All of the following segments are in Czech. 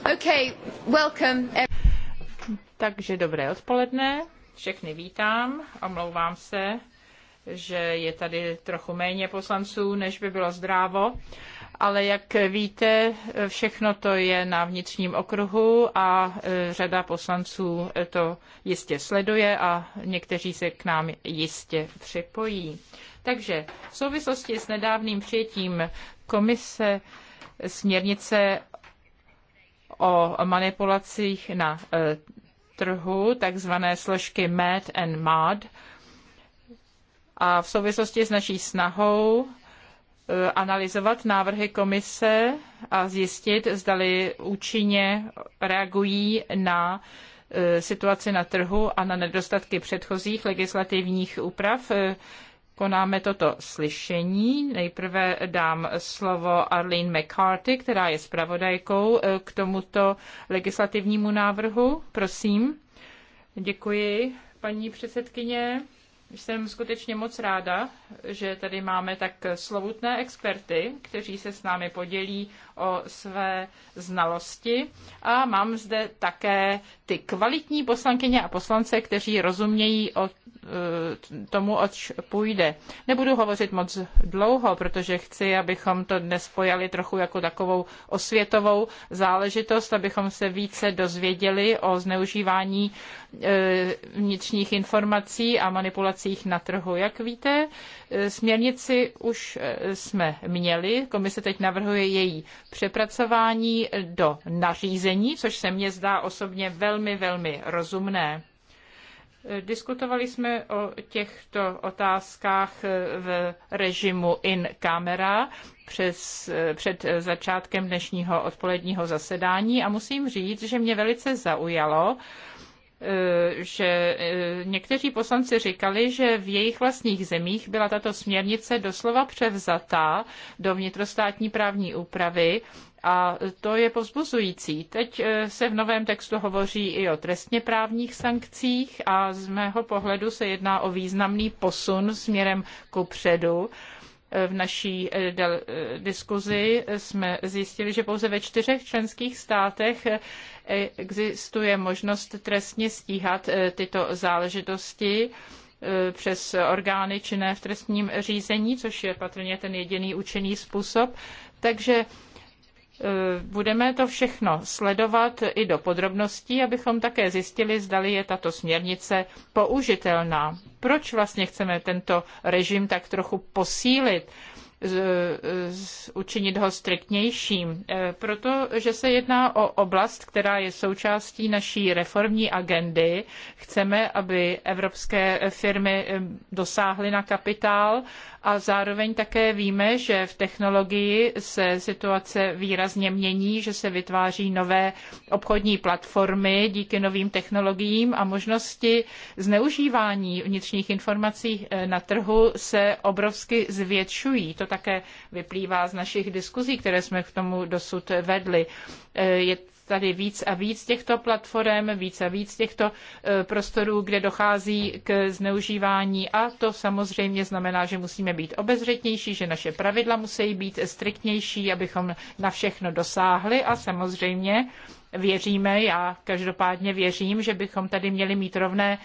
Okay, welcome. Takže dobré odpoledne, všechny vítám, omlouvám se, že je tady trochu méně poslanců, než by bylo zdrávo, ale jak víte, všechno to je na vnitřním okruhu a e, řada poslanců to jistě sleduje a někteří se k nám jistě připojí. Takže v souvislosti s nedávným přijetím komise směrnice o manipulacích na e, trhu, takzvané složky MAD and MAD. A v souvislosti s naší snahou e, analyzovat návrhy komise a zjistit, zdali účinně reagují na e, situaci na trhu a na nedostatky předchozích legislativních úprav konáme toto slyšení. Nejprve dám slovo Arlene McCarthy, která je zpravodajkou eh, k tomuto legislativnímu návrhu. Prosím. Děkuji, paní předsedkyně. Jsem skutečně moc ráda, že tady máme tak slovutné experty, kteří se s námi podělí o své znalosti. A mám zde také ty kvalitní poslankyně a poslance, kteří rozumějí o Eh, tomu, oč půjde. Nebudu hovořit moc dlouho, protože chci, abychom to dnes pojali trochu jako takovou osvětovou záležitost, abychom se více dozvěděli o zneužívání eh, vnitřních informací a manipulacích na trhu. Jak víte, eh, směrnici už jsme měli. Komise teď navrhuje její přepracování do nařízení, což se mně zdá osobně velmi, velmi rozumné. Diskutovali jsme o těchto otázkách v režimu in camera přes, před začátkem dnešního odpoledního zasedání a musím říct, že mě velice zaujalo, že někteří poslanci říkali, že v jejich vlastních zemích byla tato směrnice doslova převzata do vnitrostátní právní úpravy a to je povzbuzující. Teď eh, se v novém textu hovoří i o trestně právních sankcích a z mého pohledu se jedná o významný posun směrem ku předu. Eh, v naší eh, diskuzi jsme zjistili, že pouze ve čtyřech členských státech existuje možnost trestně stíhat tyto záležitosti přes orgány činné v trestním řízení, což je patrně ten jediný účinný způsob. Takže Eh, budeme to všechno sledovat i do podrobností, abychom také zjistili, zdali je tato směrnice použitelná. Proč vlastně chceme tento režim tak trochu posílit? z, z, učinit ho striktnějším, e, protože se jedná o oblast, která je součástí naší reformní agendy. Chceme, aby evropské firmy e, dosáhly na kapitál a zároveň také víme, že v technologii se situace výrazně mění, že se vytváří nové obchodní platformy díky novým technologiím a možnosti zneužívání vnitřních informací e, na trhu se obrovsky zvětšují. To také vyplývá z našich diskuzí, které jsme k tomu dosud vedli. E, je tady víc a víc těchto platform, víc a víc těchto e, prostorů, kde dochází k zneužívání a to samozřejmě znamená, že musíme být obezřetnější, že naše pravidla musí být striktnější, abychom na všechno dosáhli a samozřejmě věříme, já každopádně věřím, že bychom tady měli mít rovné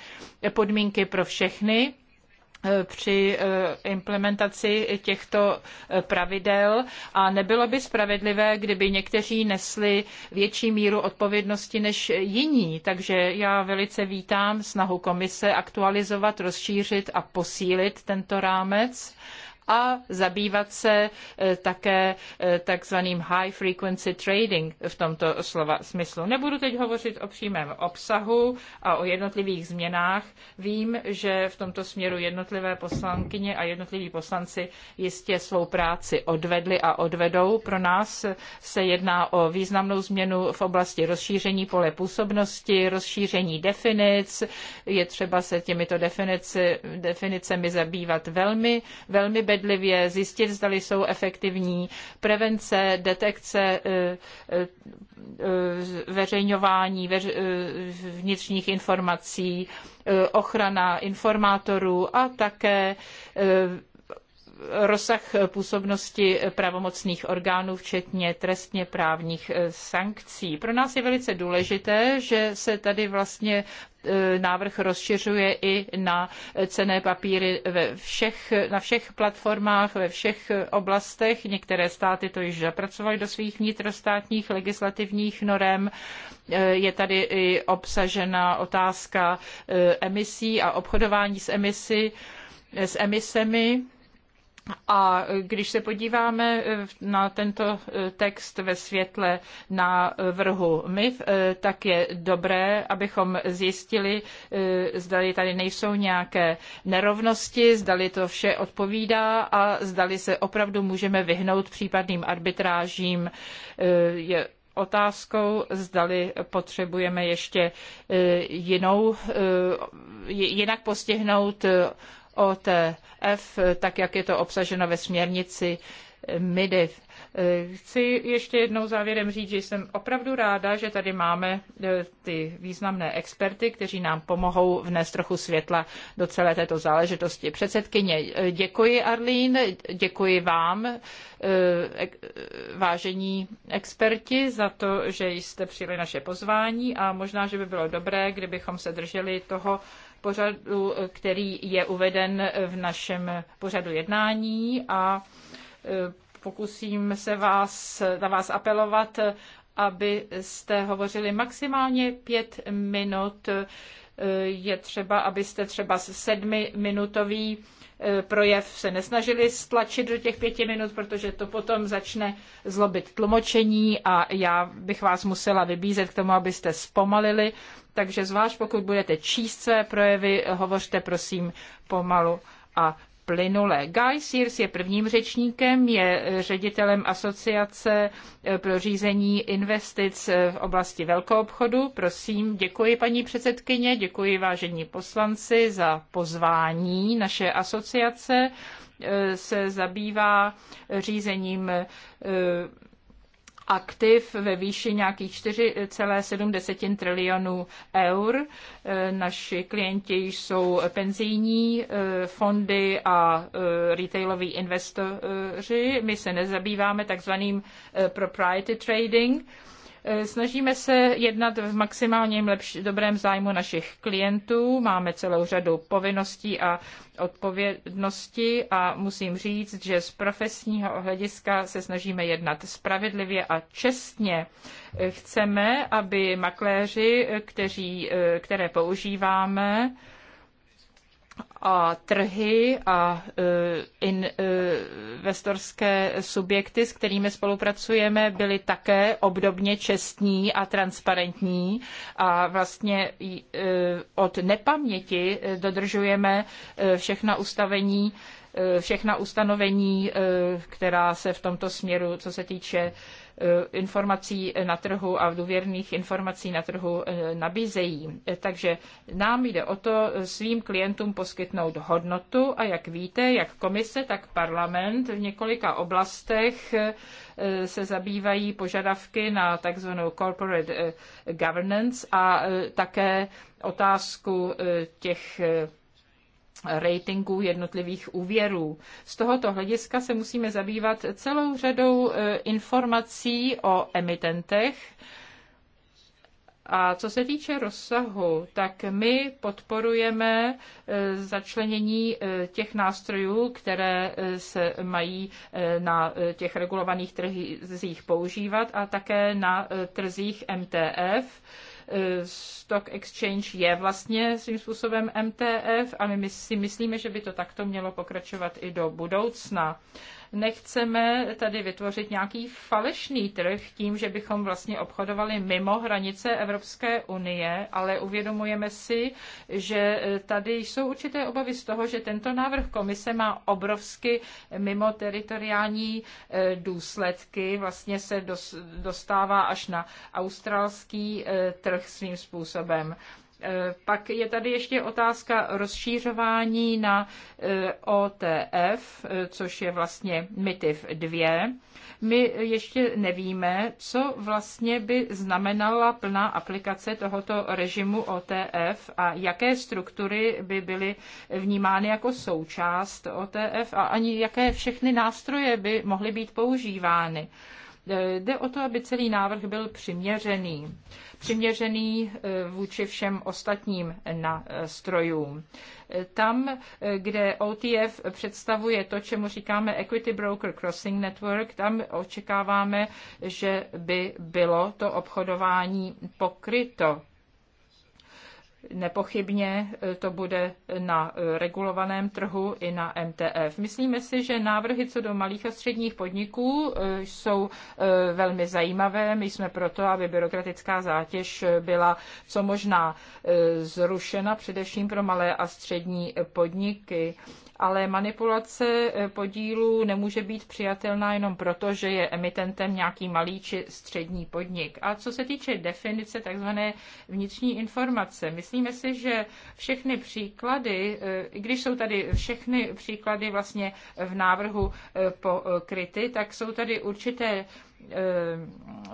podmínky pro všechny, Eh, při eh, implementaci těchto eh, pravidel a nebylo by spravedlivé, kdyby někteří nesli větší míru odpovědnosti než jiní. Takže já velice vítám snahu komise aktualizovat, rozšířit a posílit tento rámec a zabývat se eh, také eh, takzvaným high frequency trading v tomto slova smyslu. Nebudu teď hovořit o přímém obsahu a o jednotlivých změnách. Vím, že v tomto směru jednotlivé poslankyně a jednotliví poslanci jistě svou práci odvedli a odvedou. Pro nás se jedná o významnou změnu v oblasti rozšíření pole působnosti, rozšíření definic. Je třeba se těmito definici, definicemi zabývat velmi, velmi bedlivě bedlivě, zjistit, zda jsou efektivní, prevence, detekce, eh, eh, veřejňování eh, vnitřních informací, ochrana informátorů a také rozsah působnosti pravomocných orgánů, včetně trestně právních eh, sankcí. Pro nás je velice důležité, že se tady vlastně eh, návrh rozšiřuje i na cené papíry ve všech, na všech platformách, ve všech eh, oblastech. Některé státy to již zapracovaly do svých vnitrostátních legislativních norem. Je tady i obsažena otázka emisí a obchodování s emisí, s emisemi a když se podíváme eh, na tento eh, text ve světle na eh, vrhu MIF, tak je dobré, abychom zjistili, zdali tady nejsou nějaké nerovnosti, zdali to vše odpovídá a zdali se opravdu můžeme vyhnout případným arbitrážím. Je otázkou, zdali potřebujeme ještě jinou, jinak postihnout OTF, tak jak je to obsaženo ve směrnici MIDIF. Chci ještě jednou závěrem říct, že jsem opravdu ráda, že tady máme eh, ty významné experty, kteří nám pomohou vnést trochu světla do celé této záležitosti. Předsedkyně, eh, děkuji Arlín, děkuji vám, eh, vážení experti, za to, že jste přijeli naše pozvání a možná, že by bylo dobré, kdybychom se drželi toho, pořadu, který je uveden v našem pořadu jednání a e, pokusím se vás, na vás apelovat, abyste hovořili maximálně pět minut. E, je třeba, abyste třeba sedmi minutový E, projev se nesnažili stlačit do těch pěti minut, protože to potom začne zlobit tlumočení a já bych vás musela vybízet k tomu, abyste zpomalili. Takže zvlášť pokud budete číst své projevy, hovořte prosím pomalu a plynule. Guy Sears je prvním řečníkem, je eh, ředitelem asociace eh, pro řízení investic eh, v oblasti velkého obchodu. Prosím, děkuji paní předsedkyně, děkuji vážení poslanci za pozvání. Naše asociace se zabývá řízením aktiv ve výši nějakých 4,7 trilionů eur. E, naši klienti jsou penzijní e, fondy a e, retailoví investoři. My se nezabýváme takzvaným propriety trading, Eh, snažíme se jednat v maximálním lepši, dobrém zájmu našich klientů, máme celou řadu povinností a odpovědnosti a musím říct, že z profesního hlediska se snažíme jednat spravedlivě a čestně. Eh, chceme, aby makléři, eh, kteří, které používáme, a trhy a e, investorské e, subjekty, s kterými spolupracujeme, byly také obdobně čestní a transparentní a vlastně e, od nepaměti dodržujeme všechna ustavení Eh, všechna ustanovení, eh, která se v tomto směru, co se týče eh, informací na trhu a důvěrných informací na trhu nabízejí. Takže nám jde o to svým klientům poskytnout hodnotu a jak víte, jak komise, tak parlament v několika oblastech se zabývají požadavky na takzvanou corporate governance a také otázku těch ratingů jednotlivých úvěrů. Z tohoto hlediska se musíme zabývat celou řadou e, informací o emitentech. A co se týče rozsahu, tak my podporujeme e, začlenění e, těch nástrojů, které se mají na těch regulovaných trzích používat a také na trzích MTF Eh, stock Exchange je vlastně svým způsobem MTF a my si myslíme, že by to takto mělo pokračovat i do budoucna. Nechceme tady vytvořit nějaký falešný trh tím, že bychom vlastně obchodovali mimo hranice Evropské unie, ale uvědomujeme si, že eh, tady jsou určité obavy z toho, že tento návrh komise má obrovsky mimo teritoriální eh, důsledky, vlastně se dostává až na australský eh, trh svým způsobem. Eh, pak je tady ještě otázka rozšířování na eh, OTF, eh, což je vlastně MITIF 2. My ještě nevíme, co vlastně by znamenala plná aplikace tohoto režimu OTF a jaké struktury by byly vnímány jako součást OTF a ani jaké všechny nástroje by mohly být používány. Eh, jde o to, aby celý návrh byl přiměřený. Přiměřený eh, vůči všem ostatním nástrojům. Eh, tam, kde OTF představuje to, čemu říkáme Equity Broker Crossing Network, tam očekáváme, že by bylo to obchodování pokryto Nepochybně eh, to bude na eh, regulovaném trhu i na MTF. Myslíme si, že návrhy co do malých a středních podniků eh, jsou velmi zajímavé. My jsme proto, aby byrokratická zátěž byla co možná zrušena, především pro malé a střední podniky ale manipulace eh, podílů nemůže být přijatelná jenom proto, že je emitentem nějaký malý či střední podnik. A co se týče definice tzv. vnitřní informace, myslíme si, že všechny příklady, eh, i když jsou tady všechny příklady vlastně v návrhu eh, pokryty, tak jsou tady určité Eh,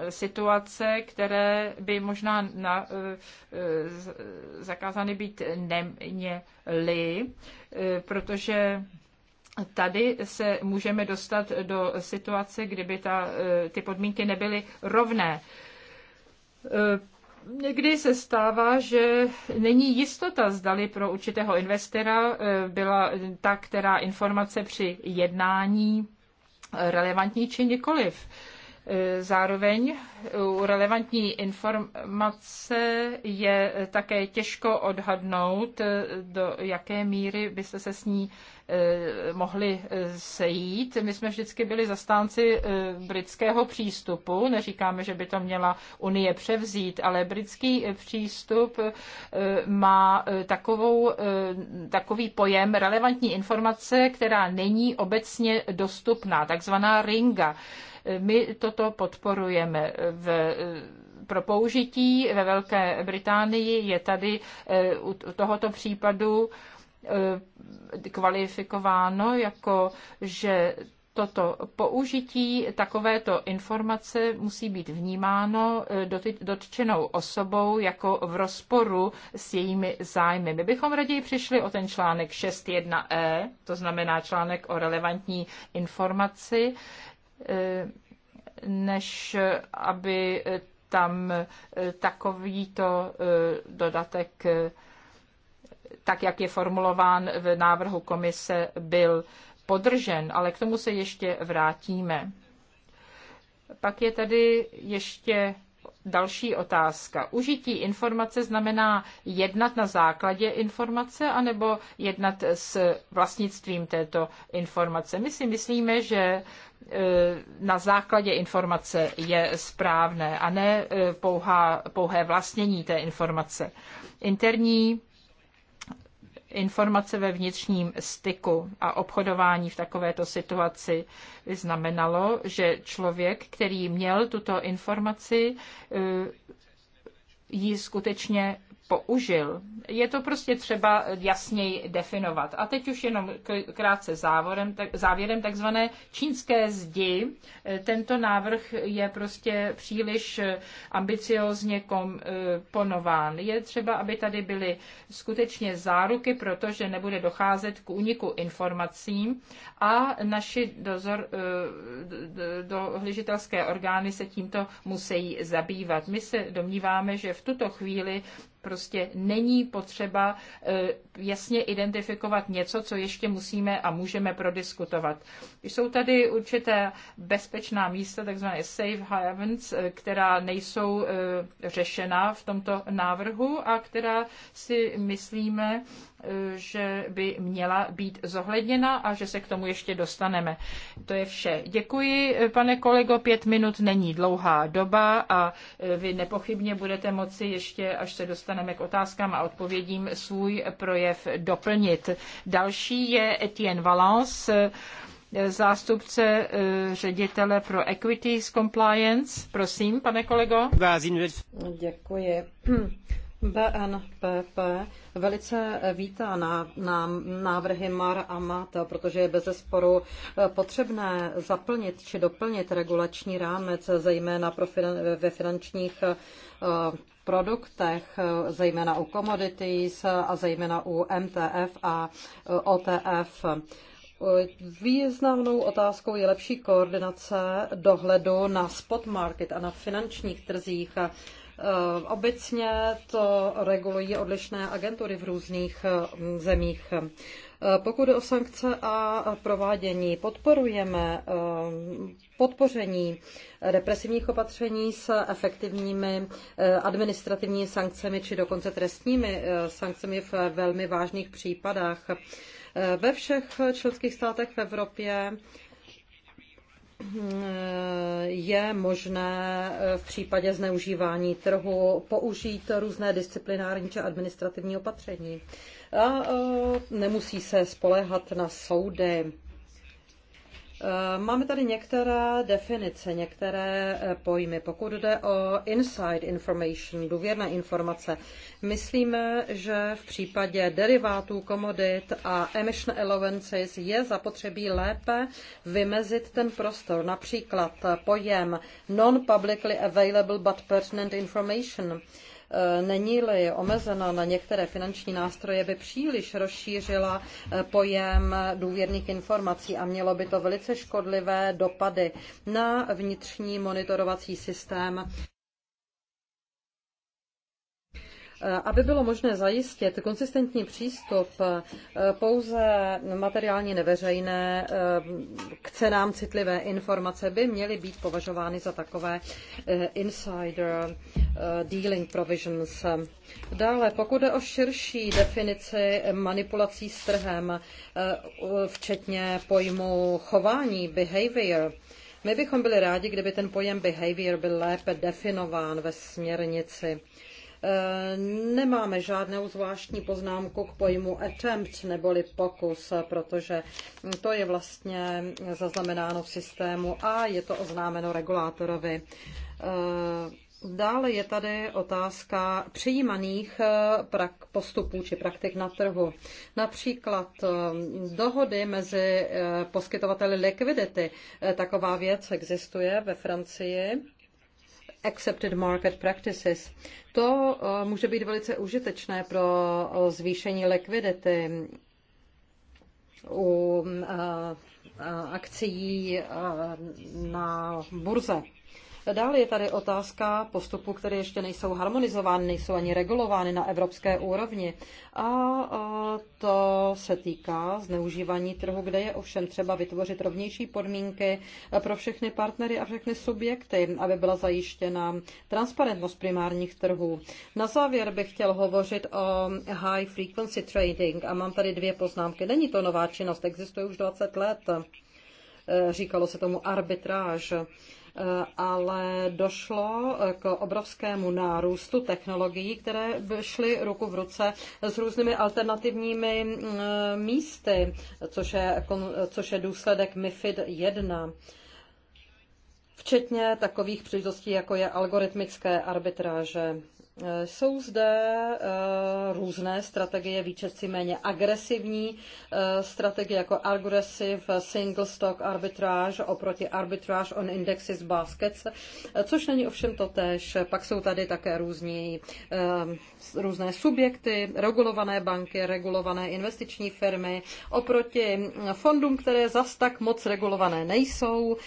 situace, které by možná na, eh, zakázány být neměly, eh, protože tady se můžeme dostat do situace, kdyby ta, ty podmínky nebyly rovné. Někdy se stává, že není jistota, zdali pro určitého investora byla ta, která informace při jednání relevantní či nikoliv. E, zároveň u relevantní informace je také těžko odhadnout, e, do jaké míry byste se s ní e, mohli sejít. My jsme vždycky byli zastánci britského přístupu. Neříkáme, že by to měla Unie převzít, ale britský přístup má takovou, takový pojem relevantní informace, která není obecně dostupná, takzvaná ringa my toto podporujeme v pro použití ve Velké Británii je tady eh, u tohoto případu eh, kvalifikováno jako, že toto použití takovéto informace musí být vnímáno eh, dotčenou osobou jako v rozporu s jejími zájmy. My bychom raději přišli o ten článek 6.1e, to znamená článek o relevantní informaci, než aby tam takovýto eh, dodatek, eh, tak jak je formulován v návrhu komise, byl podržen, ale k tomu se ještě vrátíme. Pak je tady ještě Další otázka. Užití informace znamená jednat na základě informace anebo jednat s vlastnictvím této informace. My si myslíme, že e, na základě informace je správné a ne e, pouhá, pouhé vlastnění té informace. Interní informace ve vnitřním styku a obchodování v takovéto situaci znamenalo, že člověk, který měl tuto informaci, eh, ji skutečně použil, je to prostě třeba jasněji definovat. A teď už jenom krátce závorem, tak, závěrem takzvané čínské zdi. Eh, tento návrh je prostě příliš eh, ambiciozně komponován. Eh, je třeba, aby tady byly skutečně záruky, protože nebude docházet k úniku informacím a naši dozor, dohlížitelské orgány se tímto musí zabývat. My se domníváme, že v tuto chvíli Prostě není potřeba eh, jasně identifikovat něco, co ještě musíme a můžeme prodiskutovat. Jsou tady určité bezpečná místa, takzvané safe havens, eh, která nejsou eh, řešena v tomto návrhu a která si myslíme, že by měla být zohledněna a že se k tomu ještě dostaneme. To je vše. Děkuji, pane kolego, pět minut není dlouhá doba a e, vy nepochybně budete moci ještě, až se dostaneme k otázkám a odpovědím, svůj projev doplnit. Další je Etienne Valence, e, zástupce e, ředitele pro Equities Compliance. Prosím, pane kolego. Děkuji. BNPP velice vítá na, na návrhy MAR a MAT, protože je bez zesporu eh, potřebné zaplnit či doplnit regulační rámec, zejména pro finan, ve finančních eh, produktech, eh, zejména u commodities a zejména u MTF a OTF. Významnou otázkou je lepší koordinace dohledu na spot market a na finančních trzích Eh, obecně to regulují odlišné agentury v různých eh, zemích. Eh, pokud jde o sankce a provádění, podporujeme podpoření represivních opatření s efektivními administrativními sankcemi či dokonce trestními sankcemi v velmi vážných případech. Ve všech členských státech v Evropě je možné v případě zneužívání trhu použít různé disciplinární či administrativní opatření. A e, nemusí se spoléhat na soudy. Eh, máme tady některé definice, některé eh, pojmy. Pokud jde o inside information, důvěrné informace, myslíme, že v případě derivátů, komodit a emission allowances je zapotřebí lépe vymezit ten prostor. Například pojem non-publicly available but pertinent information – Eh, není-li omezena na některé finanční nástroje, by příliš rozšířila eh, pojem důvěrných informací a mělo by to velice škodlivé dopady na vnitřní monitorovací systém Eh, aby bylo možné zajistit konsistentní přístup eh, pouze materiálně neveřejné eh, k cenám citlivé informace by měly být považovány za takové insider dealing provisions. Dále, pokud je o širší definici manipulací s trhem, včetně pojmu chování, behavior, my bychom byli rádi, kdyby ten pojem behavior byl lépe definován ve směrnici. Nemáme žádnou zvláštní poznámku k pojmu attempt neboli pokus, protože to je vlastně zaznamenáno v systému a je to oznámeno regulátorovi. Dále je tady otázka přijímaných eh, postupů či praktik na trhu. Například eh, dohody mezi eh, poskytovateli likvidity. Taková věc existuje ve Francii accepted market practices. To eh, může být velice užitečné pro eh, zvýšení likvidity u eh, akcí na burze. Dále je tady otázka postupů, které ještě nejsou harmonizovány, nejsou ani regulovány na evropské úrovni. A to se týká zneužívání trhu, kde je ovšem třeba vytvořit rovnější podmínky pro všechny partnery a všechny subjekty, aby byla zajištěna transparentnost primárních trhů. Na závěr bych chtěl hovořit o high frequency trading a mám tady dvě poznámky. Není to nová činnost, existuje už 20 let. Říkalo se tomu arbitráž. Eh, ale došlo eh, k obrovskému nárůstu technologií, které šly ruku v ruce s různými alternativními eh, místy, což je, což je důsledek MIFID 1 včetně takových příležitostí, jako je algoritmické arbitráže. Eh, jsou zde eh, různé strategie, výčetci méně agresivní eh, strategie jako aggressive single stock arbitrage oproti arbitrage on indexes baskets, což není ovšem to tež. Pak jsou tady také různí, různé subjekty, regulované banky, regulované investiční firmy oproti fondům, které zas tak moc regulované nejsou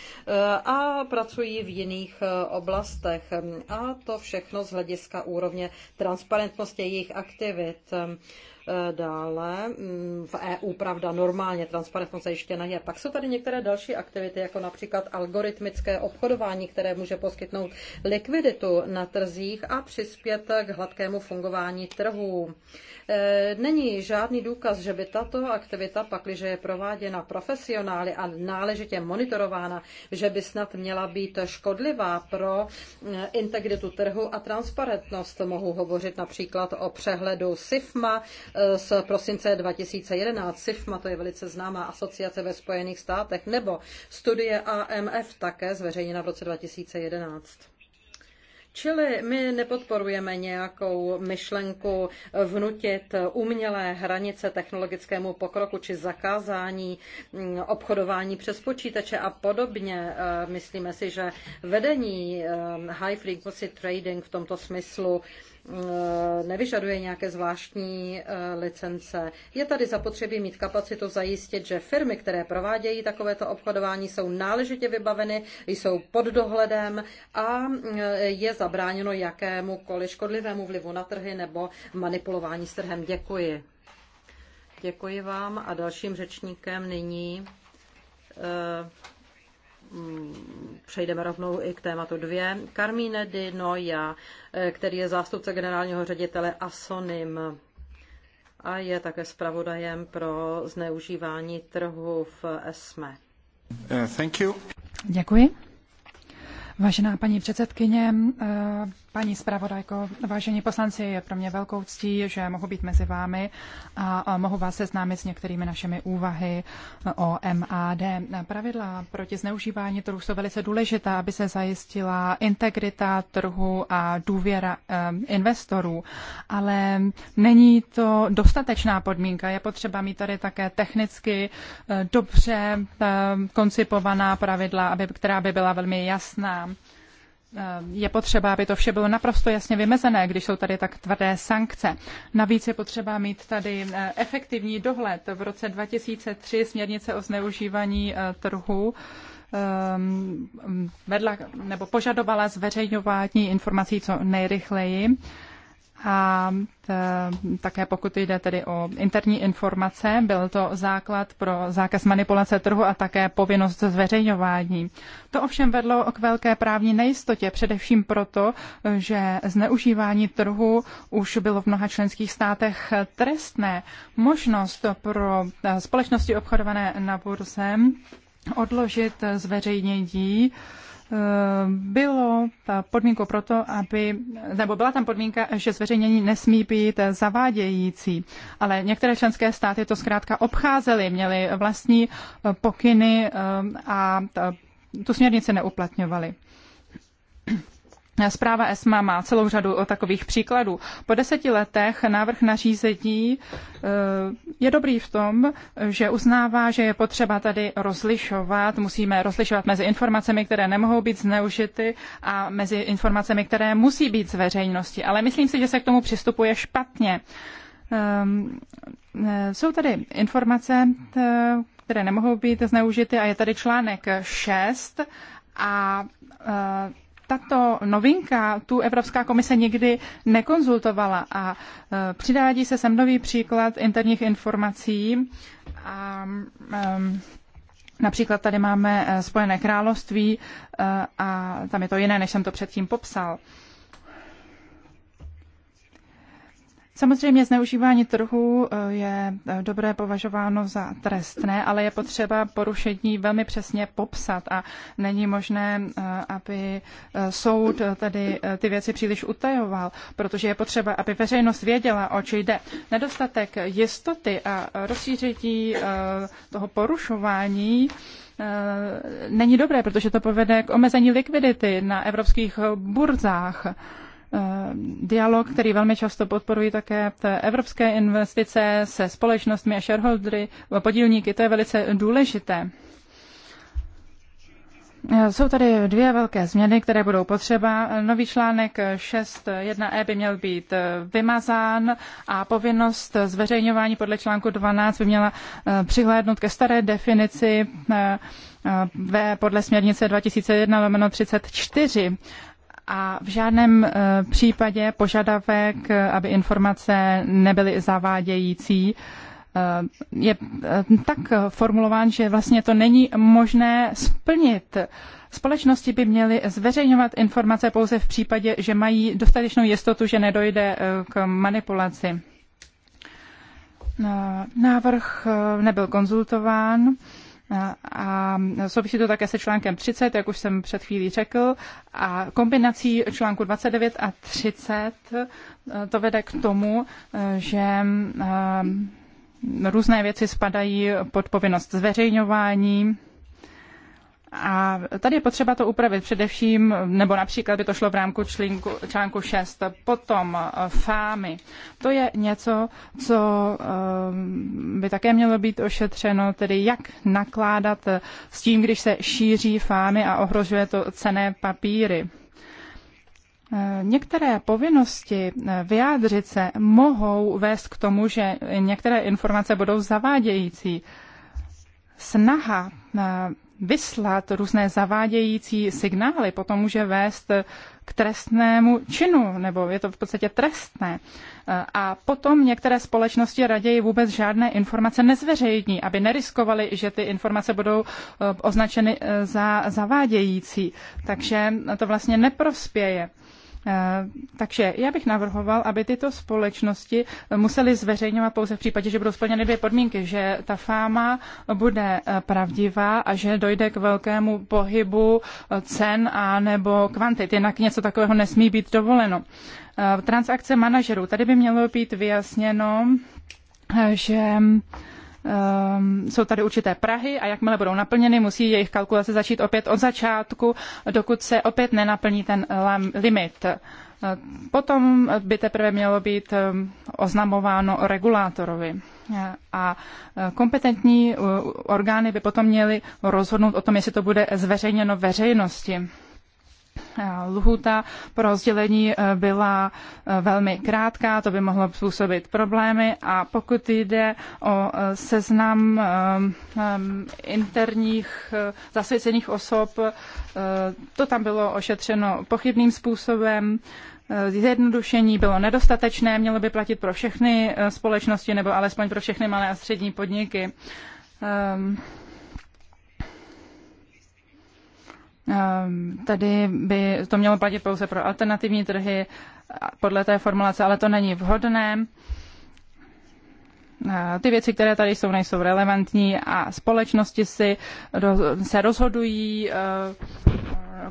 a pracují v jiných oblastech. A to všechno z hlediska úrovně transparentnosti jejich aktivit. E, dále mm, v EU, pravda, normálně transparentnost zajištěna je. Pak jsou tady některé další aktivity, jako například algoritmické obchodování, které může poskytnout likviditu na trzích a přispět k hladkému fungování trhů. E, není žádný důkaz, že by tato aktivita, pakliže je prováděna profesionály a náležitě monitorována, že by snad měla být škodlivá pro e, integritu trhu a transparentnost. Mohu hovořit například o přehledu SIFMA, z prosince 2011, SIFMA, to je velice známá asociace ve Spojených státech, nebo studie AMF také zveřejněna v roce 2011. Čili my nepodporujeme nějakou myšlenku vnutit umělé hranice technologickému pokroku či zakázání mm, obchodování přes počítače a podobně. E, myslíme si, že vedení e, high frequency trading v tomto smyslu Eh, nevyžaduje nějaké zvláštní eh, licence. Je tady zapotřebí mít kapacitu zajistit, že firmy, které provádějí takovéto obchodování, jsou náležitě vybaveny, jsou pod dohledem a eh, je zabráněno jakémukoliv škodlivému vlivu na trhy nebo manipulování s trhem. Děkuji. Děkuji vám a dalším řečníkem nyní Mm, přejdeme rovnou i k tématu dvě. Carmine Di Noia, eh, který je zástupce generálního ředitele Asonim a je také zpravodajem pro zneužívání trhu v ESME. Eh, thank you. Děkuji. Vážená paní předsedkyně, eh, Paní zpravodajko, vážení poslanci, je pro mě velkou ctí, že mohu být mezi vámi a mohu vás seznámit s některými našimi úvahy e, o MAD. Pravidla proti zneužívání trhu jsou velice důležitá, aby se zajistila integrita trhu a důvěra e, investorů, ale není to dostatečná podmínka. Je potřeba mít tady také technicky e, dobře koncipovaná pravidla, která by byla velmi jasná. Eh, je potřeba, aby to vše bylo naprosto jasně vymezené, když jsou tady tak tvrdé sankce. Navíc je potřeba mít tady eh, efektivní dohled. V roce 2003 směrnice o zneužívání eh, trhu ehm, vedla nebo požadovala zveřejňování informací co nejrychleji a e, také pokud jde tedy o interní informace, byl to základ pro zákaz manipulace trhu a také povinnost zveřejňování. To ovšem vedlo k velké právní nejistotě, především proto, že zneužívání trhu už bylo v mnoha členských státech trestné. Možnost pro e, společnosti obchodované na burze odložit zveřejnění bylo podmínkou pro to, aby, nebo byla tam podmínka, že zveřejnění nesmí být zavádějící, ale některé členské státy to zkrátka obcházely, měly vlastní pokyny eh, a tu směrnici neuplatňovaly. Zpráva ESMA má celou řadu takových příkladů. Po deseti letech návrh nařízení eh, je dobrý v tom, že uznává, že je potřeba tady rozlišovat. Musíme rozlišovat mezi informacemi, které nemohou být zneužity a mezi informacemi, které musí být z veřejnosti. Ale myslím si, že se k tomu přistupuje špatně. Ehm, eh, jsou tady informace, které nemohou být zneužity a je tady článek 6 a eh, tato novinka tu Evropská komise nikdy nekonzultovala a e, přidádí se sem nový příklad interních informací a um, Například tady máme e, Spojené království a tam je to jiné, než jsem to předtím popsal. Samozřejmě zneužívání trhu eh, je eh, dobré považováno za trestné, ale je potřeba porušení velmi přesně popsat a není možné, eh, aby soud tady ty věci příliš utajoval, protože je potřeba, aby veřejnost věděla, o co jde. Nedostatek jistoty a rozšíření toho porušování není dobré, protože to povede k omezení likvidity na evropských burzách Eh, dialog, který velmi často podporují také evropské investice se společnostmi a shareholdery, eh, podílníky, to je velice důležité. Eh, jsou tady dvě velké změny, které budou potřeba. Nový článek 6.1e by měl být vymazán a povinnost zveřejňování podle článku 12 by měla přihlédnout ke staré definici v podle směrnice 2001 34 a v žádném eh, případě požadavek, eh, aby informace nebyly zavádějící, eh, je tak formulován, že vlastně to není možné splnit. Společnosti by měly zveřejňovat informace pouze v případě, že mají dostatečnou jistotu, že nedojde k manipulaci. Návrh nebyl konzultován a souvisí to také se článkem 30, jak už jsem před chvílí řekl, a kombinací článku 29 a 30 eh, to vede k tomu, eh, že eh, různé věci spadají pod povinnost zveřejňování, a tady je potřeba to upravit především, nebo například by to šlo v rámku článku, článku 6, potom eh, fámy. To je něco, co eh, by také mělo být ošetřeno, tedy jak nakládat eh, s tím, když se šíří fámy a ohrožuje to cené papíry. Některé povinnosti vyjádřit se mohou vést k tomu, že některé informace budou zavádějící. Snaha vyslat různé zavádějící signály, potom může vést k trestnému činu, nebo je to v podstatě trestné. A potom některé společnosti raději vůbec žádné informace nezveřejní, aby neriskovali, že ty informace budou eh, označeny eh, za zavádějící. Takže to vlastně neprospěje. Eh, takže já bych navrhoval, aby tyto společnosti musely zveřejňovat pouze v případě, že budou splněny dvě podmínky, že ta fáma bude eh, pravdivá a že dojde k velkému pohybu eh, cen a nebo kvantit. Jinak něco takového nesmí být dovoleno. Transakce manažerů. Tady by mělo být vyjasněno, že um, jsou tady určité Prahy a jakmile budou naplněny, musí jejich kalkulace začít opět od začátku, dokud se opět nenaplní ten limit. Eh, potom by teprve mělo být ehm, oznamováno regulátorovi eh, a eh, kompetentní orgány by potom měly rozhodnout o tom, jestli to bude zveřejněno veřejnosti. Eh, Lhuta pro rozdělení eh, byla eh, velmi krátká, to by mohlo způsobit problémy a pokud jde o seznam interních zasvěcených osob, to tam bylo ošetřeno pochybným způsobem. Zjednodušení bylo nedostatečné, mělo by platit pro všechny společnosti nebo alespoň pro všechny malé a střední podniky. Ehm, tady by to mělo platit pouze pro alternativní trhy eh, podle té formulace, ale to není vhodné. Eh, ty věci, které tady jsou, nejsou relevantní a společnosti si se rozhodují eh,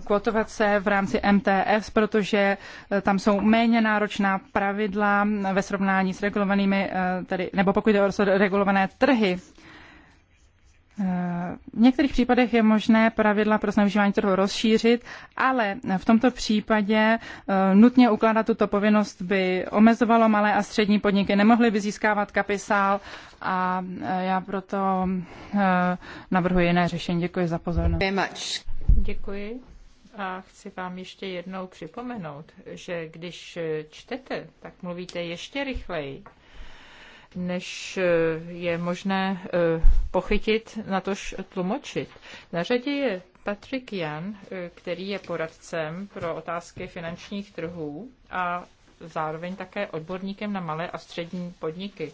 kvotovat se v rámci MTF, protože tam jsou méně náročná pravidla ve srovnání s regulovanými, tedy, nebo pokud jde o regulované trhy. V některých případech je možné pravidla pro zneužívání trhu rozšířit, ale v tomto případě eh, nutně ukládat tuto povinnost by omezovalo malé a střední podniky, nemohly by získávat kapisál a eh, já proto eh, navrhuji jiné řešení. Děkuji za pozornost. Děkuji. A chci vám ještě jednou připomenout, že když čtete, tak mluvíte ještě rychleji než eh, je možné eh, pochytit, natož tlumočit. Na řadě je Patrick Jan, eh, který je poradcem pro otázky finančních trhů a zároveň také odborníkem na malé a střední podniky.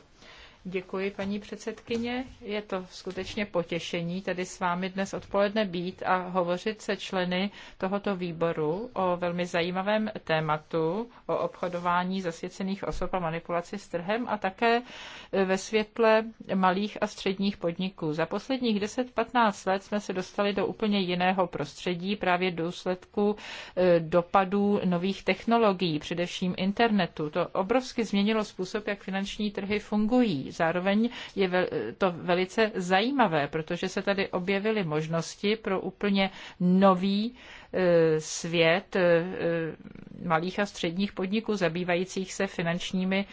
Děkuji, paní předsedkyně. Je to skutečně potěšení tady s vámi dnes odpoledne být a hovořit se členy tohoto výboru o velmi zajímavém tématu, o obchodování zasvěcených osob a manipulaci s trhem a také e, ve světle malých a středních podniků. Za posledních 10-15 let jsme se dostali do úplně jiného prostředí právě důsledku e, dopadů nových technologií, především internetu. To obrovsky změnilo způsob, jak finanční trhy fungují Zároveň je to velice zajímavé, protože se tady objevily možnosti pro úplně nový e, svět e, e, malých a středních podniků zabývajících se finančními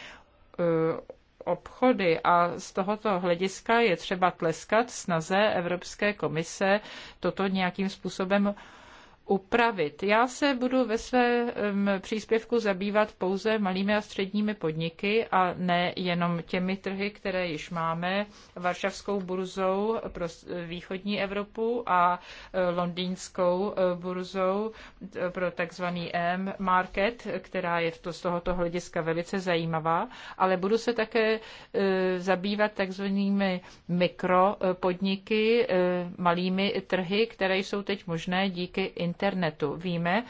obchody a z tohoto hlediska je třeba tleskat snaze Evropské komise toto nějakým způsobem upravit. Já se budu ve svém eh, příspěvku zabývat pouze malými a středními podniky a ne jenom těmi trhy, které již máme, Varšavskou burzou pro eh, východní Evropu a eh, londýnskou burzou pro takzvaný M-market, která je to z tohoto hlediska velice zajímavá, ale budu se také zabývat takzvanými mikropodniky, malými trhy, které jsou teď možné díky internetu internetu. Víme,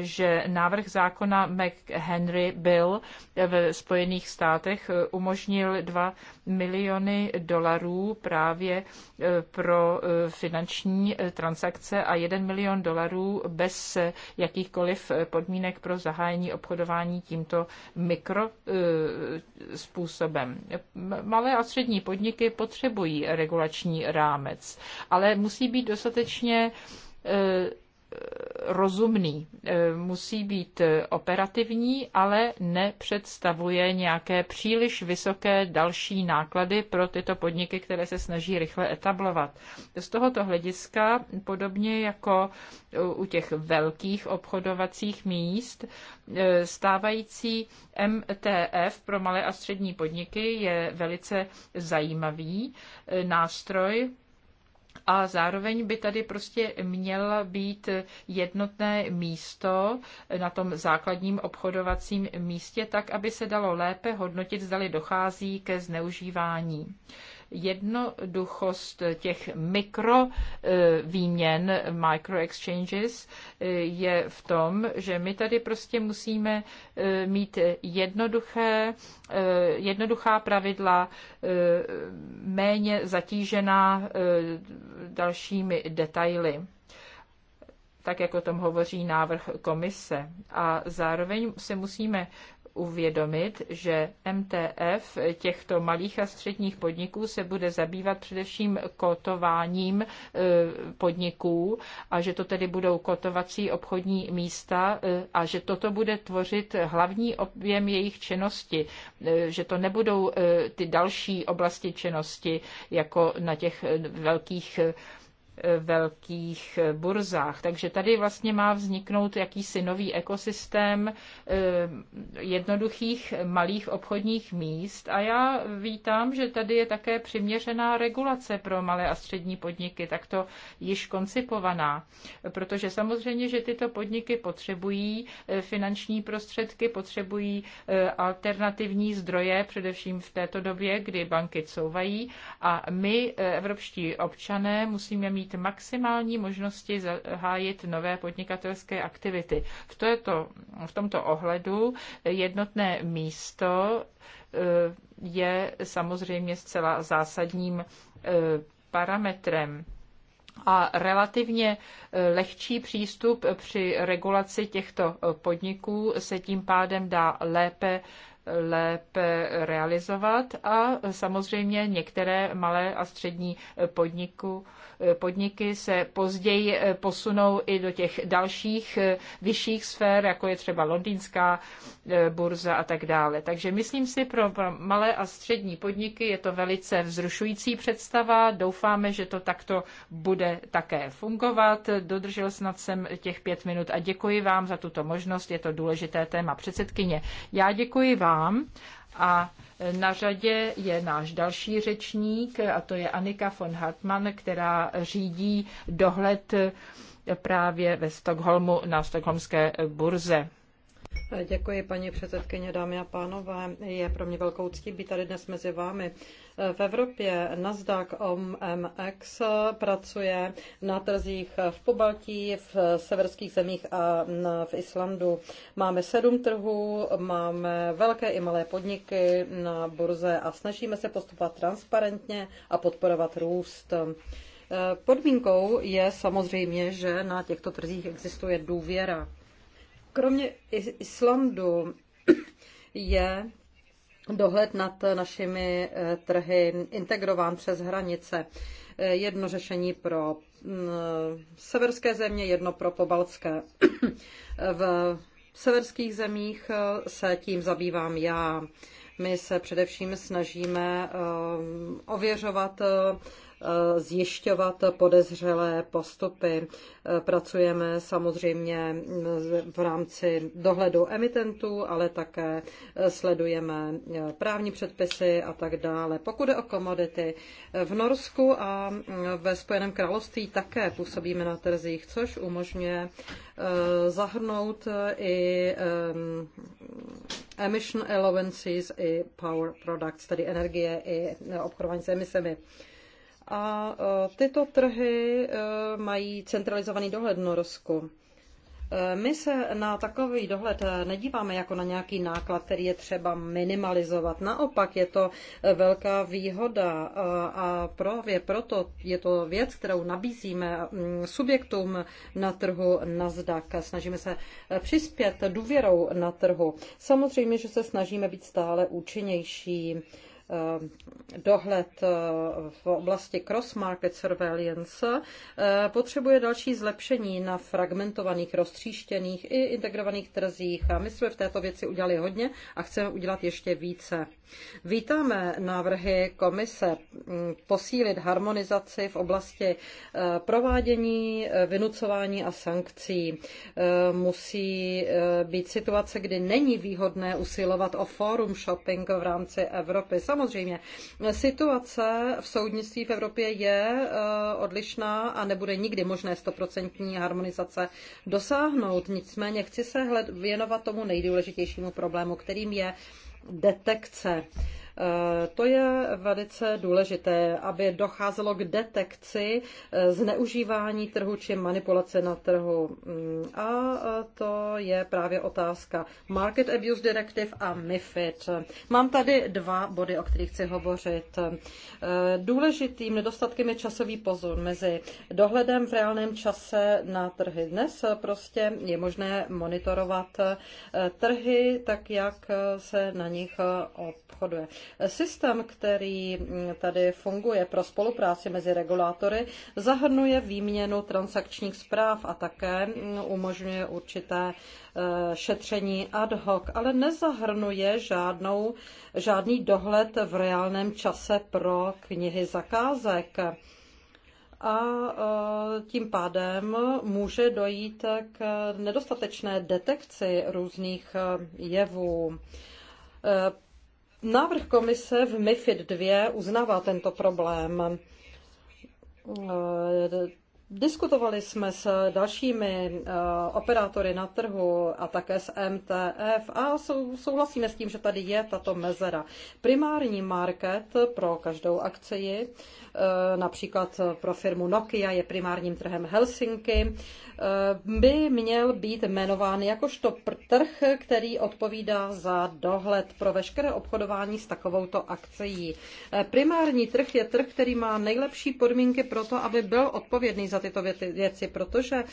že návrh zákona McHenry byl v Spojených státech eh, umožnil 2 miliony dolarů právě eh, pro eh, finanční transakce a 1 milion dolarů bez jakýchkoliv podmínek pro zahájení obchodování tímto mikro způsobem. Malé a střední podniky potřebují regulační rámec, ale musí být dostatečně rozumný. E, musí být operativní, ale nepředstavuje nějaké příliš vysoké další náklady pro tyto podniky, které se snaží rychle etablovat. Z tohoto hlediska, podobně jako u těch velkých obchodovacích míst, e, stávající MTF pro malé a střední podniky je velice zajímavý e, nástroj, a zároveň by tady prostě měla být jednotné místo na tom základním obchodovacím místě, tak aby se dalo lépe hodnotit, zdali dochází ke zneužívání jednoduchost těch eh, micro exchanges eh, je v tom, že my tady prostě musíme eh, mít jednoduché, jednoduchá pravidla, méně zatížená dalšími detaily tak jak o tom hovoří návrh komise. A zároveň se musíme uvědomit, že MTF těchto malých a středních podniků se bude zabývat především kotováním e, podniků a že to tedy budou kotovací obchodní místa e, a že toto bude tvořit hlavní objem jejich činnosti, e, že to nebudou ty další oblasti činnosti jako na těch velkých velkých burzách. Takže tady vlastně má vzniknout jakýsi nový ekosystém eh, jednoduchých malých obchodních míst a já vítám, že tady je také přiměřená regulace pro malé a střední podniky, takto již koncipovaná, protože samozřejmě, že tyto podniky potřebují eh, finanční prostředky, potřebují eh, alternativní zdroje, především v této době, kdy banky couvají a my, evropští občané, musíme mít mít maximální možnosti zahájit nové podnikatelské aktivity. V, této, v tomto ohledu jednotné místo eh, je samozřejmě zcela zásadním eh, parametrem a relativně eh, lehčí přístup při regulaci těchto podniků se tím pádem dá lépe lépe realizovat a samozřejmě některé malé a střední podniku, podniky se později posunou i do těch dalších vyšších sfér, jako je třeba londýnská eh, burza a tak dále. Takže myslím si, pro malé a střední podniky je to velice vzrušující představa. Doufáme, že to takto bude také fungovat. Dodržel snad jsem těch pět minut a děkuji vám za tuto možnost. Je to důležité téma předsedkyně. Já děkuji vám vám. A na řadě je náš další řečník, a to je Anika von Hartmann, která řídí dohled právě ve Stockholmu na stokholmské burze. Děkuji, paní předsedkyně, dámy a pánové. Je pro mě velkou ctí být tady dnes mezi vámi. V Evropě Nasdaq OMX pracuje na trzích v Pobaltí, v severských zemích a v Islandu. Máme sedm trhů, máme velké i malé podniky na burze a snažíme se postupovat transparentně a podporovat růst. Podmínkou je samozřejmě, že na těchto trzích existuje důvěra. Kromě Islandu je dohled nad našimi eh, trhy integrován přes hranice. Eh, jedno řešení pro mm, severské země, jedno pro pobaltské. Eh, v severských zemích se tím zabývám já. My se především snažíme ověřovat Eh, zjišťovat podezřelé postupy. Eh, pracujeme samozřejmě eh, v rámci dohledu emitentů, ale také sledujeme právní předpisy a tak dále. Pokud je o komodity, v Norsku a ve Spojeném království také působíme na trzích, což umožňuje zahrnout i emission allowances i power products, tedy energie i obchodování s emisemi a e, tyto trhy e, mají centralizovaný dohled v Norsku. E, my se na takový dohled nedíváme jako na nějaký náklad, který je třeba minimalizovat. Naopak je to velká výhoda a právě proto je to věc, kterou nabízíme mm, subjektům na trhu Nasdaq. Snažíme se přispět důvěrou na trhu. Samozřejmě, že se snažíme být stále účinnější. Eh, dohled eh, v oblasti cross-market surveillance eh, potřebuje další zlepšení na fragmentovaných, roztříštěných i integrovaných trzích. A my jsme v této věci udělali hodně a chceme udělat ještě více. Vítáme návrhy komise mm, posílit harmonizaci v oblasti provádění, vynucování a sankcí. Musí být situace, kdy není výhodné usilovat o forum shopping v rámci Evropy. Samozřejmě Samozřejmě, situace v soudnictví v Evropě je eh, odlišná a nebude nikdy možné stoprocentní harmonizace dosáhnout. Nicméně chci se věnovat tomu nejdůležitějšímu problému, kterým je detekce. Eh, to je velice důležité, aby docházelo k detekci eh, zneužívání trhu či manipulace na trhu. Mm, a eh, to je právě otázka Market Abuse Directive a MIFID. Mám tady dva body, o kterých chci hovořit. Důležitým nedostatkem je časový pozor mezi dohledem v reálném čase na trhy. Dnes prostě je možné monitorovat trhy tak, jak se na nich obchoduje. Systém, který mm, tady funguje pro spolupráci mezi regulátory, zahrnuje výměnu transakčních zpráv a také mm, umožňuje určité e, šetření ad hoc, ale nezahrnuje žádnou, žádný dohled v reálném čase pro knihy zakázek a e, tím pádem může dojít k nedostatečné detekci různých e, jevů. Návrh komise v MIFID 2 uznává tento problém. Diskutovali jsme s dalšími eh, operátory na trhu a také s MTF a souhlasíme s tím, že tady je tato mezera. Primární market pro každou akci, eh, například pro firmu Nokia je primárním trhem Helsinky, eh, by měl být jmenován jakožto trh, který odpovídá za dohled pro veškeré obchodování s takovouto akcií. Primární trh je trh, který má nejlepší podmínky pro to, aby byl odpovědný za tyto věci, protože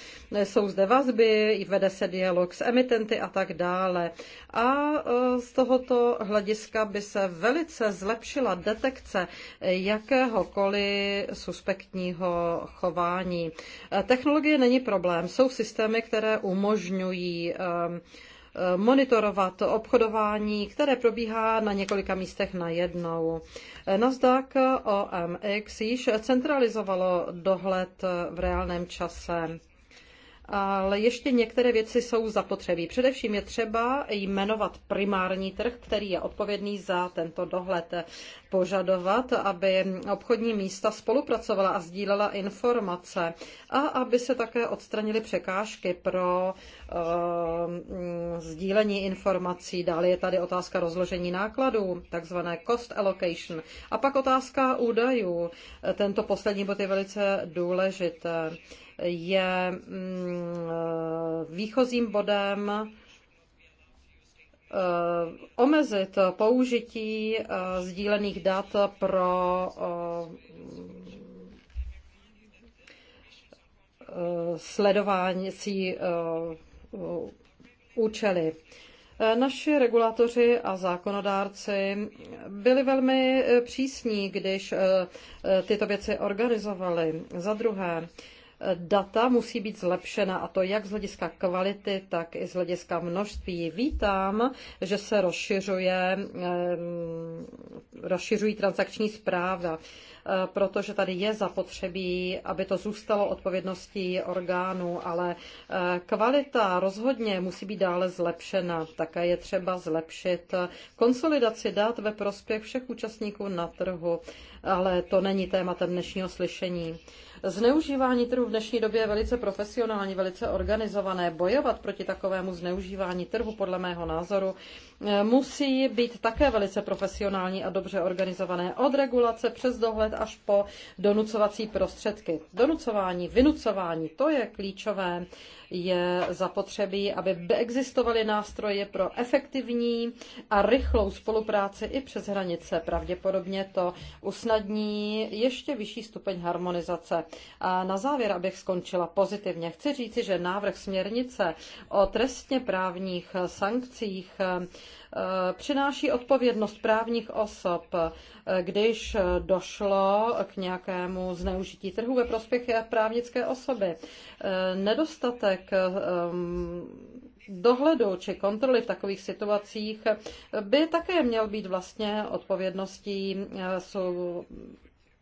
jsou zde vazby, vede se dialog s emitenty a tak dále. A e, z tohoto hlediska by se velice zlepšila detekce jakéhokoliv suspektního chování. E, technologie není problém. Jsou systémy, které umožňují e, monitorovat obchodování, které probíhá na několika místech na najednou. Nasdaq OMX již centralizovalo dohled v reálném čase. Ale ještě některé věci jsou zapotřebí. Především je třeba jmenovat primární trh, který je odpovědný za tento dohled požadovat, aby obchodní místa spolupracovala a sdílela informace a aby se také odstranily překážky pro uh, sdílení informací. Dále je tady otázka rozložení nákladů, takzvané cost allocation. A pak otázka údajů. Tento poslední bod je velice důležitý. Je mm, eh, výchozím bodem Eh, omezit použití eh, sdílených dat pro eh, sledování účely. Naši regulatoři a zákonodárci byli velmi přísní, když tyto věci organizovali. Za druhé, data musí být zlepšena, a to jak z hlediska kvality, tak i z hlediska množství. Vítám, že se rozšiřuje, rozšiřují transakční zpráva, eh, protože tady je zapotřebí, aby to zůstalo odpovědností orgánů, ale eh, kvalita rozhodně musí být dále zlepšena. Také je třeba zlepšit konsolidaci dat ve prospěch všech účastníků na trhu, ale to není tématem dnešního slyšení. Zneužívání trhu v dnešní době je velice profesionální, velice organizované. Bojovat proti takovému zneužívání trhu, podle mého názoru, eh, musí být také velice profesionální a dobře organizované. Od regulace přes dohled až po donucovací prostředky. Donucování, vynucování, to je klíčové. Je zapotřebí, aby existovaly nástroje pro efektivní a rychlou spolupráci i přes hranice. Pravděpodobně to usnadní ještě vyšší stupeň harmonizace. A na závěr, abych skončila pozitivně, chci říci, že návrh směrnice o trestně právních sankcích eh, přináší odpovědnost právních osob, když došlo k nějakému zneužití trhu ve prospěch právnické osoby. Eh, nedostatek eh, dohledu či kontroly v takových situacích by také měl být vlastně odpovědností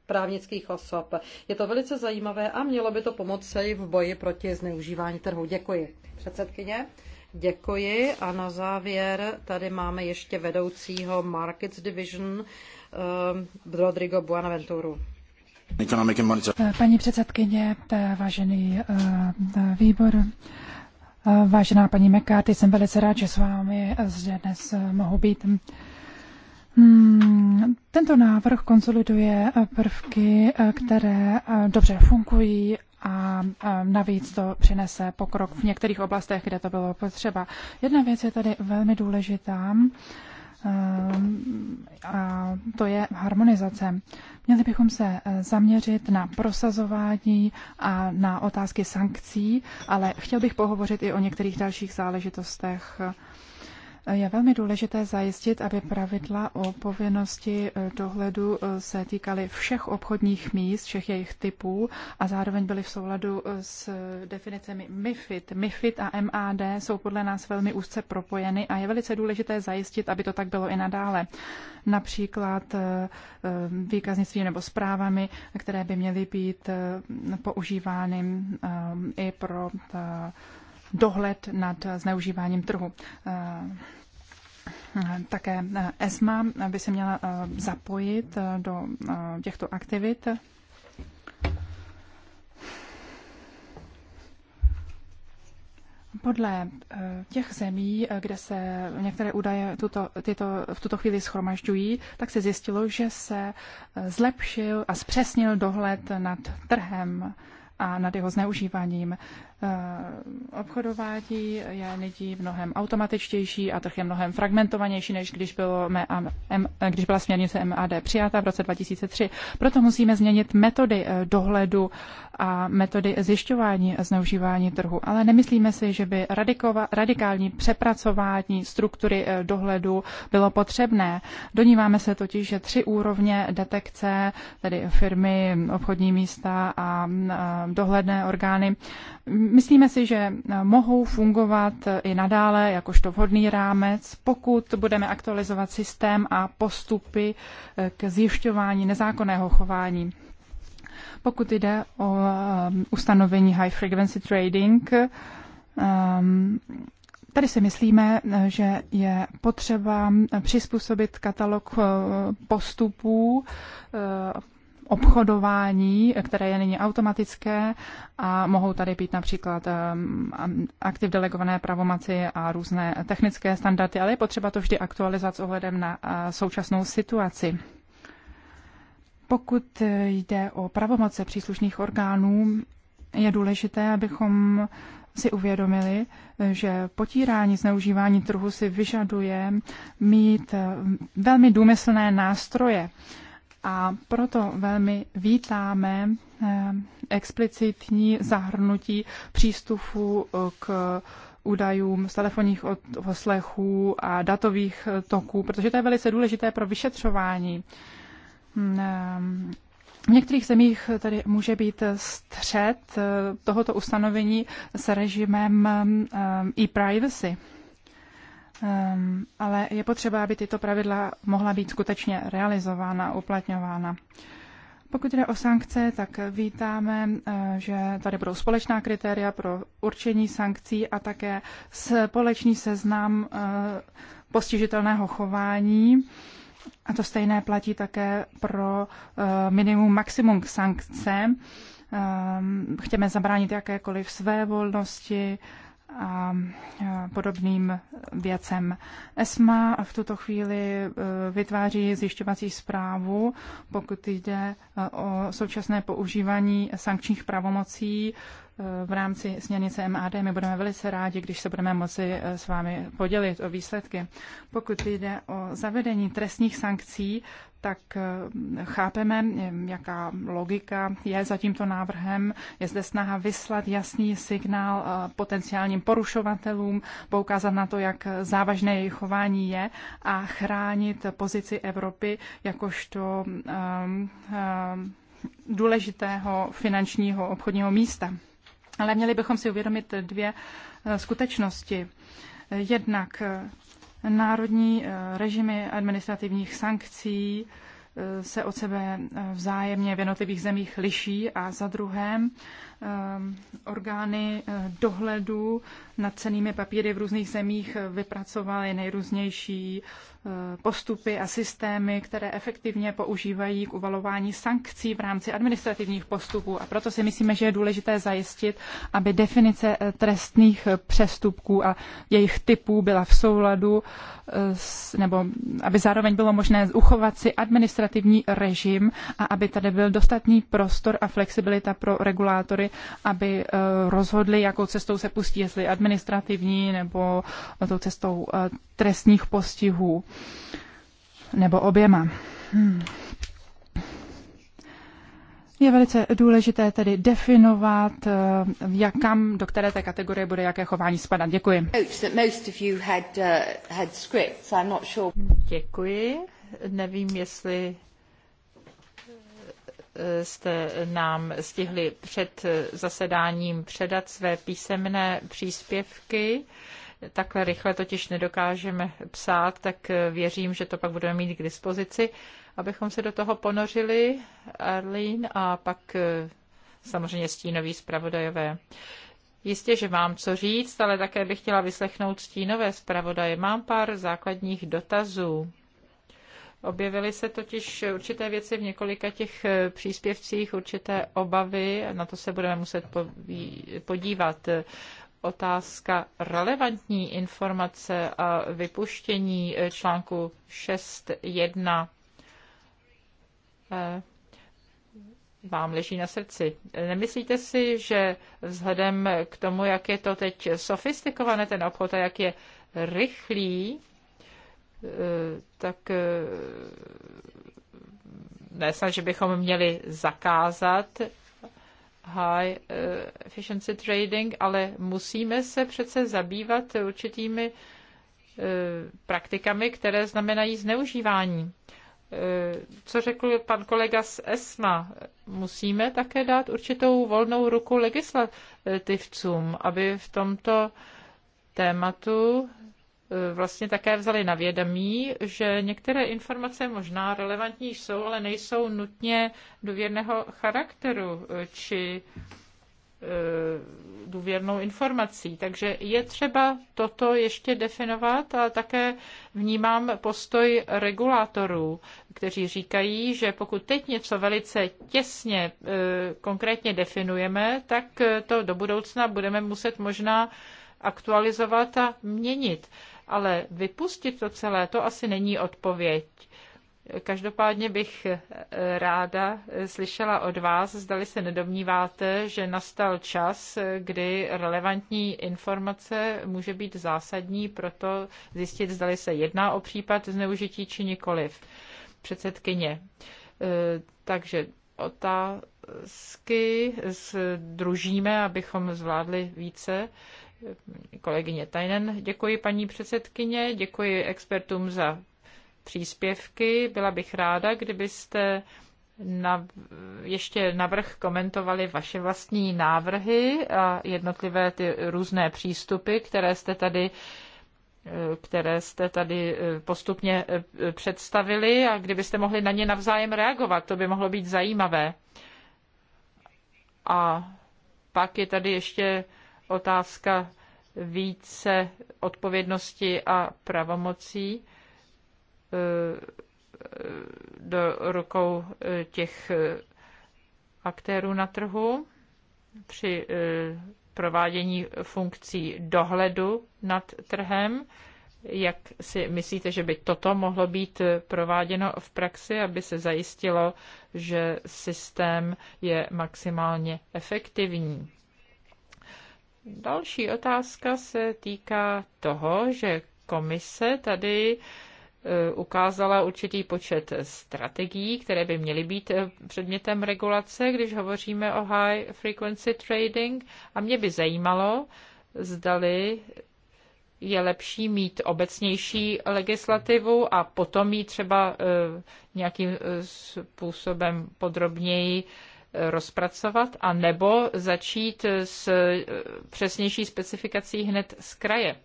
právnických osob. Je to velice zajímavé a mělo by to pomoci v boji proti zneužívání trhu. Děkuji. Předsedkyně. Děkuji a na závěr tady máme ještě vedoucího Markets Division eh, Rodrigo Buanaventuru. Eh, paní předsedkyně, eh, vážený eh, výbor, eh, vážená paní Mekáty, jsem velice rád, že s vámi eh, zde dnes mohu být. Eh, Hmm, tento návrh konsoliduje eh, prvky, eh, které eh, dobře fungují a navíc to přinese pokrok v některých oblastech, kde to bylo potřeba. Jedna věc je tady velmi důležitá a to je harmonizace. Měli bychom se zaměřit na prosazování a na otázky sankcí, ale chtěl bych pohovořit i o některých dalších záležitostech. Je velmi důležité zajistit, aby pravidla o povinnosti eh, dohledu eh, se týkaly všech obchodních míst, všech jejich typů a zároveň byly v souladu eh, s definicemi MIFID. MIFID a MAD jsou podle nás velmi úzce propojeny a je velice důležité zajistit, aby to tak bylo i nadále. Například výkaznictví nebo zprávami, které by měly být používány i pro ta dohled nad zneužíváním trhu. Eh, také eh, ESMA by se měla eh, zapojit do těchto aktivit. Podle těch zemí, kde se některé údaje tuto, tyto, v tuto chvíli schromažďují, tak se zjistilo, že se zlepšil a zpřesnil dohled nad trhem a nad jeho zneužíváním. Eh, obchodování je lidí mnohem automatičtější a trh je mnohem fragmentovanější, než když, bylo M, M, eh, když byla směrnice MAD přijata v roce 2003. Proto musíme změnit metody eh, dohledu a metody zjišťování a zneužívání trhu. Ale nemyslíme si, že by radikova, radikální přepracování struktury dohledu bylo potřebné. Doníváme se totiž, že tři úrovně detekce, tedy firmy, obchodní místa a dohledné orgány, Myslíme si, že eh, mohou fungovat eh, i nadále jakožto vhodný rámec, pokud budeme aktualizovat systém a postupy eh, k zjišťování nezákonného chování. Pokud jde o ustanovení high frequency trading, ehm, Tady si myslíme, že je potřeba přizpůsobit katalog postupů obchodování, které je nyní automatické a mohou tady být například um, aktiv delegované pravomaci a různé technické standardy, ale je potřeba to vždy aktualizovat s ohledem na uh, současnou situaci. Pokud jde o pravomoce příslušných orgánů, je důležité, abychom si uvědomili, že potírání zneužívání trhu si vyžaduje mít um, velmi důmyslné nástroje. A proto velmi vítáme eh, explicitní zahrnutí přístupu eh, k údajům z telefonních odposlechů a datových eh, toků, protože to je velice důležité pro vyšetřování. Hmm, v některých zemích tady může být střed tohoto ustanovení s režimem e-privacy. Um, ale je potřeba, aby tyto pravidla mohla být skutečně realizována, uplatňována. Pokud jde o sankce, tak vítáme, eh, že tady budou společná kritéria pro určení sankcí a také společný seznam eh, postižitelného chování. A to stejné platí také pro eh, minimum maximum sankce. Ehm, chceme zabránit jakékoliv své volnosti, a podobným věcem. ESMA v tuto chvíli e, vytváří zjišťovací zprávu, pokud jde e, o současné používání sankčních pravomocí e, v rámci směrnice MAD. My budeme velice rádi, když se budeme moci s vámi podělit o výsledky. Pokud jde o zavedení trestních sankcí, tak eh, chápeme, eh, jaká logika je za tímto návrhem. Je zde snaha vyslat jasný signál eh, potenciálním porušovatelům, poukázat na to, jak závažné jejich chování je a chránit pozici Evropy jakožto um, um, důležitého finančního obchodního místa. Ale měli bychom si uvědomit dvě skutečnosti. Jednak národní eh, režimy administrativních sankcí eh, se od sebe eh, vzájemně v jednotlivých zemích liší a za druhém Ehm, orgány eh, dohledu nad cenými papíry v různých zemích vypracovaly nejrůznější eh, postupy a systémy, které efektivně používají k uvalování sankcí v rámci administrativních postupů. A proto si myslíme, že je důležité zajistit, aby definice eh, trestných přestupků a jejich typů byla v souladu, nebo aby zároveň bylo možné uchovat si administrativní režim a aby tady byl dostatný prostor a flexibilita pro regulátory agentury, aby eh, rozhodly, jakou cestou se pustí, jestli administrativní nebo tou cestou eh, trestních postihů nebo oběma. Hmm. Je velice důležité tedy definovat, eh, jak kam, do které té kategorie bude jaké chování spadat. Děkuji. Děkuji. Nevím, jestli jste nám stihli před zasedáním předat své písemné příspěvky. Takhle rychle totiž nedokážeme psát, tak věřím, že to pak budeme mít k dispozici, abychom se do toho ponořili, Arlín, a pak eh, samozřejmě stínoví zpravodajové. Jistě, že mám co říct, ale také bych chtěla vyslechnout stínové zpravodaje. Mám pár základních dotazů Objevily se totiž určité věci v několika těch eh, příspěvcích, určité obavy, na to se budeme muset podívat. Otázka relevantní informace a vypuštění eh, článku 6.1 eh, vám leží na srdci. Nemyslíte si, že vzhledem k tomu, jak je to teď sofistikované ten obchod a jak je rychlý, Eh, tak eh, snad, že bychom měli zakázat high eh, efficiency trading, ale musíme se přece zabývat určitými praktikami, které znamenají zneužívání. Co řekl pan kolega z ESMA, musíme také dát určitou volnou ruku legislativcům, aby v tomto tématu Eh, vlastně také vzali na vědomí, že některé informace možná relevantní jsou, ale nejsou nutně důvěrného charakteru eh, či eh, důvěrnou informací. Takže je třeba toto ještě definovat a také vnímám postoj regulátorů, kteří říkají, že pokud teď něco velice těsně konkrétně definujeme, tak to do budoucna budeme muset možná aktualizovat a měnit ale vypustit to celé, to asi není odpověď. Každopádně bych eh, ráda eh, slyšela od vás, zdali se nedomníváte, že nastal čas, eh, kdy relevantní informace může být zásadní pro to zjistit, zdali se jedná o případ zneužití či nikoliv. Předsedkyně. Takže otázky združíme, abychom zvládli více kolegyně Tajnen. Děkuji paní předsedkyně, děkuji expertům za příspěvky. Byla bych ráda, kdybyste na, ještě navrh komentovali vaše vlastní návrhy a jednotlivé ty různé přístupy, které jste tady které jste tady postupně představili a kdybyste mohli na ně navzájem reagovat, to by mohlo být zajímavé. A pak je tady ještě otázka více odpovědnosti a pravomocí e, e, do rukou e, těch aktérů na trhu při provádění funkcí dohledu nad trhem. Jak si myslíte, že by toto mohlo být prováděno v praxi, aby se zajistilo, že systém je maximálně efektivní? Další otázka se týká toho, že komise tady e, ukázala určitý počet strategií, které by měly být e, předmětem regulace, když hovoříme o high frequency trading. A mě by zajímalo, zdali je lepší mít obecnější legislativu a potom ji třeba e, nějakým způsobem podrobněji rozpracovat a nebo začít s eh, přesnější specifikací hned z kraje.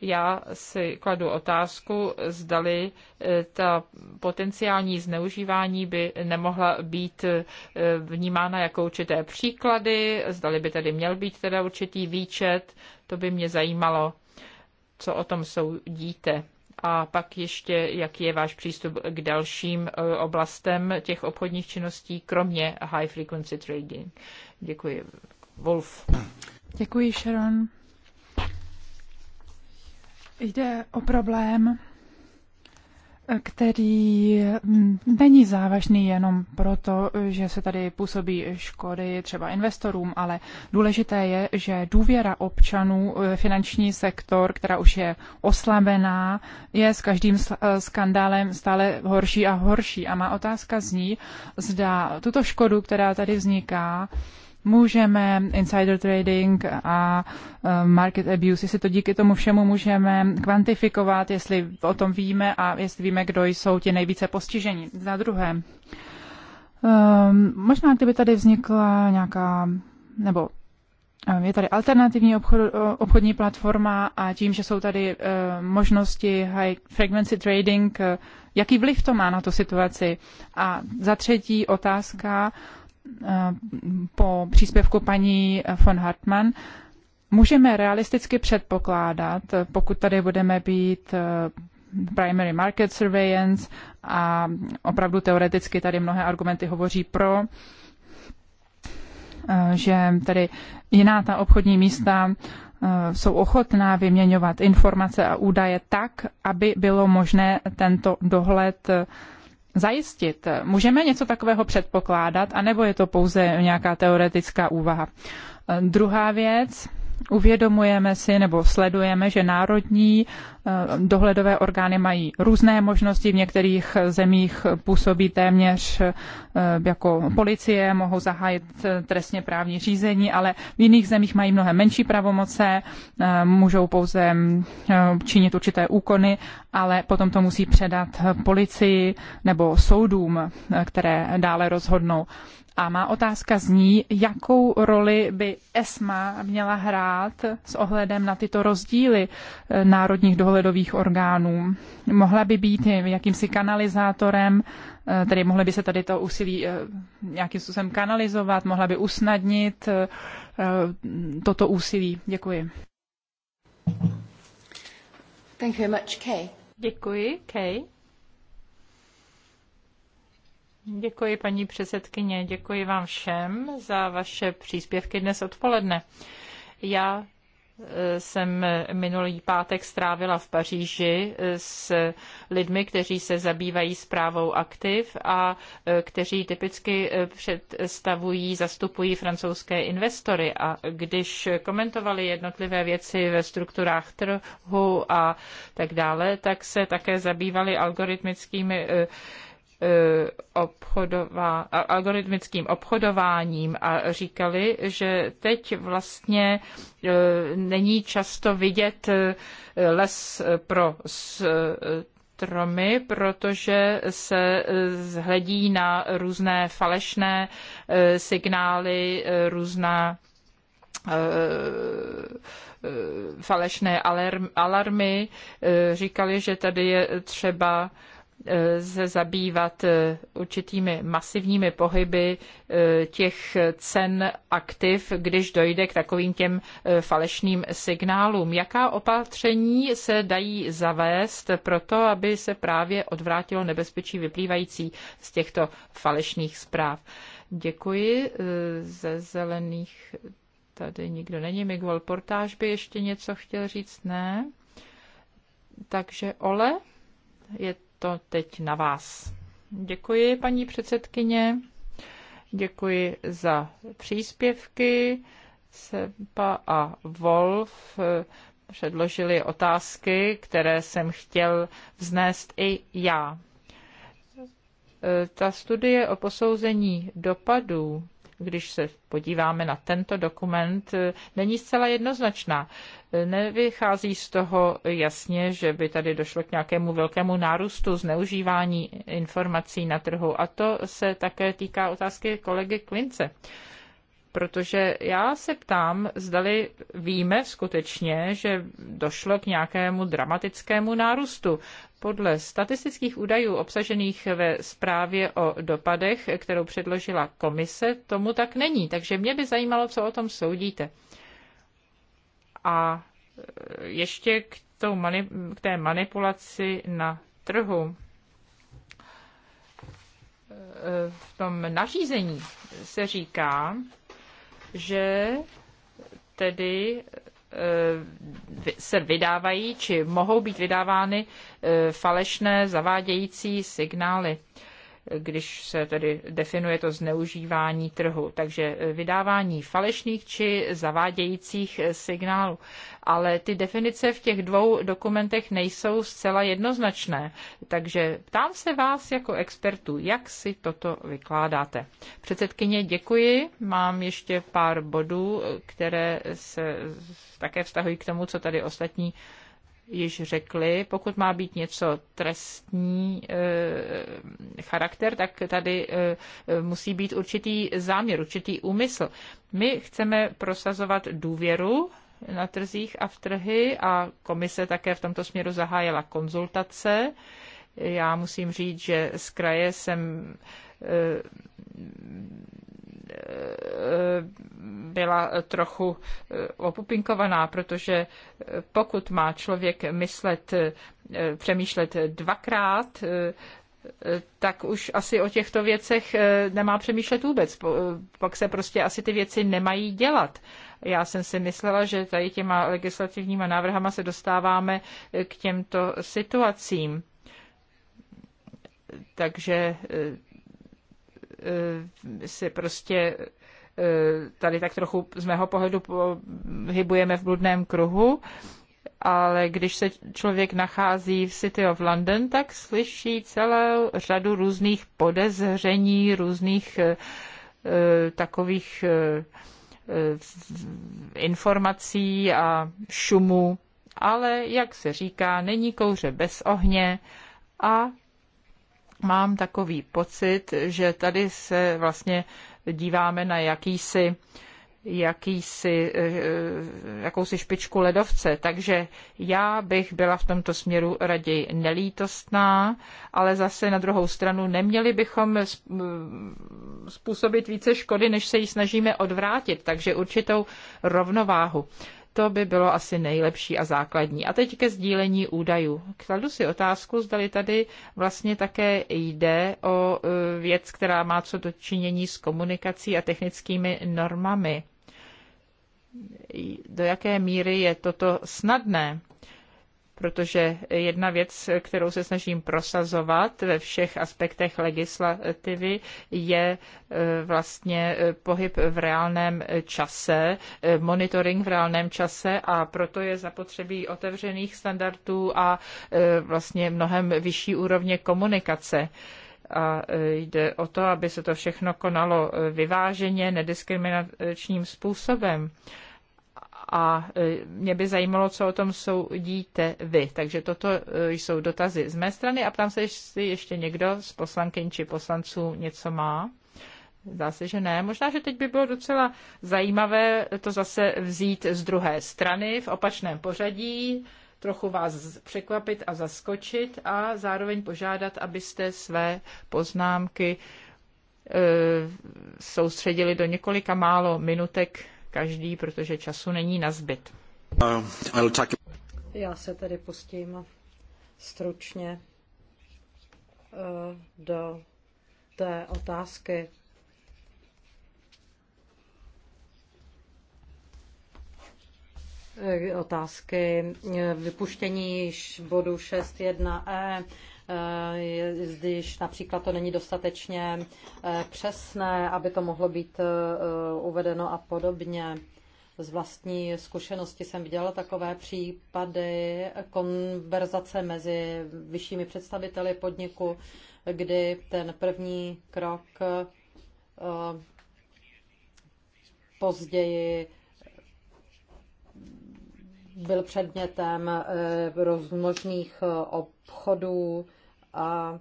Já si kladu otázku, zdali eh, ta potenciální zneužívání by nemohla být eh, vnímána jako určité příklady, zdali by tady měl být teda určitý výčet, to by mě zajímalo, co o tom soudíte. A pak ještě, jaký je váš přístup k dalším e, oblastem těch obchodních činností, kromě high frequency trading. Děkuji. Wolf. Děkuji, Sharon. Jde o problém, který mm, není závažný jenom proto, že se tady působí škody třeba investorům, ale důležité je, že důvěra občanů eh, finanční sektor, která už je oslabená, je s každým eh, skandálem stále horší a horší. A má otázka zní, zda tuto škodu, která tady vzniká, můžeme insider trading a eh, market abuse, jestli to díky tomu všemu můžeme kvantifikovat, jestli o tom víme a jestli víme, kdo jsou ti nejvíce postižení. Za druhé, ehm, možná kdyby tady vznikla nějaká, nebo eh, je tady alternativní obchod, obchodní platforma a tím, že jsou tady eh, možnosti high frequency trading, jaký vliv to má na tu situaci? A za třetí otázka, Eh, po příspěvku paní von Hartmann, můžeme realisticky předpokládat, pokud tady budeme být eh, primary market surveillance a opravdu teoreticky tady mnohé argumenty hovoří pro, eh, že tady jiná ta obchodní místa jsou ochotná vyměňovat informace a údaje tak, aby bylo možné tento dohled zajistit? Můžeme něco takového předpokládat, anebo je to pouze nějaká teoretická úvaha? Druhá věc, uvědomujeme si nebo sledujeme, že národní eh, dohledové orgány mají různé možnosti. V některých zemích působí téměř eh, jako policie, mohou zahájit eh, trestně právní řízení, ale v jiných zemích mají mnohem menší pravomoce, můžou pouze činit určité úkony, ale potom to musí předat policii nebo soudům, které dále rozhodnou. A má otázka zní, jakou roli by ESMA měla hrát s ohledem na tyto rozdíly eh, národních dohledových orgánů. Mohla by být jakýmsi kanalizátorem, eh, tedy mohly by se tady to úsilí eh, nějakým způsobem kanalizovat, mohla by usnadnit toto úsilí. Děkuji. Thank you very much, Kay. Děkuji, Kay. Děkuji, paní předsedkyně. Děkuji vám všem za vaše příspěvky dnes odpoledne. Já e, jsem minulý pátek strávila v Paříži e, s lidmi, kteří se zabývají zprávou aktiv a e, kteří typicky představují, zastupují francouzské investory. A když komentovali jednotlivé věci ve strukturách trhu a tak dále, tak se také zabývali algoritmickými E, obchodová, algoritmickým obchodováním a říkali, že teď vlastně e, není často vidět e, les pro stromy, protože se hledí na různé falešné signály, různá falešné alarmy. Říkali, že tady je třeba se zabývat e, určitými masivními pohyby e, těch cen aktiv, když dojde k takovým těm e, falešným signálům. Jaká opatření se dají zavést pro to, aby se právě odvrátilo nebezpečí vyplývající z těchto falešných zpráv? Děkuji. Ze zelených tady nikdo není. Miguel Portáž by ještě něco chtěl říct? Ne. Takže Ole, je to teď na vás. Děkuji, paní předsedkyně. Děkuji za příspěvky. Seba a Wolf eh, předložili otázky, které jsem chtěl vznést i já. Eh, ta studie o posouzení dopadů když se podíváme na tento dokument, e, není zcela jednoznačná. E, nevychází z toho jasně, že by tady došlo k nějakému velkému nárůstu zneužívání informací na trhu. A to se také týká otázky kolegy Klince protože já se ptám, zdali víme skutečně, že došlo k nějakému dramatickému nárůstu. Podle statistických údajů obsažených ve zprávě o dopadech, kterou předložila komise, tomu tak není. Takže mě by zajímalo, co o tom soudíte. A e, ještě k, tou mani- k té manipulaci na trhu. E, v tom nařízení se říká, že tedy Eh, se vydávají či mohou být vydávány eh, falešné zavádějící signály když se tedy definuje to zneužívání trhu. Takže eh, vydávání falešných či zavádějících eh, signálů. Ale ty definice v těch dvou dokumentech nejsou zcela jednoznačné. Takže ptám se vás jako expertů, jak si toto vykládáte. Předsedkyně, děkuji. Mám ještě pár bodů, eh, které se také vztahují k tomu, co tady ostatní již řekli, pokud má být něco trestní eh, charakter, tak tady eh, musí být určitý záměr, určitý úmysl. My chceme prosazovat důvěru na trzích a v trhy a komise také v tomto směru zahájila konzultace. Já musím říct, že z kraje jsem eh, byla trochu eh, opupinkovaná, protože eh, pokud má člověk myslet, eh, přemýšlet dvakrát, tak už asi o těchto věcech nemá přemýšlet vůbec. Pak se prostě asi ty věci nemají dělat. Já jsem si myslela, že tady těma legislativníma návrhama se dostáváme k těmto situacím. Takže Eh, si prostě eh, tady tak trochu z mého pohledu hybujeme v bludném kruhu, ale když se člověk nachází v City of London, tak slyší celou řadu různých podezření, různých eh, takových informací a šumu, ale, jak se říká, není kouře bez ohně a mám takový pocit, že tady se vlastně díváme na jakýsi jakýsi, eh, jakousi špičku ledovce. Takže já bych byla v tomto směru raději nelítostná, ale zase na druhou stranu neměli bychom eh, způsobit více škody, než se ji snažíme odvrátit. Takže určitou rovnováhu. To by bylo asi nejlepší a základní. A teď ke sdílení údajů. Kladu si otázku, zdali tady vlastně také jde o e, věc, která má co dočinění s komunikací a technickými normami. Do jaké míry je toto snadné? protože jedna věc, kterou se snažím prosazovat ve všech aspektech legislativy, je e, vlastně e, pohyb v reálném čase, e, monitoring v reálném čase a proto je zapotřebí otevřených standardů a vlastně mnohem vyšší úrovně komunikace a jde o to, aby se to všechno konalo vyváženě, nediskriminačním způsobem a e, mě by zajímalo, co o tom soudíte vy. Takže toto e, jsou dotazy z mé strany a ptám se, jestli ještě někdo z poslankyň či poslanců něco má. Zdá se, že ne. Možná, že teď by bylo docela zajímavé to zase vzít z druhé strany v opačném pořadí, trochu vás překvapit a zaskočit a zároveň požádat, abyste své poznámky e, soustředili do několika málo minutek každý, protože času není na zbyt. Uh, Já se tedy pustím stručně uh, do té otázky eh, otázky eh, vypuštění bodu 6.1e Eh, když například to není dostatečně eh, přesné, aby to mohlo být eh, uvedeno a podobně. Z vlastní zkušenosti jsem viděla takové případy konverzace mezi vyššími představiteli podniku, kdy ten první krok později byl předmětem eh, rozmožných eh, obchodů a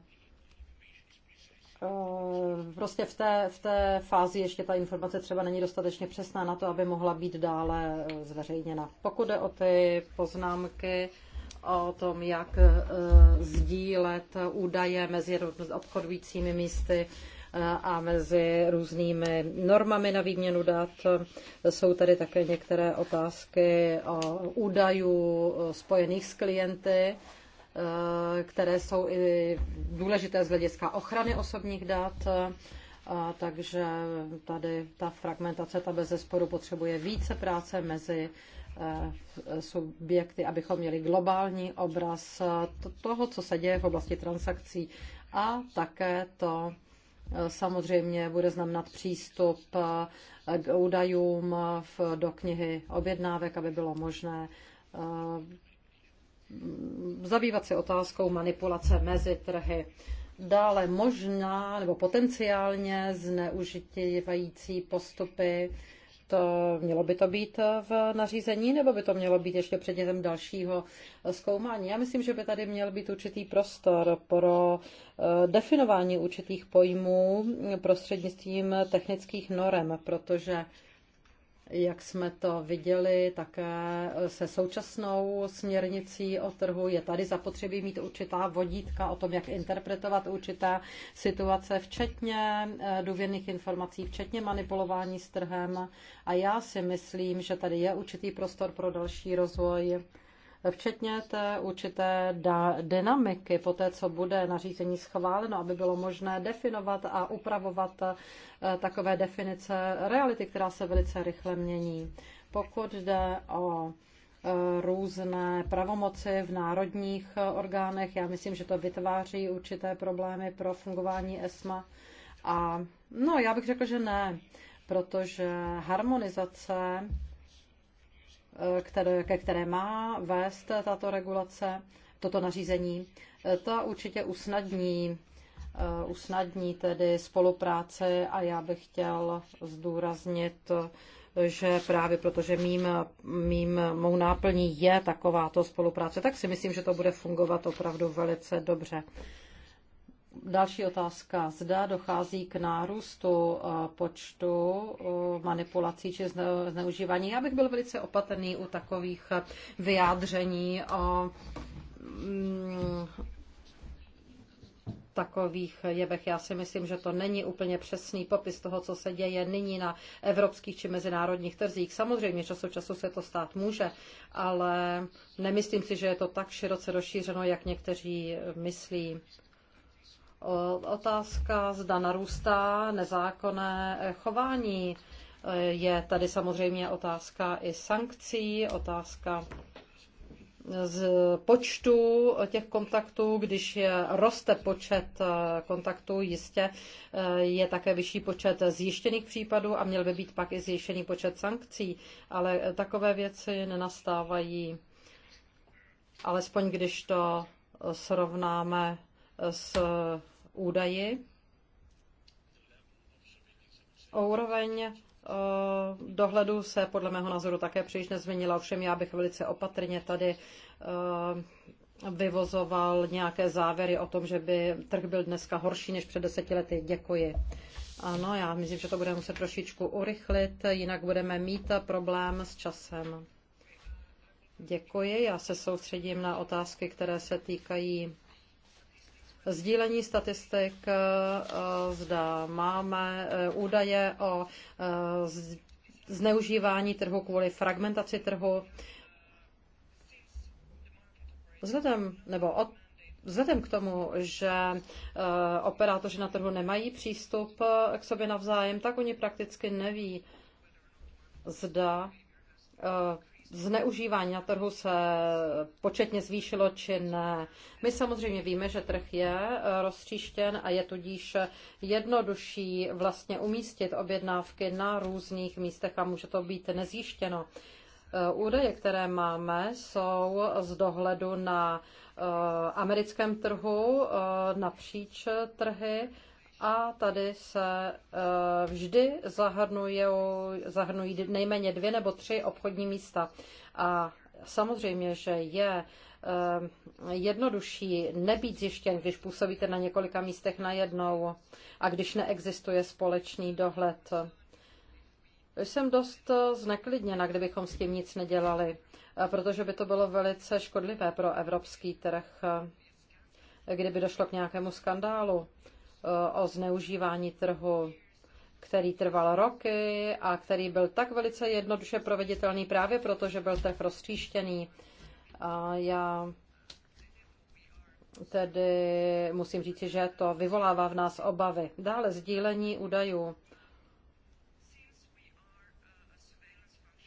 eh, prostě v té, v té fázi ještě ta informace třeba není dostatečně přesná na to, aby mohla být dále zveřejněna. Pokud jde o ty poznámky o tom, jak sdílet údaje mezi obchodujícími místy, a mezi různými normami na výměnu dat. Jsou tady také některé otázky o údajů spojených s klienty, které jsou i důležité z hlediska ochrany osobních dat. A takže tady ta fragmentace, ta bez zesporu potřebuje více práce mezi eh, subjekty, abychom měli globální obraz toho, co se děje v oblasti transakcí a také to samozřejmě bude znamenat přístup eh, údajům do knihy objednávek, aby bylo možné eh, zabývat se otázkou manipulace mezi trhy. Dále možná nebo potenciálně zneužitějící postupy to, mělo by to být eh, v nařízení, nebo by to mělo být ještě předmětem dalšího eh, zkoumání? Já myslím, že by tady měl být určitý prostor pro eh, definování určitých pojmů mm, prostřednictvím technických norem, protože jak jsme to viděli také se současnou směrnicí o trhu. Je tady zapotřebí mít určitá vodítka o tom, jak interpretovat určité situace, včetně eh, důvěrných informací, včetně manipulování s trhem. A já si myslím, že tady je určitý prostor pro další rozvoj včetně té určité dynamiky po té, co bude nařízení schváleno, aby bylo možné definovat a upravovat eh, takové definice reality, která se velice rychle mění. Pokud jde o eh, různé pravomoci v národních eh, orgánech. Já myslím, že to vytváří určité problémy pro fungování ESMA. A no, já bych řekl, že ne, protože harmonizace které, ke které má vést tato regulace, toto nařízení, to určitě usnadní, eh, usnadní tedy spolupráci a já bych chtěl zdůraznit, že právě protože mým, mým mou náplní je takováto spolupráce, tak si myslím, že to bude fungovat opravdu velice dobře. Další otázka. Zda dochází k nárůstu eh, počtu eh, manipulací či zneužívání. Já bych byl velice opatrný u takových eh, vyjádření o mm, takových jebech. Já si myslím, že to není úplně přesný popis toho, co se děje nyní na evropských či mezinárodních trzích. Samozřejmě času času se to stát může, ale nemyslím si, že je to tak široce rozšířeno, jak někteří myslí. Eh, otázka, zda narůstá nezákonné eh, chování. Eh, je tady samozřejmě otázka i sankcí, otázka z počtu těch kontaktů, když je, roste počet kontaktů, jistě je také vyšší počet zjištěných případů a měl by být pak i zjištěný počet sankcí, ale takové věci nenastávají, alespoň když to srovnáme s údaji o úroveň eh, dohledu se podle mého názoru také příliš nezměnila, ovšem já bych velice opatrně tady eh, vyvozoval nějaké závěry o tom, že by trh byl dneska horší než před deseti lety. Děkuji. Ano, já myslím, že to budeme muset trošičku urychlit, jinak budeme mít problém s časem. Děkuji. Já se soustředím na otázky, které se týkají sdílení statistik, eh, zda máme eh, údaje o eh, zneužívání trhu kvůli fragmentaci trhu. Vzhledem, nebo od, vzhledem k tomu, že operátoři na trhu nemají přístup k sobě navzájem, tak oni prakticky neví, zda zneužívání na trhu se početně zvýšilo či ne. My samozřejmě víme, že trh je eh, rozstříštěn a je tudíž jednodušší vlastně umístit objednávky na různých místech a může to být nezjištěno. Eh, údaje, které máme, jsou z dohledu na eh, americkém trhu napříč trhy a tady se eh, vždy zahrnují, zahrnují nejméně dvě nebo tři obchodní místa. A samozřejmě, že je eh, jednodušší nebýt zjištěn, když působíte na několika místech najednou a když neexistuje společný dohled. Jsem dost eh, zneklidněna, kdybychom s tím nic nedělali, protože by to bylo velice škodlivé pro evropský trh, kdyby došlo k nějakému skandálu. Eh, o zneužívání trhu, který trval roky a který byl tak velice jednoduše proveditelný právě proto, že byl tak roztříštěný. A já tedy musím říci, že to vyvolává v nás obavy. Dále sdílení údajů.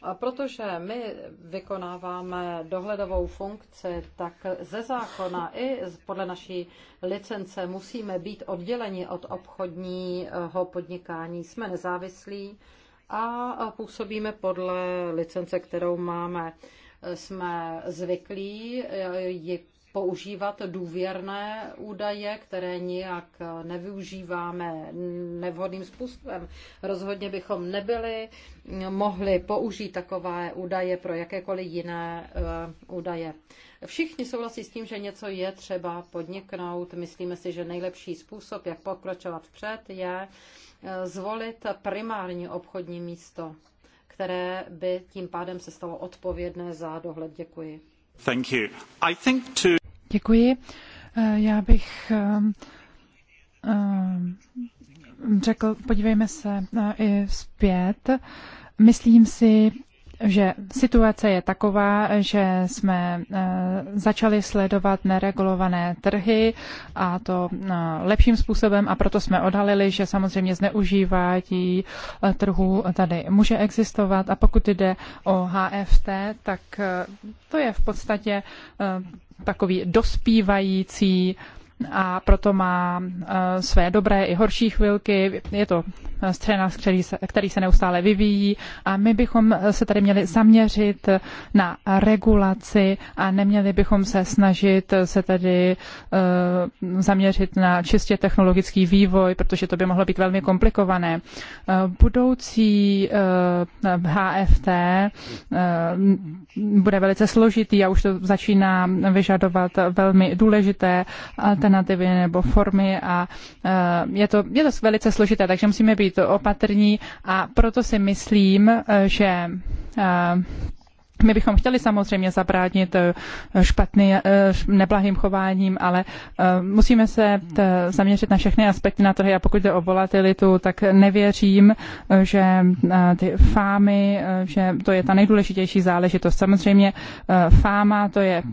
A protože my vykonáváme dohledovou funkci, tak ze zákona i podle naší licence musíme být odděleni od obchodního podnikání. Jsme nezávislí a působíme podle licence, kterou máme. Jsme zvyklí ji používat důvěrné údaje, které nijak nevyužíváme nevhodným způsobem. Rozhodně bychom nebyli mohli použít takové údaje pro jakékoliv jiné eh, údaje. Všichni souhlasí s tím, že něco je třeba podniknout. Myslíme si, že nejlepší způsob, jak pokračovat vpřed, je eh, zvolit primární obchodní místo, které by tím pádem se stalo odpovědné za dohled. Děkuji. Thank you. I think to... Děkuji. Eh, já bych eh, eh, řekl, podívejme se i zpět. Myslím si, že situace je taková, že jsme začali sledovat neregulované trhy a to lepším způsobem a proto jsme odhalili, že samozřejmě zneužívání trhu tady může existovat a pokud jde o HFT, tak to je v podstatě takový dospívající a proto má eh, své dobré i horší chvilky. Je to eh, scéna, který se, který se neustále vyvíjí a my bychom eh, se tady měli zaměřit na regulaci a neměli bychom se snažit se tedy zaměřit na čistě technologický vývoj, protože to by mohlo být velmi komplikované. Budoucí HFT bude velice složitý a už to začíná vyžadovat velmi důležité alternativy alternativy nebo formy a eh, je to, je to velice složité, takže musíme být opatrní a proto si myslím, eh, že eh, my bychom chtěli samozřejmě zabránit eh, špatným, eh, neblahým chováním, ale eh, musíme se zaměřit na všechny aspekty na trhy a pokud jde o volatilitu, tak nevěřím, že ty fámy, že to je ta nejdůležitější záležitost. Samozřejmě fáma to je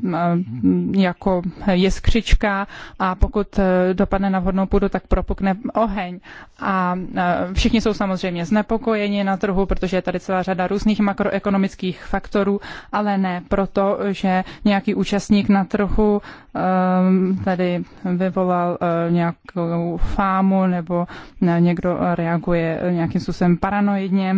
jako jeskřička a pokud dopadne na vhodnou půdu, tak propukne oheň. A všichni jsou samozřejmě znepokojeni na trhu, protože je tady celá řada různých makroekonomických faktorů, dolarů, ale ne proto, že nějaký účastník na trochu ehm, tady vyvolal eh, nějakou fámu nebo někdo reaguje eh, nějakým způsobem paranoidně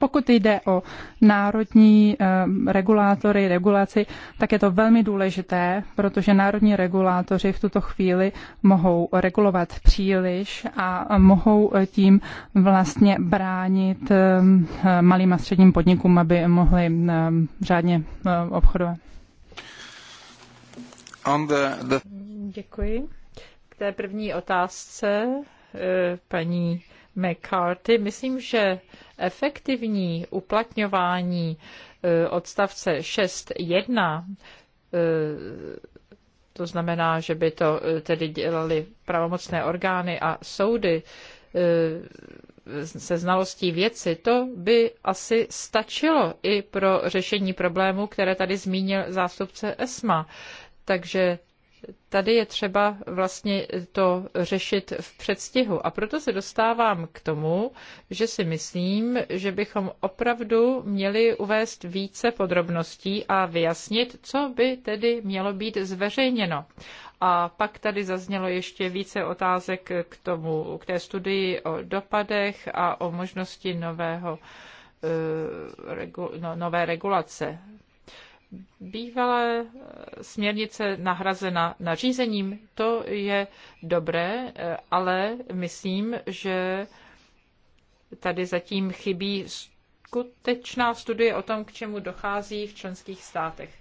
pokud jde o národní eh, regulátory, regulaci, tak je to velmi důležité, protože národní regulátoři v tuto chvíli mohou regulovat příliš a mohou tím vlastně bránit eh, malým a středním podnikům, aby mohli eh, řádně obchodovat. On the, the... Děkuji. K té první otázce paní McCarthy. Myslím, že efektivní uplatňování eh, odstavce 6.1 eh, to znamená, že by to eh, tedy dělali pravomocné orgány a soudy se znalostí věci, to by asi stačilo i pro řešení problémů, které tady zmínil zástupce ESMA. Takže tady je třeba vlastně to řešit v předstihu. A proto se dostávám k tomu, že si myslím, že bychom opravdu měli uvést více podrobností a vyjasnit, co by tedy mělo být zveřejněno. A pak tady zaznělo ještě více otázek k tomu, k té studii o dopadech a o možnosti nového, eh, no, nové regulace bývalé eh, směrnice nahrazena nařízením, to je dobré, eh, ale myslím, že tady zatím chybí skutečná studie o tom, k čemu dochází v členských státech.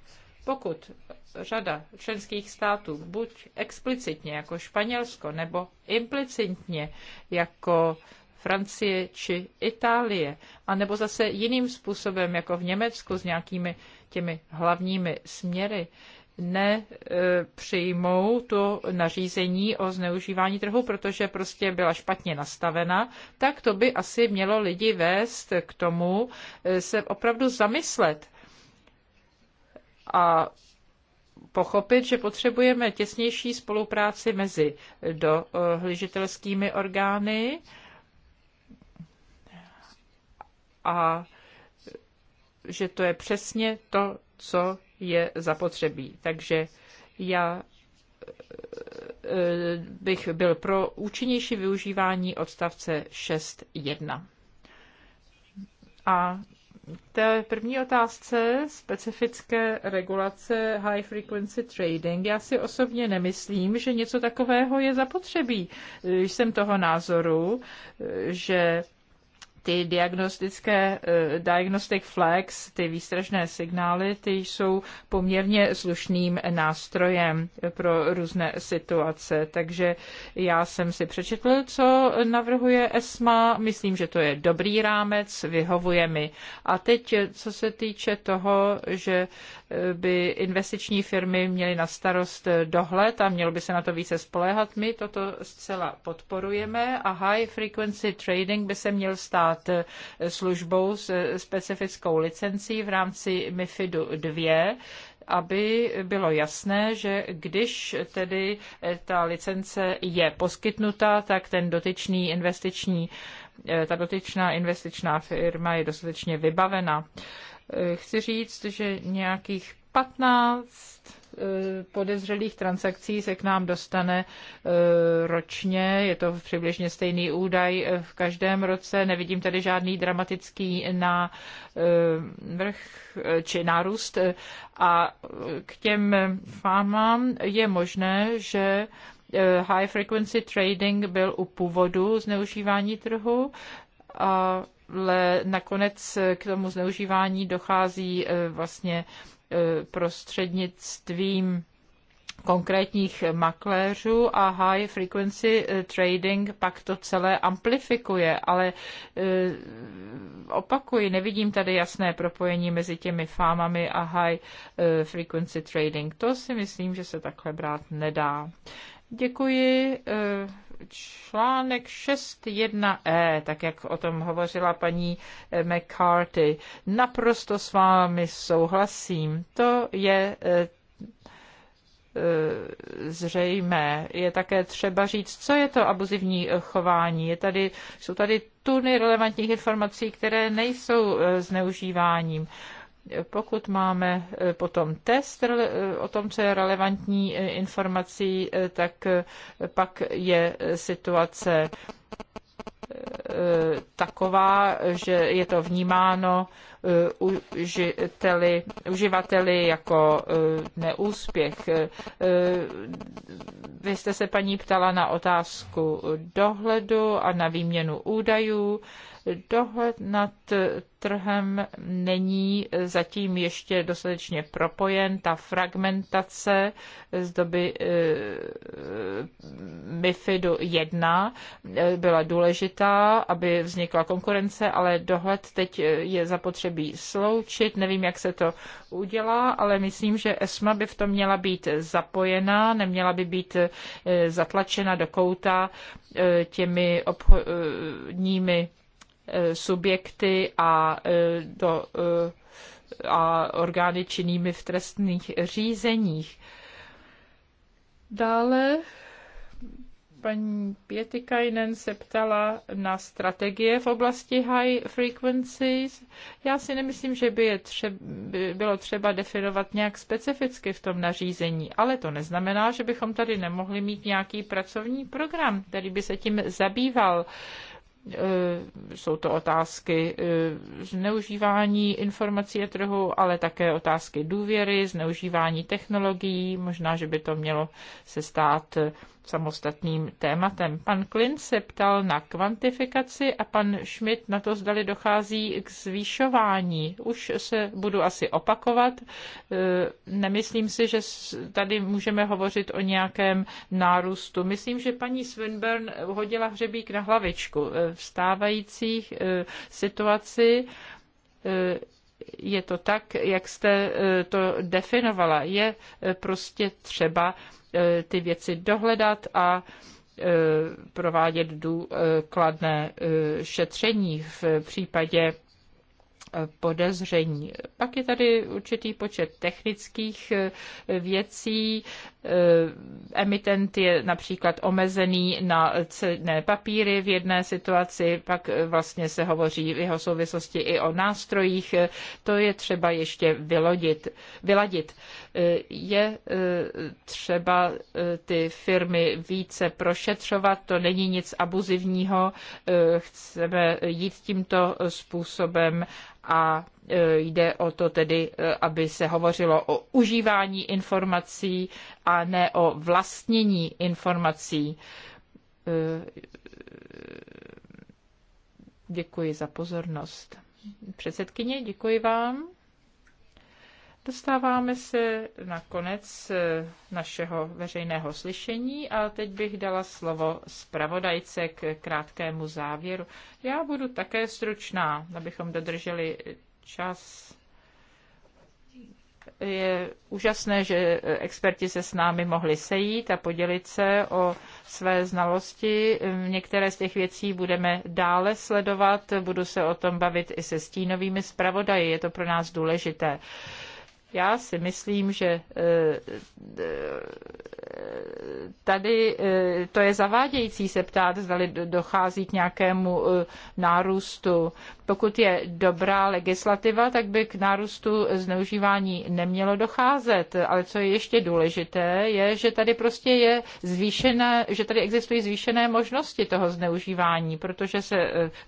Pokud řada členských států buď explicitně jako Španělsko nebo implicitně jako Francie či Itálie, anebo zase jiným způsobem, jako v Německu s nějakými těmi hlavními směry, nepřijmou e, to nařízení o zneužívání trhu, protože prostě byla špatně nastavena, tak to by asi mělo lidi vést k tomu e, se opravdu zamyslet a pochopit, že potřebujeme těsnější spolupráci mezi dohlížitelskými orgány, a že to je přesně to, co je zapotřebí. Takže já eh, eh, bych byl pro účinnější využívání odstavce 6.1. A té první otázce specifické regulace high frequency trading. Já si osobně nemyslím, že něco takového je zapotřebí. Jsem toho názoru, eh, že ty diagnostické, eh, diagnostic flags, ty výstražné signály, ty jsou poměrně slušným nástrojem pro různé situace. Takže já jsem si přečetl, co navrhuje ESMA. Myslím, že to je dobrý rámec, vyhovuje mi. A teď, co se týče toho, že by investiční firmy měly na starost dohled a mělo by se na to více spoléhat. My toto zcela podporujeme a high frequency trading by se měl stát eh, službou s eh, specifickou licencí v rámci MIFIDu 2 aby bylo jasné, že když tedy eh, ta licence je poskytnuta, tak ten dotyčný investiční, ta dotyčná investičná firma je dostatečně vybavena. Eh, chci říct, že nějakých 15 eh, podezřelých transakcí se k nám dostane eh, ročně. Je to přibližně stejný údaj v každém roce. Nevidím tady žádný dramatický na vrch či nárůst. A k těm fámám je možné, že high frequency trading byl u původu zneužívání trhu a ale nakonec k tomu zneužívání dochází eh, vlastně eh, prostřednictvím konkrétních makléřů a high frequency eh, trading pak to celé amplifikuje, ale opakuji, nevidím tady jasné propojení mezi těmi fámami a high frequency trading. To si myslím, že se takhle brát nedá. Děkuji. E, článek 6.1e, tak jak o tom hovořila paní McCarthy, naprosto s vámi souhlasím. To je e, e, zřejmé. Je také třeba říct, co je to abuzivní chování. Je tady, jsou tady tuny relevantních informací, které nejsou zneužíváním. Pokud máme e, potom test e, o tom, co je relevantní e, informací, tak pak je situace taková, že je to vnímáno Eh, užiteli, uživateli jako eh, neúspěch. Eh, vy jste se paní ptala na otázku dohledu a na výměnu údajů. Dohled nad trhem není zatím ještě dostatečně propojen. Ta fragmentace z doby MIFIDu 1 byla důležitá, aby vznikla konkurence, ale dohled teď je zapotřebí zapotřebí sloučit. Nevím, jak se to udělá, ale myslím, že ESMA by v tom měla být zapojená, neměla by být eh, zatlačena do kouta eh, těmi obchodními eh, subjekty a do a orgány činnými v trestných řízeních. Dále Paní Pietikainen se ptala na strategie v oblasti high frequencies. Já si nemyslím, že by je třeba, by bylo třeba definovat nějak specificky v tom nařízení, ale to neznamená, že bychom tady nemohli mít nějaký pracovní program, který by se tím zabýval eh, jsou to otázky eh, zneužívání informací a trhu, ale také otázky důvěry, zneužívání technologií. Možná, že by to mělo se stát eh, samostatným tématem. Pan Klin se ptal na kvantifikaci a pan Schmidt na to zdali dochází k zvýšování. Už se budu asi opakovat. E, nemyslím si, že tady můžeme hovořit o nějakém nárůstu. Myslím, že paní Swinburne hodila hřebík na hlavičku. E, v stávajících e, situaci je to tak, jak jste eh, to definovala. Je eh, prostě třeba eh, ty věci dohledat a provádět důkladné šetření v případě podezření. Pak je tady určitý počet technických věcí, Eh, emitent je například omezený na cenné papíry v jedné situaci, pak eh, vlastně se hovoří v jeho souvislosti i o nástrojích, eh, to je třeba ještě vylodit, vyladit. Je třeba ty firmy více prošetřovat, to není nic abuzivního, chceme jít tímto způsobem a Eh, jde o to tedy, eh, aby se hovořilo o užívání informací a ne o vlastnění informací. Eh, děkuji za pozornost. Předsedkyně, děkuji vám. Dostáváme se na konec našeho veřejného slyšení a teď bych dala slovo zpravodajce k krátkému závěru. Já budu také stručná, abychom dodrželi čas. Je úžasné, že experti se s námi mohli sejít a podělit se o své znalosti. Některé z těch věcí budeme dále sledovat, budu se o tom bavit i se stínovými zpravodaji, je to pro nás důležité. Já si myslím, že eh, eh, tady eh, to je zavádějící se ptát, zda dochází k nějakému nárůstu. Pokud je dobrá legislativa, tak by k nárůstu zneužívání nemělo docházet. Ale co je ještě důležité, je, že tady prostě je zvýšené, že tady existují zvýšené možnosti toho zneužívání, protože se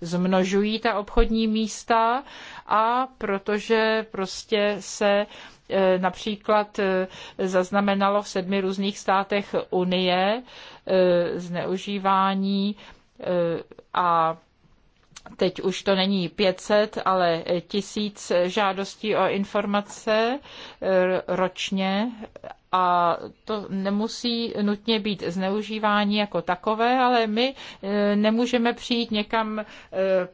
zmnožují ta obchodní místa a protože prostě se Eh, například eh, zaznamenalo v sedmi různých státech Unie eh, zneužívání a teď už to není 500, ale tisíc žádostí o informace ročně a to nemusí nutně být zneužívání jako takové, ale my e, nemůžeme přijít někam e,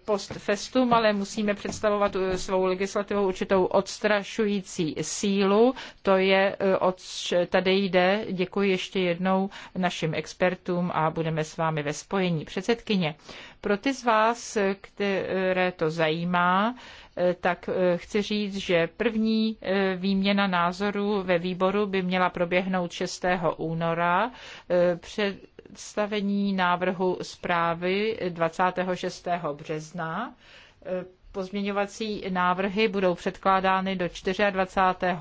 post festum, ale musíme představovat e, svou legislativou určitou odstrašující sílu. To je, tady jde. Děkuji ještě jednou našim expertům a budeme s vámi ve spojení. Předsedkyně, pro ty z vás, které to zajímá, eh, tak eh, chci říct, že první eh, výměna názorů ve výboru by měla proběhnout 6. února. Představení návrhu zprávy 26. března pozměňovací návrhy budou předkládány do 24.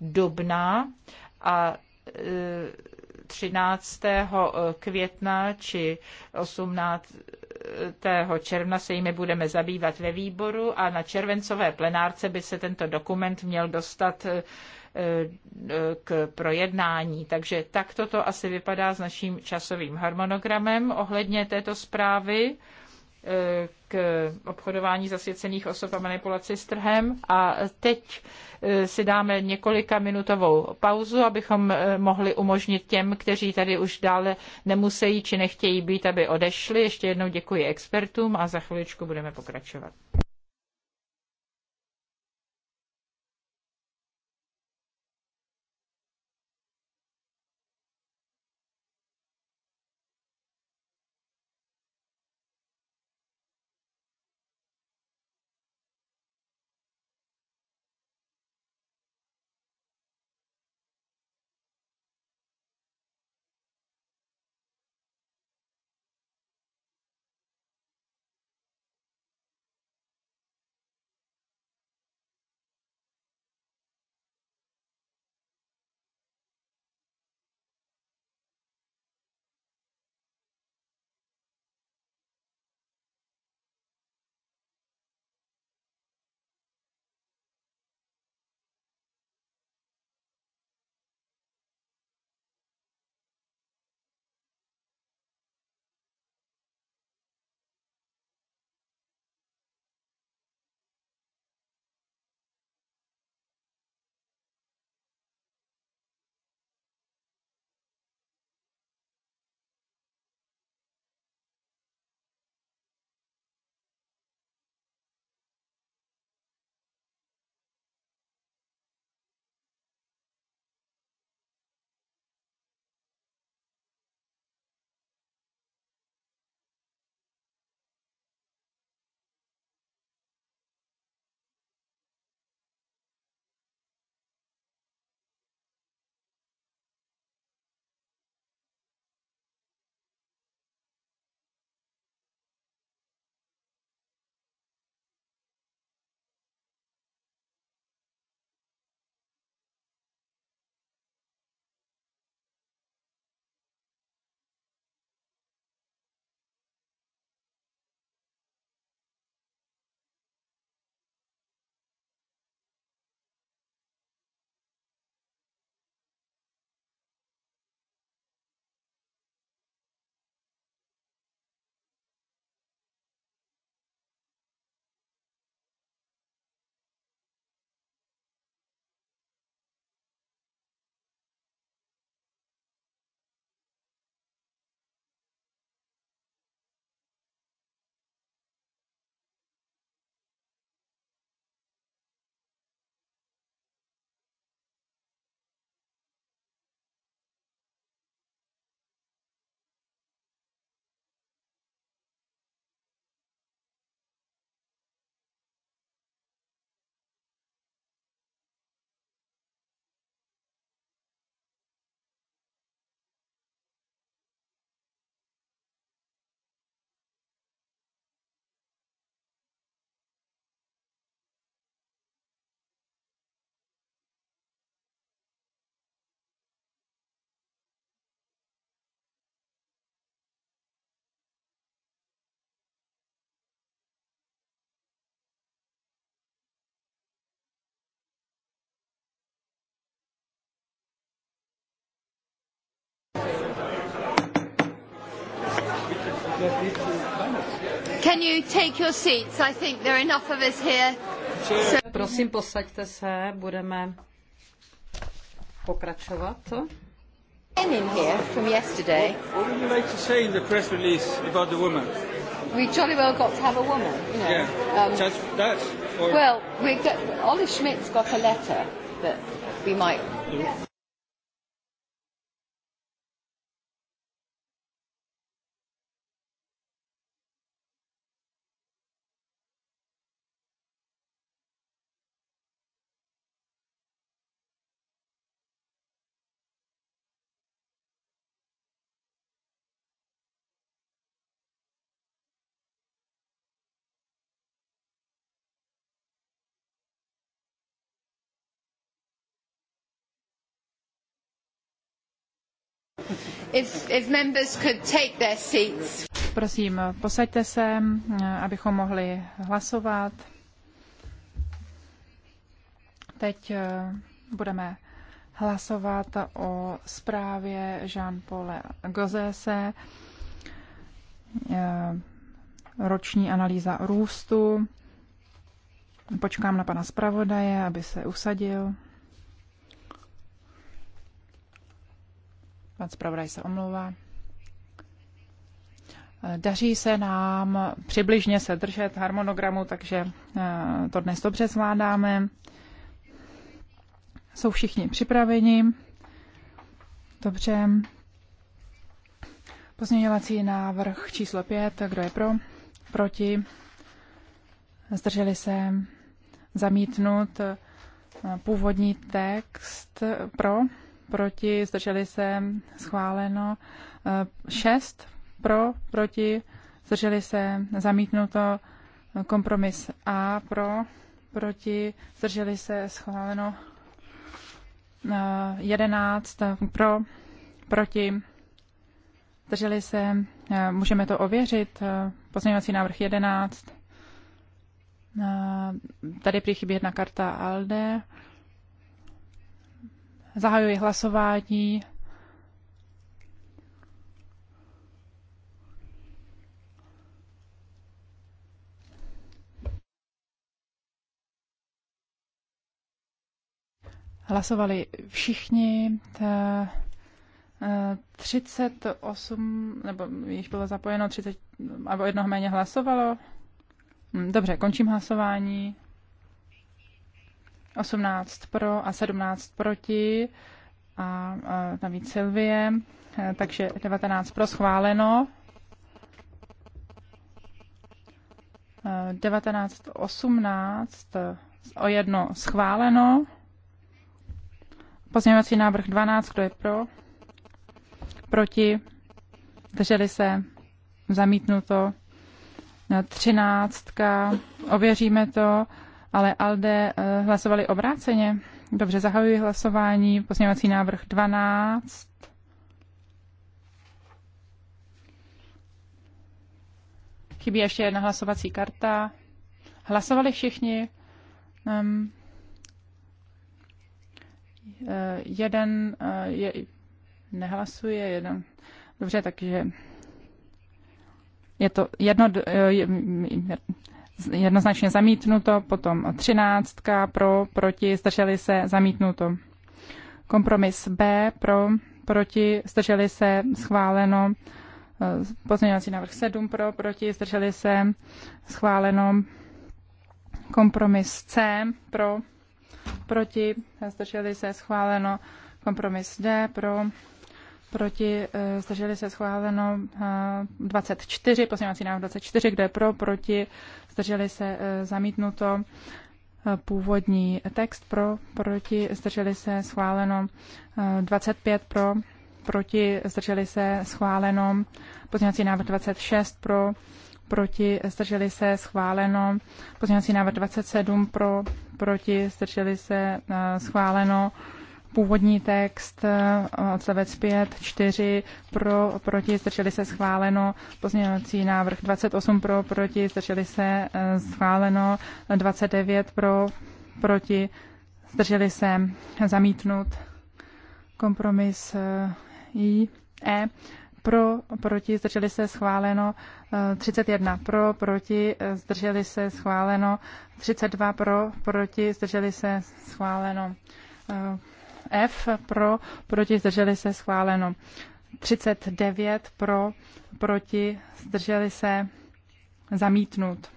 dubna a 13. května či 18 tého června se jimi budeme zabývat ve výboru a na červencové plenárce by se tento dokument měl dostat e, e, k projednání. Takže tak to asi vypadá s naším časovým harmonogramem ohledně této zprávy e, k eh, obchodování zasvěcených osob a manipulaci s trhem. A teď eh, si dáme několika minutovou pauzu, abychom eh, mohli umožnit těm, kteří tady už dále nemusí či nechtějí být, aby odešli. Ještě jednou děkuji expertům a za chviličku budeme pokračovat. Can you take your seats? I think there are enough of us here. So... Prosím, posaďte se, budeme pokračovat. in here from yesterday. What would you like to say in the press release about the woman? We jolly well got to have a woman, you know. Yeah. Um, Just that. Or... Well, we got, Olive Schmidt's got a letter that we might. Yeah. If, if members could take their seats. Prosím, posaďte se, abychom mohli hlasovat. Teď eh, budeme hlasovat o zprávě Jean-Paule Gozese, eh, roční analýza růstu. Počkám na pana zpravodaje, aby se usadil. Pan zpravodaj se omlouvá. Daří se nám přibližně se držet harmonogramu, takže eh, to dnes dobře zvládáme. Jsou všichni připraveni. Dobře. Pozměňovací návrh číslo 5. Kdo je pro? Proti? Zdrželi se zamítnout původní text pro? proti, zdrželi se, schváleno. Eh, šest pro, proti, zdrželi se, zamítnuto. Kompromis A pro, proti, zdrželi se, schváleno. Eh, jedenáct pro, proti, zdrželi se, eh, můžeme to ověřit, pozměňovací návrh jedenáct Tady přichybí jedna karta ALDE. Zahajuji hlasování. Hlasovali všichni. 38, e, nebo jich bylo zapojeno 30, nebo jednoho méně hlasovalo. Hm, dobře, končím hlasování. 18 pro a 17 proti a, a navíc Silvie, e, takže 19 pro schváleno. 19, e, 18 e, o jedno schváleno. Pozměňovací návrh 12, kdo je pro? Proti? Drželi se? Zamítnuto? 13, ověříme to ale ALDE eh, hlasovali obráceně. Dobře, zahajuji hlasování. Pozměňovací návrh 12. Chybí ještě jedna hlasovací karta. Hlasovali všichni. Um, jeden eh, je, nehlasuje, jeden. Dobře, takže je to jedno, jednoznačně zamítnuto, potom třináctka pro, proti, zdrželi se, zamítnuto. Kompromis B pro, proti, zdrželi se, schváleno. Eh, pozměňovací návrh 7 pro, proti, zdrželi se, schváleno. Kompromis C pro, proti, zdrželi se, schváleno. Kompromis D pro, proti, eh, zdrželi se schváleno 24, eh, pozměňovací návrh 24, kde pro, proti, zdrželi se eh, zamítnuto původní text pro, proti, zdrželi se schváleno 25 pro, proti, zdrželi se schváleno pozměňovací návrh 26 pro, proti, zdrželi se schváleno pozměňovací návrh 27 pro, proti, zdrželi se schváleno Původní text, eh, odstavec 5, 4, pro, proti, zdrželi se schváleno. Pozměňovací návrh 28 pro, proti, zdrželi se eh, schváleno. 29 pro, proti, zdrželi se zamítnut. Kompromis eh, I, E, pro, proti, zdrželi se schváleno 31 pro, proti, zdrželi se schváleno 32 pro, proti, zdrželi se schváleno F pro, proti, zdrželi se, schváleno. 39 pro, proti, zdrželi se, zamítnut.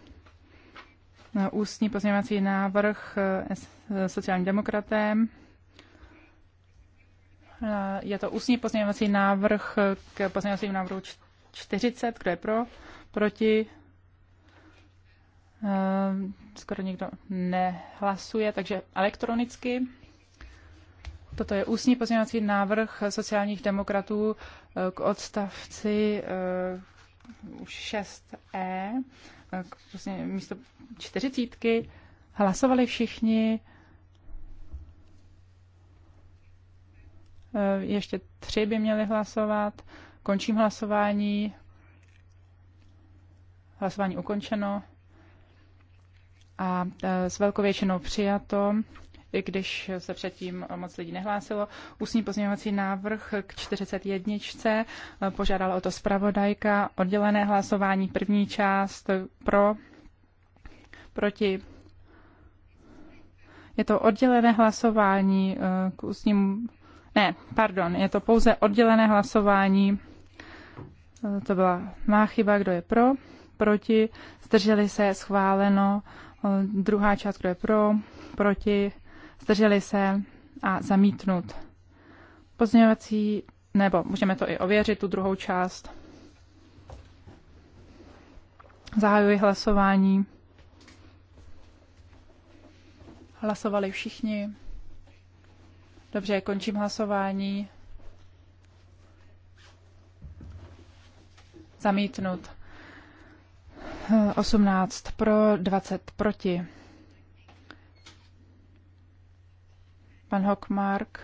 Ústní pozměňovací návrh eh, sociálním demokratem. Eh, je to ústní pozměňovací návrh k pozměňovacím návrhu 40, kdo je pro, proti, eh, skoro nikdo nehlasuje, takže elektronicky. Toto je ústní pozměňovací návrh sociálních demokratů eh, k odstavci 6e, eh, eh, k prostě místo čtyřicítky. Hlasovali všichni. Ještě tři by měli hlasovat. Končím hlasování. Hlasování ukončeno a s velkou většinou přijato i když se předtím moc lidí nehlásilo. Ústní pozměňovací návrh k 41. Eh, požádala o to zpravodajka. Oddělené hlasování první část pro, proti. Je to oddělené hlasování eh, k ústním... Ne, pardon, je to pouze oddělené hlasování. Eh, to byla má chyba, kdo je pro, proti, zdrželi se, schváleno. Druhá část, kdo je pro, proti, zdrželi se a zamítnut. Pozměňovací, nebo můžeme to i ověřit, tu druhou část. Zahajuji hlasování. Hlasovali všichni. Dobře, končím hlasování. Zamítnut. 18 pro, 20 proti. Pan Hockmark,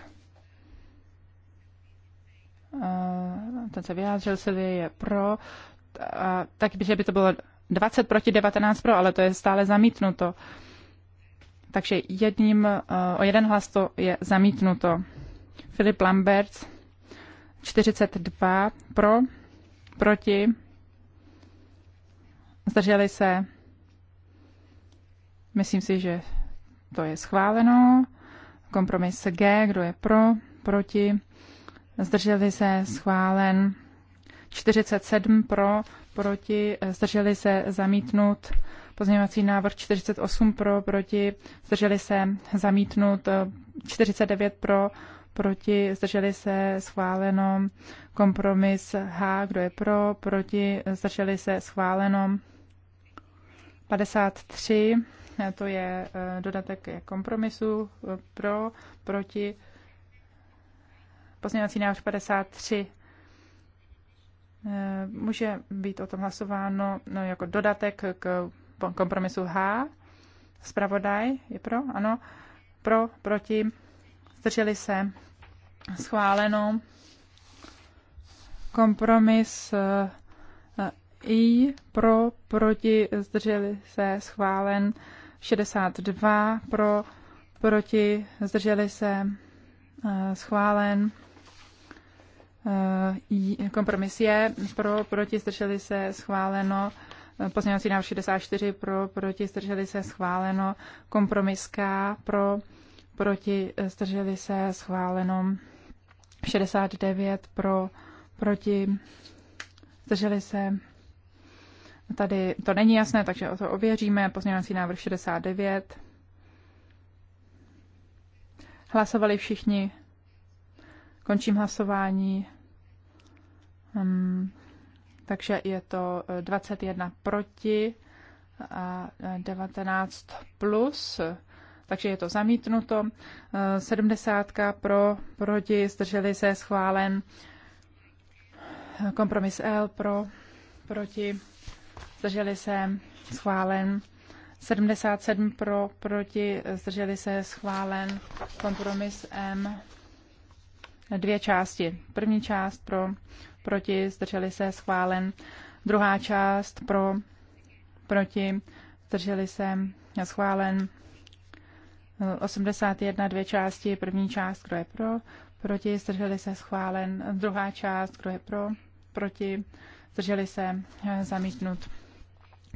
ten se vyjádřil, Silvie je pro, a, takže by to bylo 20 proti 19 pro, ale to je stále zamítnuto. Takže jedním, o jeden hlas to je zamítnuto. Filip Lambert 42 pro, proti, zdrželi se. Myslím si, že to je schváleno. Kompromis G, kdo je pro, proti, zdrželi se, schválen. 47 pro, proti, zdrželi se, zamítnut. Pozměňovací návrh 48 pro, proti, zdrželi se, zamítnut. 49 pro, proti, zdrželi se, schváleno. Kompromis H, kdo je pro, proti, zdrželi se, schváleno. 53 to je eh, dodatek kompromisu eh, pro, proti, pozměňovací návrh 53. Eh, může být o tom hlasováno no, jako dodatek k kompromisu H. Spravodaj je pro, ano. Pro, proti, zdrželi se, schváleno. Kompromis I pro, proti, zdrželi se, schválen. 62 pro, proti, zdrželi se, eh, schválen. Eh, kompromis je pro, proti, zdrželi se, schváleno. Eh, pozměňovací návrh 64 pro, proti, zdrželi se, schváleno. Kompromis K pro, proti, zdrželi se, schváleno. 69 pro, proti, zdrželi se, Tady to není jasné, takže o to ověříme. Pozměňovací návrh 69. Hlasovali všichni. Končím hlasování. Hmm. takže je to 21 eh, proti a 19 eh, plus, takže je to zamítnuto. 70 eh, pro, proti, zdrželi se, schválen. Kompromis L pro, proti zdrželi se, schválen. 77 pro, proti, zdrželi se, schválen. Kompromis M, dvě části. První část pro, proti, zdrželi se, schválen. Druhá část pro, proti, zdrželi se, schválen. 81, dvě části, první část, kdo je pro, proti, zdrželi se, schválen. Druhá část, kdo je pro, proti, zdrželi se, eh, zamítnut.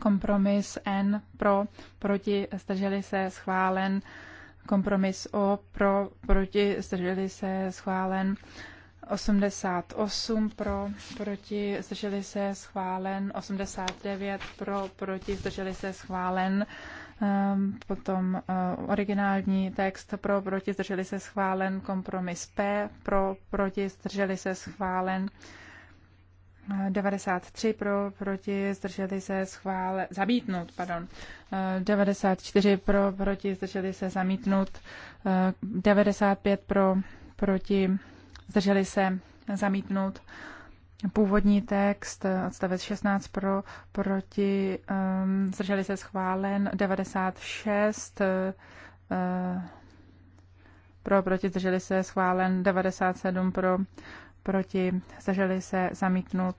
Kompromis N pro, proti, zdrželi se, schválen. Kompromis O pro, proti, zdrželi se, schválen. 88 pro, proti, zdrželi se, schválen. 89 pro, proti, zdrželi se, schválen. Ehm, potom eh, originální text pro, proti, zdrželi se, schválen. Kompromis P pro, proti, zdrželi se, schválen. 93 pro, proti, zdrželi se schvále, zamítnout, pardon. 94 pro, proti, zdrželi se zamítnout. 95 pro, proti, zdrželi se zamítnout. Původní text, odstavec 16 um, uh, pro, proti, zdrželi se schválen. 96 pro, proti, zdrželi se schválen. 97 pro, proti, zdrželi se zamítnut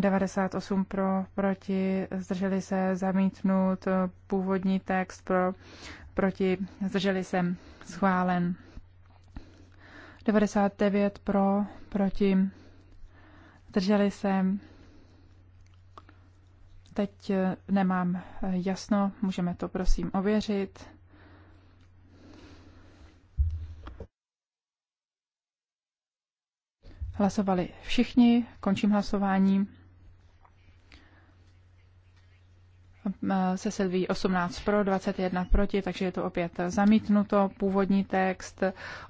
98 pro, proti, zdrželi se zamítnut původní text pro, proti, zdrželi se schválen 99 pro, proti, zdrželi se Teď nemám jasno, můžeme to prosím ověřit. Hlasovali všichni, končím hlasování. Se sedví 18 pro, 21 proti, takže je to opět zamítnuto. Původní text,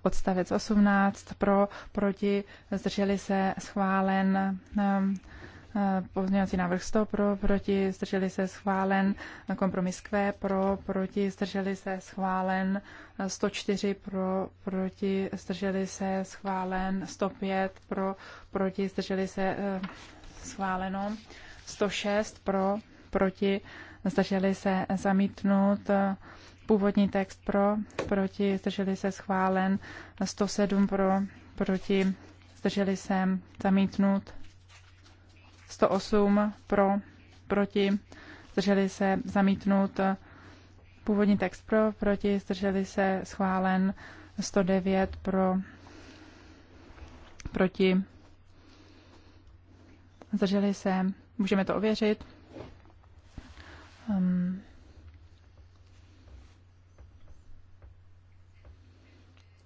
odstavec 18 pro, proti, zdrželi se, schválen. Pozměňovací návrh 100 pro, proti, zdrželi se schválen. Kompromis Q pro, proti, zdrželi se schválen. 104 pro, proti, zdrželi se schválen. 105 pro, proti, zdrželi se eh, schváleno. 106 pro, proti, zdrželi se zamítnout. Původní text pro, proti, zdrželi se schválen. 107 pro, proti, zdrželi se zamítnout. 108 pro, proti, zdrželi se zamítnut původní text pro, proti, zdrželi se schválen 109 pro, proti, zdrželi se, můžeme to ověřit. Um,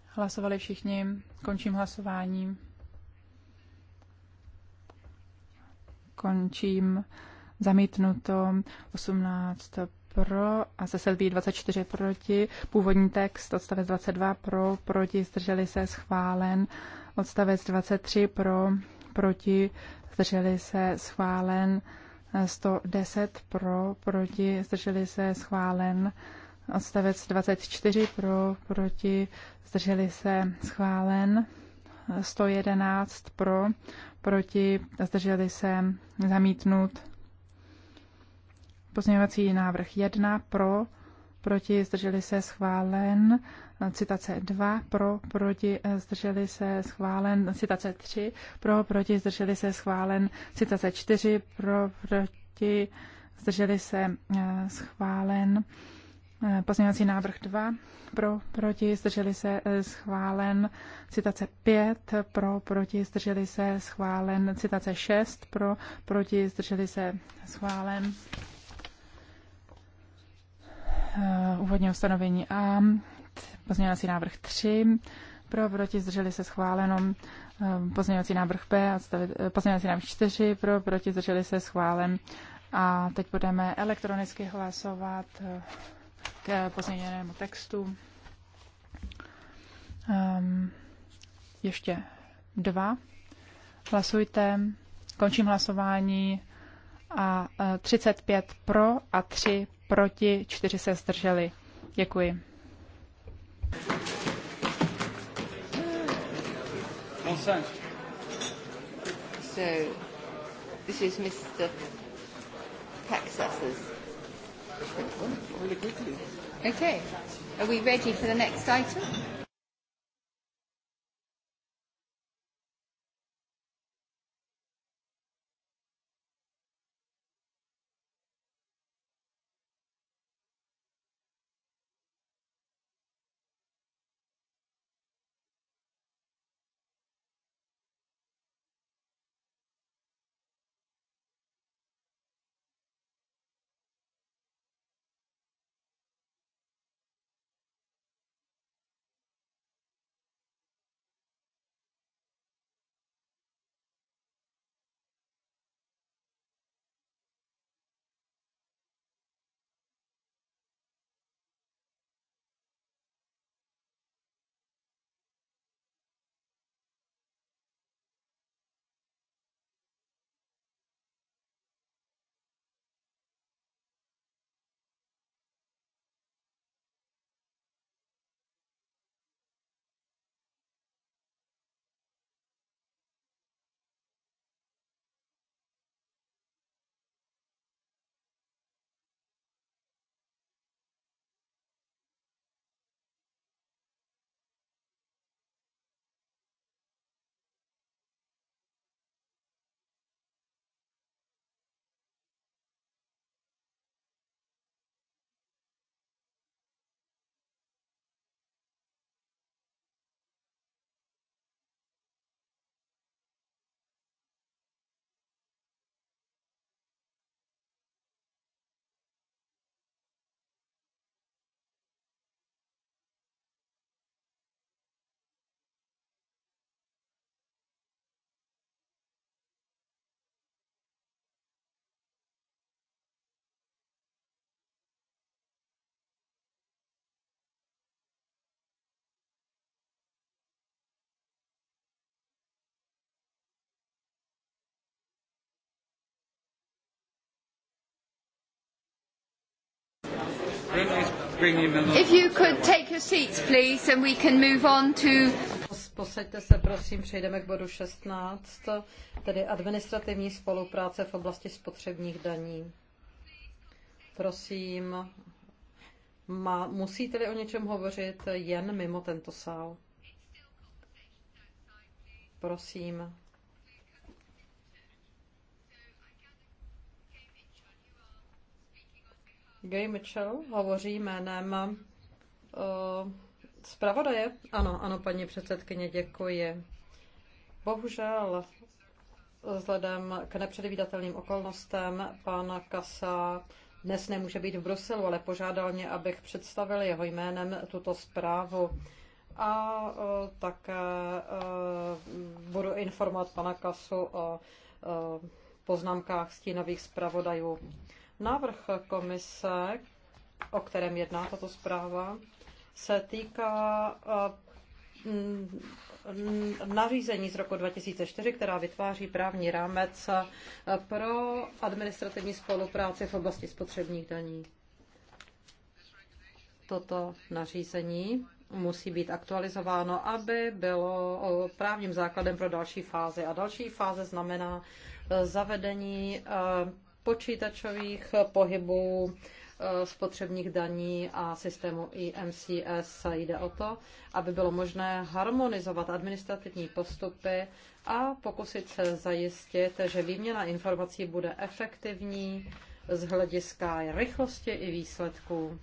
hlasovali všichni, končím hlasování. končím zamítnuto 18 pro a se Selví 24 proti. Původní text odstavec 22 pro, proti, zdrželi se, schválen. Odstavec 23 pro, proti, zdrželi se, schválen. 110 pro, proti, zdrželi se, schválen. Odstavec 24 pro, proti, zdrželi se, schválen. 111 pro, proti, zdrželi se, zamítnut. Pozměňovací návrh 1 pro, proti, zdrželi se, schválen. Citace 2 pro, proti, zdrželi se, schválen. Citace 3 pro, proti, zdrželi se, schválen. Citace 4 pro, proti, zdrželi se, eh, schválen. Pozměňovací návrh 2 eh, pro, proti, zdrželi se schválen. Citace 5 pro, proti, zdrželi se schválen. Citace eh, 6 pro, proti, zdrželi se schválen. Úvodní ustanovení A. Pozměňovací návrh 3 pro, proti, zdrželi se schváleno. Eh, pozměňovací návrh B pozměňovací návrh 4 pro, proti, zdrželi se schválen. A teď budeme elektronicky hlasovat k pozměněnému textu. Um, ještě dva. Hlasujte. Končím hlasování. A 35 e, pro a 3 proti, 4 se zdrželi. Děkuji. So, this is Mr. Texas's Okay. Are we ready for the next item? If you could take your seats, please, and we can move on to... Posaďte se, prosím, přejdeme k bodu 16, tedy administrativní spolupráce v oblasti spotřebních daní. Prosím, ma, musíte tedy o něčem hovořit jen mimo tento sál. Prosím, Gay Mitchell hovoří jménem uh, zpravodaje. Ano, ano, paní předsedkyně, děkuji. Bohužel, vzhledem k nepředvídatelným okolnostem, pan Kasa dnes nemůže být v Bruselu, ale požádal mě, abych představil jeho jménem tuto zprávu. A eh, také eh, budu informovat pana Kasu o poznámkách stínových zpravodajů. Návrh komise, o kterém jedná tato zpráva, se týká eh, mm, nařízení z roku 2004, která vytváří právní rámec eh, pro administrativní spolupráci v oblasti spotřebních daní. Toto nařízení musí být aktualizováno, aby bylo eh, právním základem pro další fázi. A další fáze znamená zavedení počítačových pohybů, eh, spotřebních daní a systému IMCS jde o to, aby bylo možné harmonizovat administrativní postupy a pokusit se zajistit, že výměna informací bude efektivní z hlediska rychlosti i výsledků.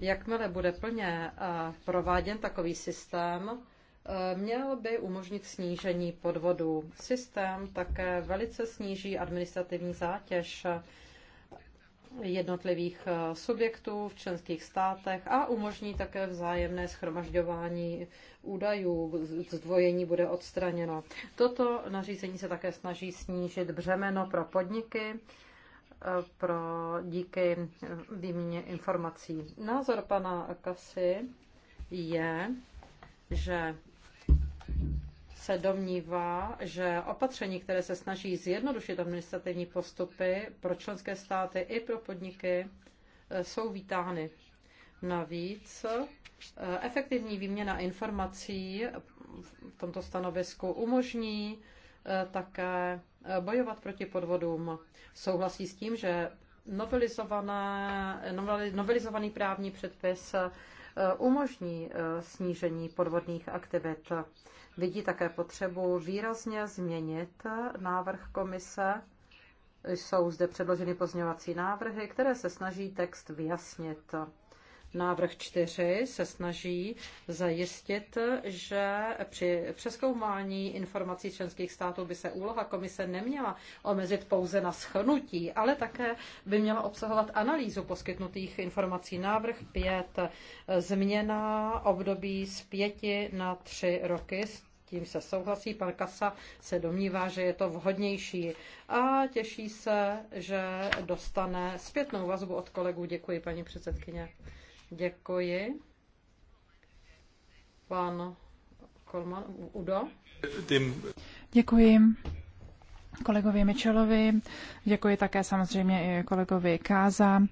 Jakmile bude plně eh, prováděn takový systém, Eh, měl by umožnit snížení podvodů. Systém také velice sníží administrativní zátěž jednotlivých eh, subjektů v členských státech a umožní také vzájemné schromažďování údajů. Zdvojení bude odstraněno. Toto nařízení se také snaží snížit břemeno pro podniky eh, pro díky výměně informací. Názor pana Kasy je, že se domnívá, že opatření, které se snaží zjednodušit administrativní postupy pro členské státy i pro podniky, eh, jsou vítány. Navíc eh, efektivní výměna informací v tomto stanovisku umožní eh, také bojovat proti podvodům. Souhlasí s tím, že novelizovaný právní předpis umožní snížení podvodných aktivit. Vidí také potřebu výrazně změnit návrh komise. Jsou zde předloženy pozměňovací návrhy, které se snaží text vyjasnit. Návrh 4 se snaží zajistit, že při přeskoumání informací členských států by se úloha komise neměla omezit pouze na schnutí, ale také by měla obsahovat analýzu poskytnutých informací. Návrh 5 změna období z pěti na tři roky tím se souhlasí. Pan Kasa se domnívá, že je to vhodnější a těší se, že dostane zpětnou vazbu od kolegů. Děkuji, paní předsedkyně. Děkuji. Pan Kolman, Udo. Děkuji kolegovi Mičelovi, děkuji také samozřejmě i kolegovi Káza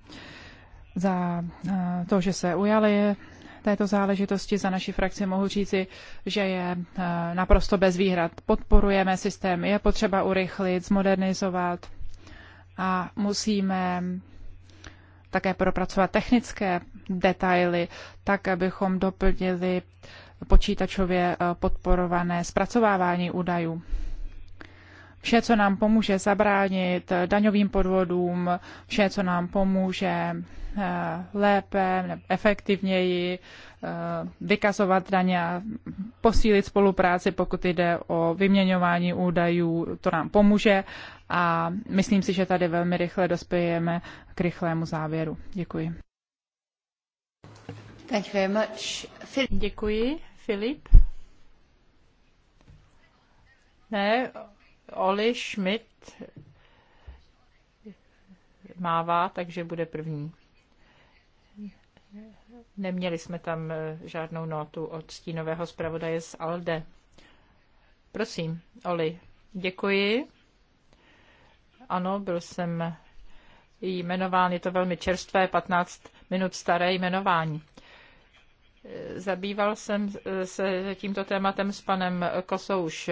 za eh, to, že se ujali této záležitosti. Za naši frakci mohu říci, že je eh, naprosto bez výhrad. Podporujeme systém, je potřeba urychlit, zmodernizovat a musíme také propracovat technické detaily, tak abychom doplnili počítačově eh, podporované zpracovávání údajů. Vše, co nám pomůže zabránit eh, daňovým podvodům, vše, co nám pomůže eh, lépe, efektivněji vykazovat daně a posílit spolupráci, pokud jde o vyměňování údajů, to nám pomůže a myslím si, že tady velmi rychle dospějeme k rychlému závěru. Děkuji. Thank you very much. Děkuji. Filip? Ne, Oli Schmidt mává, takže bude první. Neměli jsme tam eh, žádnou notu od stínového zpravodaje z Alde. Prosím, Oli, děkuji. Ano, byl jsem jmenován, je to velmi čerstvé, 15 minut staré jmenování. Zabýval jsem se tímto tématem s panem Kosou už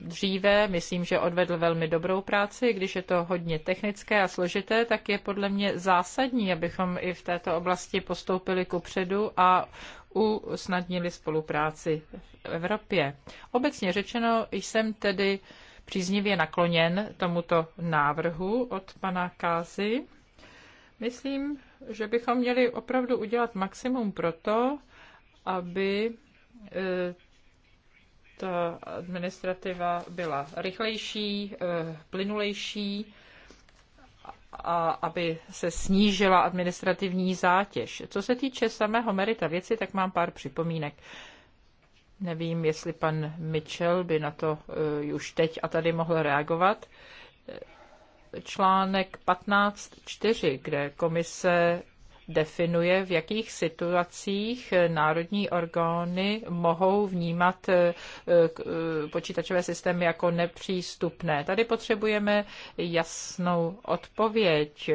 dříve. Myslím, že odvedl velmi dobrou práci. Když je to hodně technické a složité, tak je podle mě zásadní, abychom i v této oblasti postoupili ku předu a usnadnili spolupráci v Evropě. Obecně řečeno jsem tedy příznivě nakloněn tomuto návrhu od pana Kázy. Myslím, že bychom měli opravdu udělat maximum pro to, aby e, ta administrativa byla rychlejší, e, plynulejší a aby se snížila administrativní zátěž. Co se týče samého merita věci, tak mám pár připomínek. Nevím, jestli pan Mitchell by na to e, už teď a tady mohl reagovat. Článek 15.4, kde komise definuje, v jakých situacích národní orgány mohou vnímat e, e, počítačové systémy jako nepřístupné. Tady potřebujeme jasnou odpověď.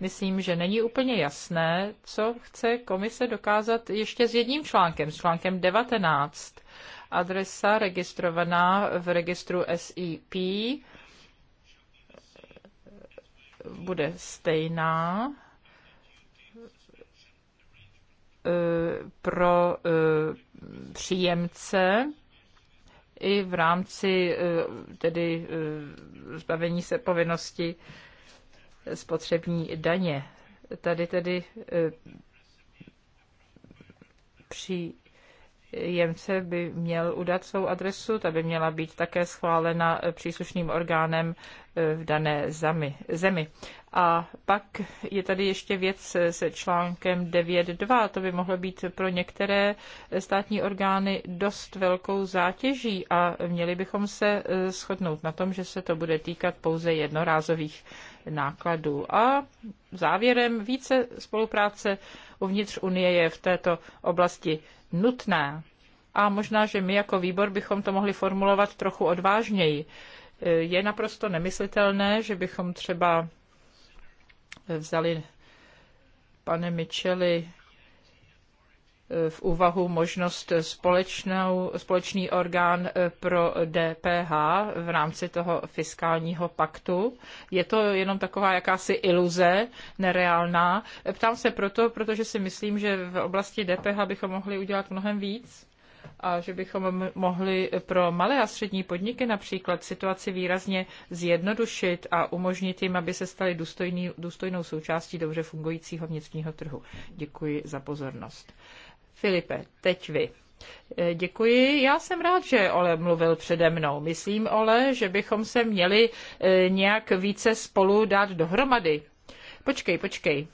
Myslím, že není úplně jasné, co chce komise dokázat ještě s jedním článkem, s článkem 19 adresa registrovaná v registru SIP bude stejná eh, pro eh, příjemce i v rámci eh, tedy zbavení se povinnosti spotřební daně. Tady tedy při jemce by měl udat svou adresu, ta by měla být také schválena eh, příslušným orgánem eh, v dané zemi. zemi. A pak je tady ještě věc eh, se článkem 9.2. To by mohlo být pro některé státní orgány dost velkou zátěží a měli bychom se shodnout na tom, že se to bude týkat pouze jednorázových nákladů. A závěrem více spolupráce uvnitř Unie je v této oblasti nutné. A možná, že my jako výbor bychom to mohli formulovat trochu odvážněji. Eh, je naprosto nemyslitelné, že bychom třeba eh, vzali pane Micheli v úvahu možnost společnou, společný orgán eh, pro DPH v rámci toho fiskálního paktu. Je to jenom taková jakási iluze, nereálná. Eh, ptám se proto, protože si myslím, že v oblasti DPH bychom mohli udělat mnohem víc a že bychom mohli pro malé a střední podniky například situaci výrazně zjednodušit a umožnit jim, aby se staly důstojnou součástí dobře fungujícího vnitřního trhu. Děkuji za pozornost. Filipe, teď vy. E, děkuji. Já jsem rád, že Ole mluvil přede mnou. Myslím, Ole, že bychom se měli e, nějak více spolu dát dohromady. Počkej, počkej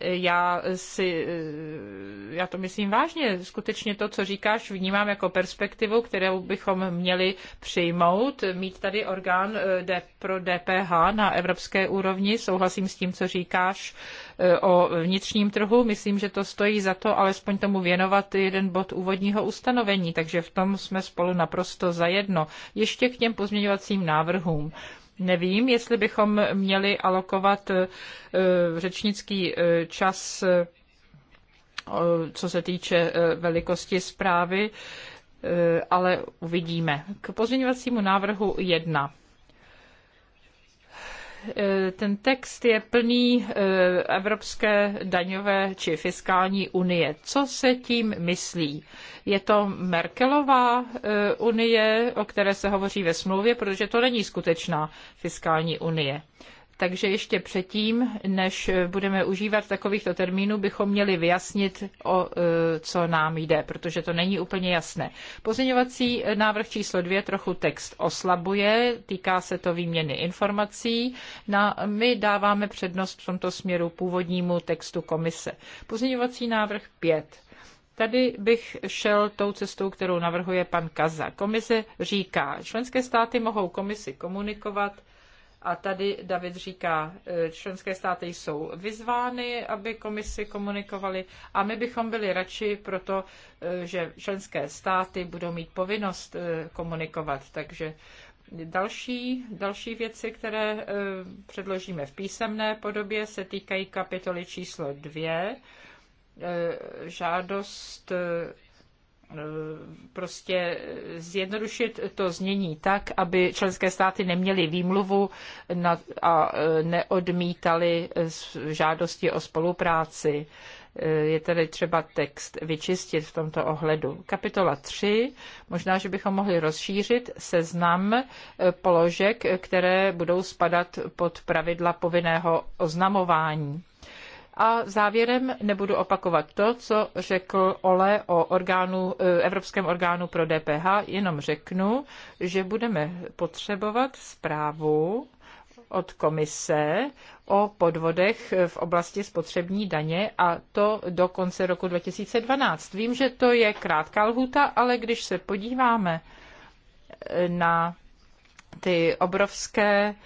já, si, eh, já to myslím vážně. Skutečně to, co říkáš, vnímám jako perspektivu, kterou bychom měli přijmout. Mít tady orgán eh, pro DPH na evropské úrovni. Souhlasím s tím, co říkáš eh, o vnitřním trhu. Myslím, že to stojí za to alespoň tomu věnovat jeden bod úvodního ustanovení, takže v tom jsme spolu naprosto zajedno. Ještě k těm pozměňovacím návrhům. Nevím, jestli bychom měli alokovat eh, řečnický eh, čas, eh, co se týče velikosti zprávy, ale uvidíme. K pozměňovacímu návrhu 1. Eh, ten text je plný eh, Evropské daňové či fiskální unie. Co se tím myslí? Je to Merkelová eh, unie, o které se hovoří ve smlouvě, protože to není skutečná fiskální unie. Takže ještě předtím, než budeme užívat takovýchto termínů, bychom měli vyjasnit, o e, co nám jde, protože to není úplně jasné. Pozměňovací návrh číslo dvě trochu text oslabuje, týká se to výměny informací. Na, my dáváme přednost v tomto směru původnímu textu komise. Pozměňovací návrh pět. Tady bych šel tou cestou, kterou navrhuje pan Kaza. Komise říká, členské státy mohou komisi komunikovat a tady David říká, e, členské státy jsou vyzvány, aby komisi komunikovali a my bychom byli radši proto, e, že členské státy budou mít povinnost e, komunikovat. Takže Další, další věci, které předložíme v písemné podobě, se týkají kapitoly číslo 2, žádost Eh, prostě zjednodušit to znění tak, aby členské státy neměly výmluvu a eh, neodmítali eh, žádosti o spolupráci. Je tedy třeba text vyčistit v tomto ohledu. Kapitola 3. Možná, že bychom mohli rozšířit seznam položek, které budou spadat pod pravidla povinného oznamování a závěrem nebudu opakovat to, co řekl Ole o orgánu, e, Evropském orgánu pro DPH, jenom řeknu, že budeme potřebovat zprávu od komise o podvodech v oblasti spotřební daně a to do konce roku 2012. Vím, že to je krátká lhuta, ale když se podíváme e, na ty obrovské uh,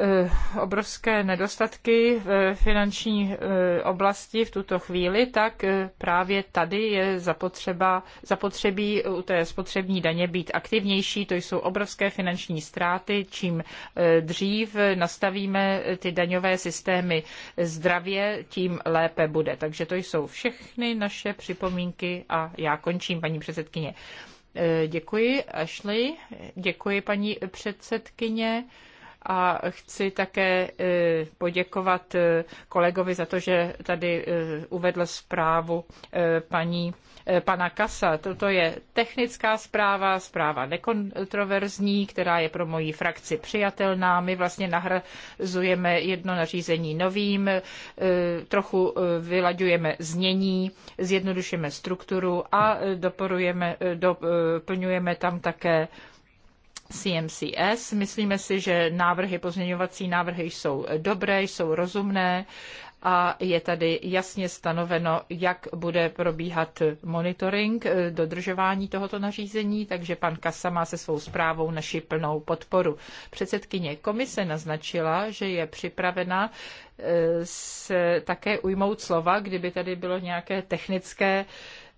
Eh, obrovské nedostatky v finanční eh, oblasti v tuto chvíli, tak eh, právě tady je zapotřeba, zapotřebí u té spotřební daně být aktivnější. To jsou obrovské finanční ztráty. Čím dřív nastavíme ty daňové systémy zdravě, tím lépe bude. Takže to jsou všechny naše připomínky a já končím, paní předsedkyně. Děkuji, Ashley. Děkuji, paní předsedkyně a chci také e, poděkovat e, kolegovi za to, že tady e, uvedl zprávu paní, pana Kasa. Toto je technická zpráva, zpráva nekontroverzní, která je pro moji frakci přijatelná. My vlastně nahrazujeme jedno nařízení novým, trochu vyladujeme znění, zjednodušujeme strukturu a doplňujeme tam také CMCS. Myslíme si, že návrhy, pozměňovací návrhy jsou dobré, jsou rozumné a je tady jasně stanoveno, jak bude probíhat monitoring eh, dodržování tohoto nařízení, takže pan Kasa má se svou zprávou naši plnou podporu. Předsedkyně komise naznačila, že je připravena eh, se také ujmout slova, kdyby tady bylo nějaké technické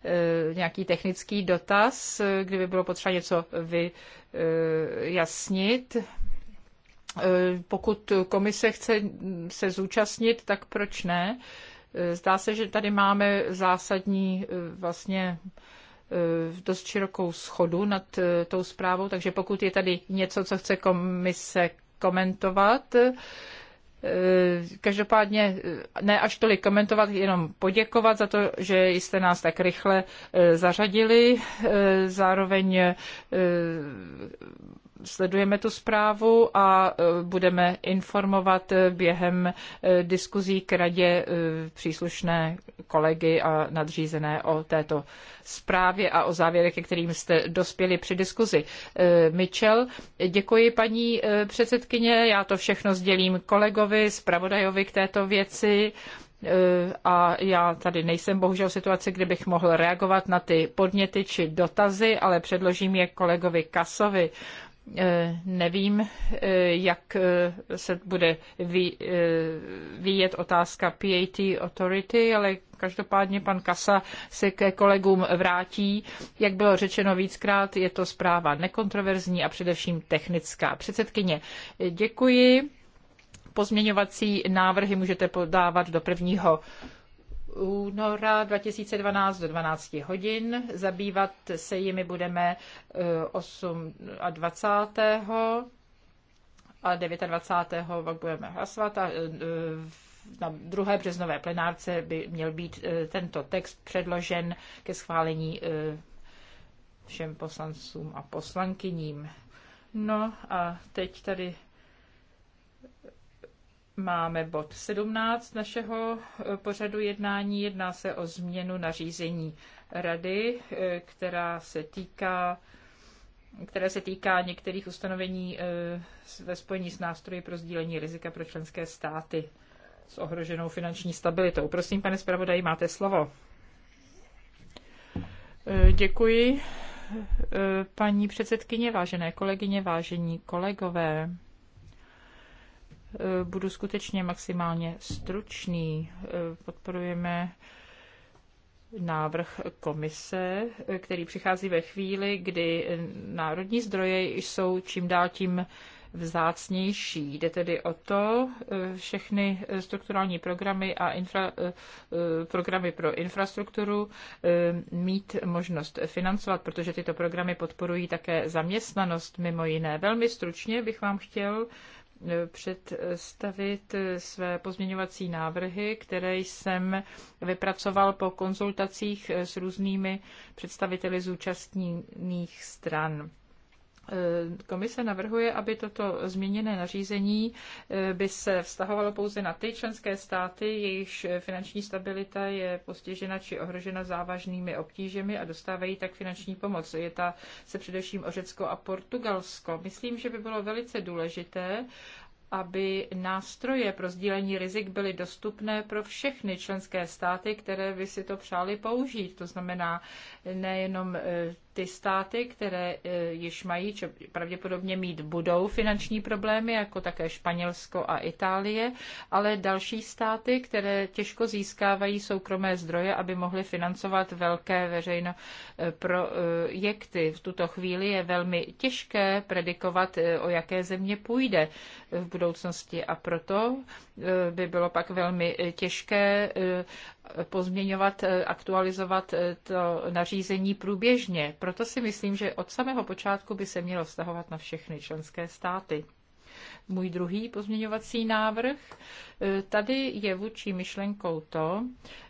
Eh, nějaký technický dotaz, eh, kdyby bylo potřeba něco vyjasnit. Eh, pokud komise chce se zúčastnit, tak proč ne? Zdá se, že tady máme zásadní vlastně dost širokou schodu nad tou zprávou, takže pokud je tady něco, co chce komise komentovat, Eh, každopádně eh, ne až tolik komentovat, jenom poděkovat za to, že jste nás tak rychle eh, zařadili. Zároveň sledujeme tu zprávu a e, budeme informovat e, během e, diskuzí k radě příslušné kolegy a nadřízené o této zprávě a o závěrech, ke kterým jste dospěli při diskuzi. Mitchell, děkuji paní předsedkyně, já to všechno sdělím kolegovi, zpravodajovi k této věci a já tady nejsem bohužel v situaci, kdy bych mohl reagovat na ty podněty či dotazy, ale předložím je kolegovi Kasovi. Eh, nevím, eh, jak eh, se bude vyjet otázka PAT Authority, ale každopádně pan Kasa se ke kolegům vrátí. Jak bylo řečeno víckrát, je to zpráva nekontroverzní a především technická. Předsedkyně, děkuji. Pozměňovací návrhy můžete podávat do prvního února 2012 do 12 hodin. Zabývat se jimi budeme 8 eh, a 20. a 29. pak budeme hlasovat a eh, na druhé březnové plenárce by měl být eh, tento text předložen ke schválení všem poslancům a poslankyním. No a teď tady máme bod 17 našeho eh, pořadu jednání. Jedná se o změnu nařízení rady, eh, která se týká které se týká některých ustanovení eh, ve spojení s nástroji pro sdílení rizika pro členské státy s ohroženou finanční stabilitou. Prosím, pane zpravodaji, máte slovo. Děkuji, paní předsedkyně, vážené kolegyně, vážení kolegové. Eh, budu skutečně maximálně stručný. Eh, podporujeme návrh komise, eh, který přichází ve chvíli, kdy národní zdroje jsou čím dál tím vzácnější. Jde tedy o to, všechny strukturální programy a infra, programy pro infrastrukturu mít možnost financovat, protože tyto programy podporují také zaměstnanost mimo jiné. Velmi stručně bych vám chtěl představit své pozměňovací návrhy, které jsem vypracoval po konzultacích s různými představiteli zúčastněných stran. Eh, komise navrhuje, aby toto změněné nařízení eh, by se vztahovalo pouze na ty členské státy, jejichž finanční stabilita je postižena či ohrožena závažnými obtížemi a dostávají tak finanční pomoc. Je ta se především o Řecko a Portugalsko. Myslím, že by bylo velice důležité, aby nástroje pro sdílení rizik byly dostupné pro všechny členské státy, které by si to přáli použít. To znamená nejenom eh, ty státy, které e, již mají, či pravděpodobně mít budou finanční problémy, jako také Španělsko a Itálie, ale další státy, které těžko získávají soukromé zdroje, aby mohly financovat velké veřejné e, projekty. V tuto chvíli je velmi těžké predikovat, e, o jaké země půjde v budoucnosti a proto by bylo pak velmi těžké pozměňovat, eh, aktualizovat eh, to nařízení průběžně. Proto si myslím, že od samého počátku by se mělo vztahovat na všechny členské státy můj druhý pozměňovací návrh. E, tady je vůči myšlenkou to,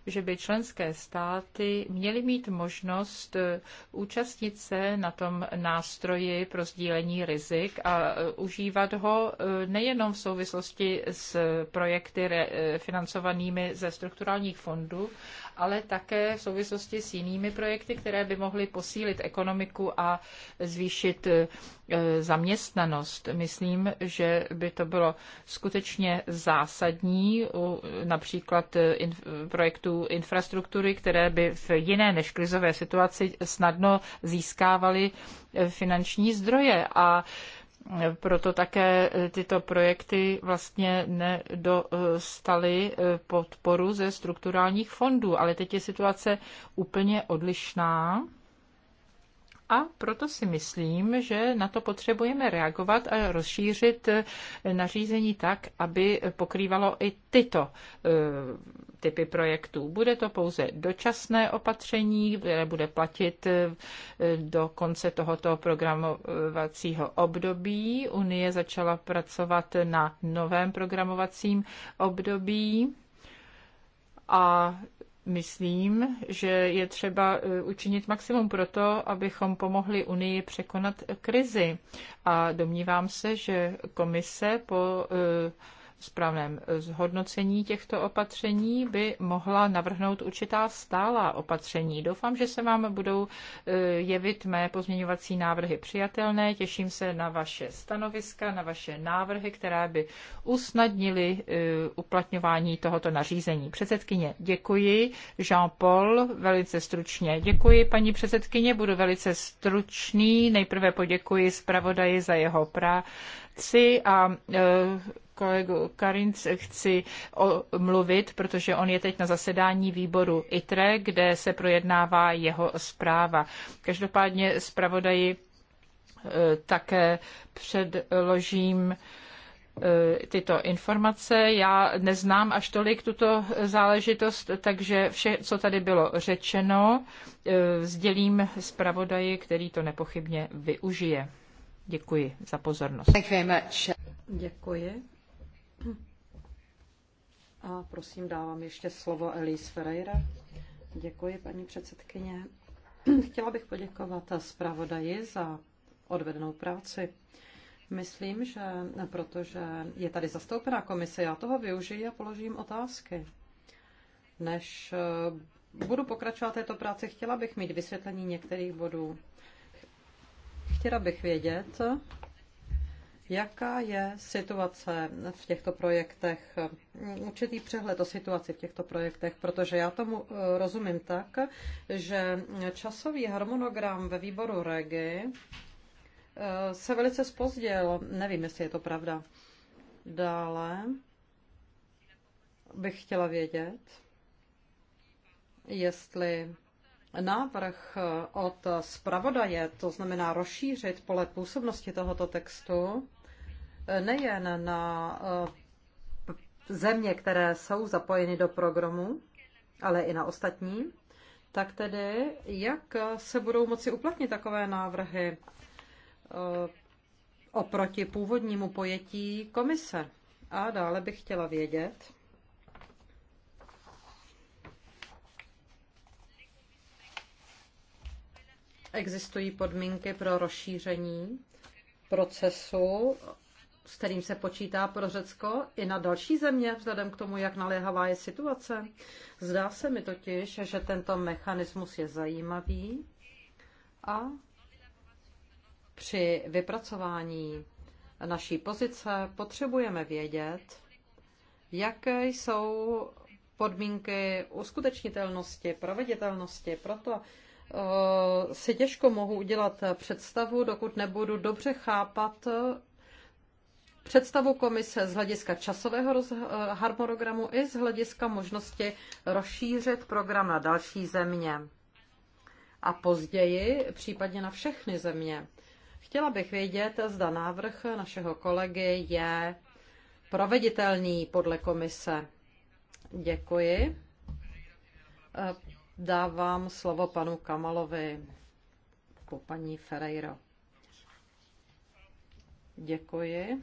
že by členské státy měly mít možnost e, účastnit se na tom nástroji pro sdílení rizik a e, užívat ho nejenom v souvislosti s projekty financovanými ze strukturálních fondů, ale také v souvislosti s jinými projekty, které by mohly posílit ekonomiku a zvýšit e, zaměstnanost. Myslím, že by to bylo skutečně zásadní, například e, projektů infrastruktury, které by v jiné než krizové situaci snadno získávaly e, finanční zdroje. A proto také eh, tyto projekty vlastně nedostaly eh, podporu ze strukturálních fondů. Ale teď je situace úplně odlišná. A proto si myslím, že na to potřebujeme reagovat a rozšířit eh, nařízení tak, aby pokrývalo i tyto typy projektů. Bude to pouze dočasné opatření, které bude platit eh, do konce tohoto programovacího období. Unie začala pracovat na novém programovacím období a myslím, že je třeba eh, učinit maximum pro to, abychom pomohli Unii překonat krizi. A domnívám se, že komise po uh, správném zhodnocení těchto opatření by mohla navrhnout určitá stálá opatření. Doufám, že se vám budou eh, jevit mé pozměňovací návrhy přijatelné. Těším se na vaše stanoviska, na vaše návrhy, které by usnadnily eh, uplatňování tohoto nařízení. Předsedkyně, děkuji. Jean-Paul, velice stručně. Děkuji, paní předsedkyně, budu velice stručný. Nejprve poděkuji zpravodaji za jeho práci a eh, kolegu Karinc chci mluvit, protože on je teď na zasedání výboru ITRE, kde se projednává jeho zpráva. Každopádně zpravodaji eh, také předložím eh, tyto informace. Já neznám až tolik tuto záležitost, takže vše, co tady bylo řečeno, eh, sdělím zpravodaji, který to nepochybně využije. Děkuji za pozornost. Děkuji. A prosím, dávám ještě slovo Elise Ferreira. Děkuji, paní předsedkyně. Chtěla bych poděkovat zpravodaji za odvedenou práci. Myslím, že protože je tady zastoupená komise, já toho využiji a položím otázky. Než eh, budu pokračovat této práci, chtěla bych mít vysvětlení některých bodů. Chtěla bych vědět, Jaká je situace v těchto projektech? Určitý přehled o situaci v těchto projektech, protože já tomu eh, rozumím tak, že časový harmonogram ve výboru REGI eh, se velice spozdil. Nevím, jestli je to pravda. Dále bych chtěla vědět, jestli návrh od zpravodaje, to znamená rozšířit pole působnosti tohoto textu, nejen na eh, země, které jsou zapojeny do programu, ale i na ostatní, tak tedy jak se budou moci uplatnit takové návrhy eh, oproti původnímu pojetí komise? A dále bych chtěla vědět, existují podmínky pro rozšíření procesu s kterým se počítá pro Řecko i na další země, vzhledem k tomu, jak naléhavá je situace. Zdá se mi totiž, že tento mechanismus je zajímavý a při vypracování naší pozice potřebujeme vědět, jaké jsou podmínky uskutečnitelnosti, proveditelnosti. Proto uh, si těžko mohu udělat představu, dokud nebudu dobře chápat představu komise z hlediska časového eh, harmonogramu i z hlediska možnosti rozšířit program na další země a později případně na všechny země. Chtěla bych vědět, zda návrh našeho kolegy je proveditelný podle komise. Děkuji. Eh, dávám slovo panu Kamalovi po paní Ferreiro. Děkuji.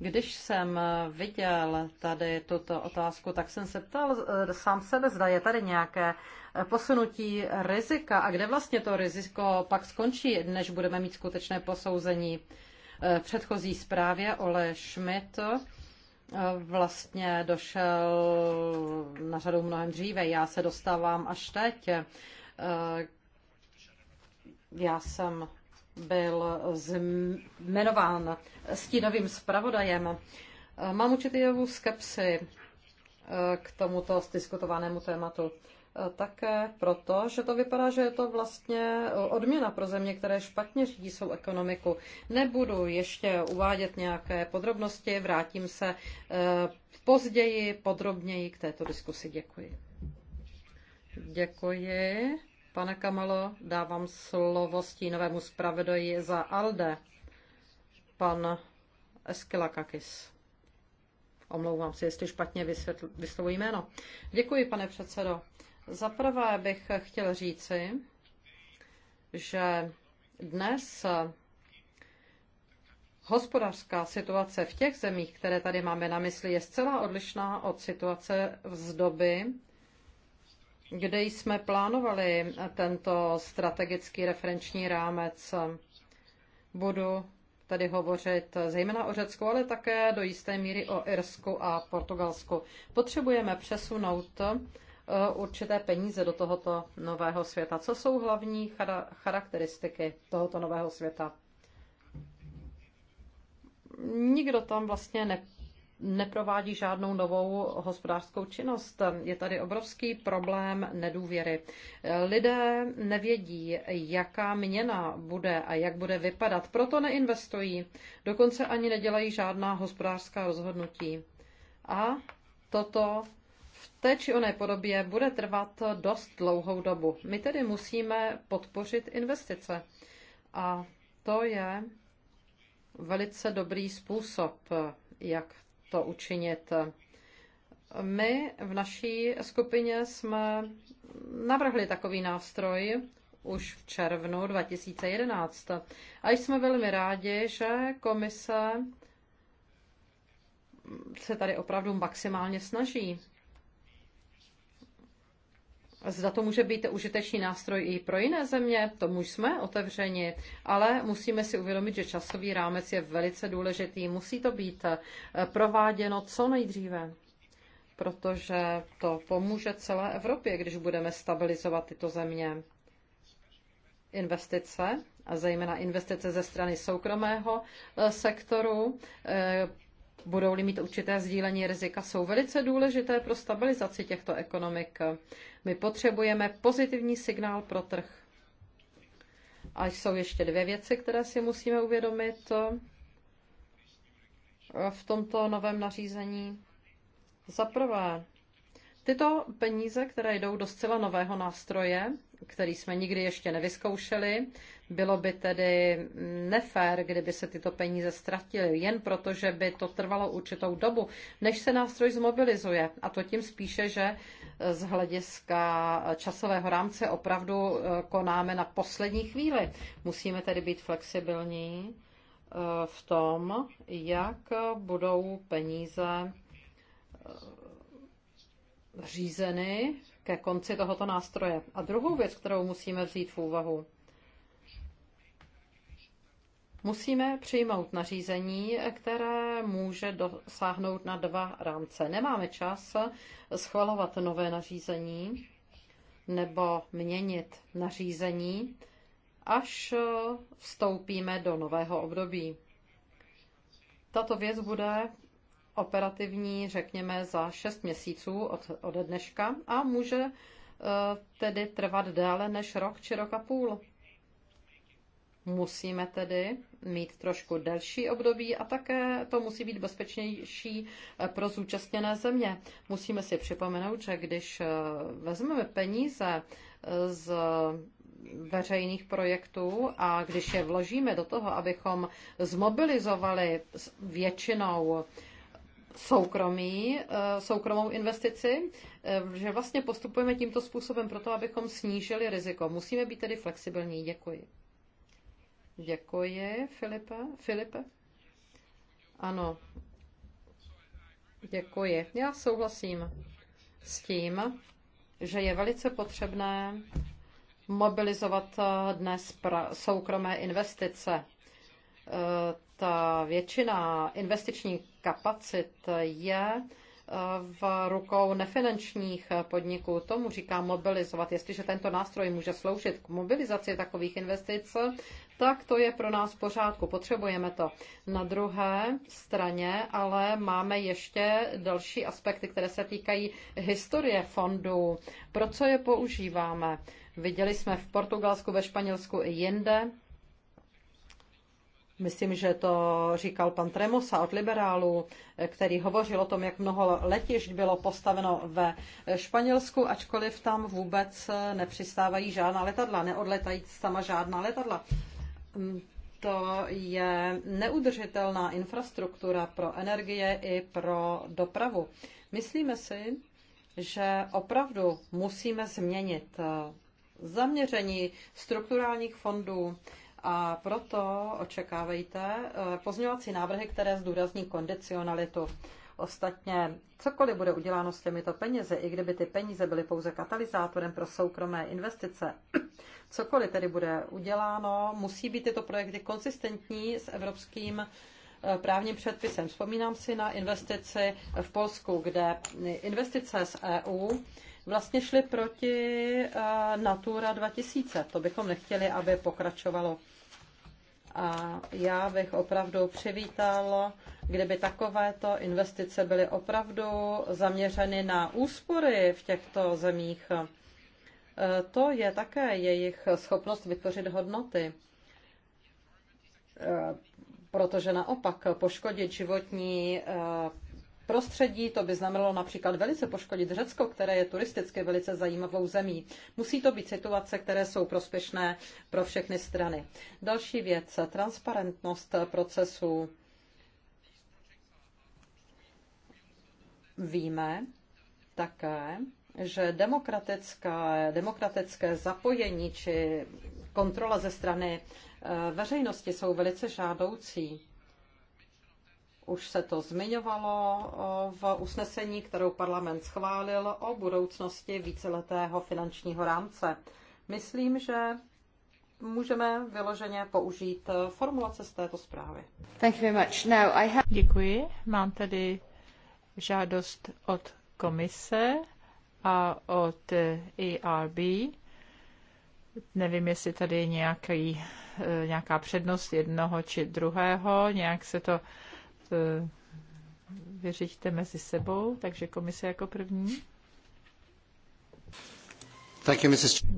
Když jsem viděl tady tuto otázku, tak jsem se ptal eh, sám sebe, zda je tady nějaké eh, posunutí rizika a kde vlastně to riziko pak skončí, než budeme mít skutečné posouzení. V eh, předchozí zprávě Ole Schmidt vlastně došel na řadu mnohem dříve. Já se dostávám až teď. Já jsem byl jmenován stínovým zpravodajem, mám určitý jevu skepsy eh, k tomuto diskutovanému tématu. Eh, také proto, že to vypadá, že je to vlastně odměna pro země, které špatně řídí svou ekonomiku. Nebudu ještě uvádět nějaké podrobnosti, vrátím se eh, později podrobněji k této diskusi. Děkuji. Děkuji. Pane Kamalo, dávám slovo stínovému zpravodaji za ALDE, pan Eskilakakis. Omlouvám se, jestli špatně vysvětl, vyslovuji jméno. Děkuji, pane předsedo. Za prvé bych chtěl říci, že dnes hospodářská situace v těch zemích, které tady máme na mysli, je zcela odlišná od situace z doby kde jsme plánovali tento strategický referenční rámec. Budu tedy hovořit zejména o Řecku, ale také do jisté míry o Irsku a Portugalsku. Potřebujeme přesunout eh, určité peníze do tohoto nového světa. Co jsou hlavní charakteristiky tohoto nového světa? Nikdo tam vlastně ne neprovádí žádnou novou hospodářskou činnost. Je tady obrovský problém nedůvěry. Lidé nevědí, jaká měna bude a jak bude vypadat, proto neinvestují, dokonce ani nedělají žádná hospodářská rozhodnutí. A toto v té či oné podobě bude trvat dost dlouhou dobu. My tedy musíme podpořit investice. A to je velice dobrý způsob, jak to učinit. My v naší skupině jsme navrhli takový nástroj už v červnu 2011 a jsme velmi rádi, že komise se tady opravdu maximálně snaží. Zda to může být užitečný nástroj i pro jiné země, tomu jsme otevřeni, ale musíme si uvědomit, že časový rámec je velice důležitý. Musí to být eh, prováděno co nejdříve, protože to pomůže celé Evropě, když budeme stabilizovat tyto země. Investice, a zejména investice ze strany soukromého eh, sektoru, eh, budou-li mít určité sdílení rizika, jsou velice důležité pro stabilizaci těchto ekonomik. My potřebujeme pozitivní signál pro trh. A jsou ještě dvě věci, které si musíme uvědomit v tomto novém nařízení. Za prvé, tyto peníze, které jdou do zcela nového nástroje, který jsme nikdy ještě nevyzkoušeli. Bylo by tedy nefér, kdyby se tyto peníze ztratily, jen proto, že by to trvalo určitou dobu, než se nástroj zmobilizuje. A to tím spíše, že z hlediska časového rámce opravdu e, konáme na poslední chvíli. Musíme tedy být flexibilní e, v tom, jak budou peníze e, řízeny ke konci tohoto nástroje. A druhou věc, kterou musíme vzít v úvahu, Musíme přijmout nařízení, které může dosáhnout na dva rámce. Nemáme čas schvalovat nové nařízení nebo měnit nařízení, až vstoupíme do nového období. Tato věc bude operativní, řekněme, za 6 měsíců od, od dneška a může eh, tedy trvat déle než rok či rok a půl. Musíme tedy mít trošku delší období a také to musí být bezpečnější eh, pro zúčastněné země. Musíme si připomenout, že když eh, vezmeme peníze z veřejných projektů a když je vložíme do toho, abychom zmobilizovali většinou soukromý, eh, soukromou investici, eh, že vlastně postupujeme tímto způsobem proto, abychom snížili riziko. Musíme být tedy flexibilní. Děkuji. Děkuji, Filipe. Filipe? Ano. Děkuji. Já souhlasím s tím, že je velice potřebné mobilizovat eh, dnes soukromé investice. Ta většina investičních kapacit je eh, v rukou nefinančních podniků. Tomu říká mobilizovat. Jestliže tento nástroj může sloužit k mobilizaci takových investic, tak to je pro nás v pořádku. Potřebujeme to. Na druhé straně ale máme ještě další aspekty, které se týkají historie fondů. Pro co je používáme? Viděli jsme v Portugalsku, ve Španělsku i jinde, myslím, že to říkal pan Tremosa od liberálů, který hovořil o tom, jak mnoho letišť bylo postaveno ve Španělsku, ačkoliv tam vůbec nepřistávají žádná letadla, neodletají sama žádná letadla. To je neudržitelná infrastruktura pro energie i pro dopravu. Myslíme si, že opravdu musíme změnit zaměření strukturálních fondů a proto očekávejte eh, pozměňovací návrhy, které zdůrazní kondicionalitu. Ostatně, cokoliv bude uděláno s těmito penězi, i kdyby ty peníze byly pouze katalyzátorem pro soukromé investice, cokoliv tedy bude uděláno, musí být tyto projekty konsistentní s evropským eh, právním předpisem. Vzpomínám si na investici v Polsku, kde investice z EU vlastně šli proti eh, Natura 2000. To bychom nechtěli, aby pokračovalo. A já bych opravdu přivítal, kdyby takovéto investice byly opravdu zaměřeny na úspory v těchto zemích. Eh, to je také jejich schopnost vytvořit hodnoty eh, protože naopak poškodit životní prostředí. To by znamenalo například velice poškodit Řecko, které je turisticky velice zajímavou zemí. Musí to být situace, které jsou prospěšné pro všechny strany. Další věc, transparentnost procesu. Víme také, že demokratické, demokratické zapojení či kontrola ze strany eh, veřejnosti jsou velice žádoucí. Už se to zmiňovalo v usnesení, kterou parlament schválil o budoucnosti víceletého finančního rámce. Myslím, že můžeme vyloženě použít formulace z této zprávy. Thank you very much. Now I have... Děkuji. Mám tady žádost od komise a od ERB. Nevím, jestli tady je nějaký, eh, nějaká přednost jednoho či druhého, nějak se to Eh, vyřiďte mezi sebou, takže komise jako první.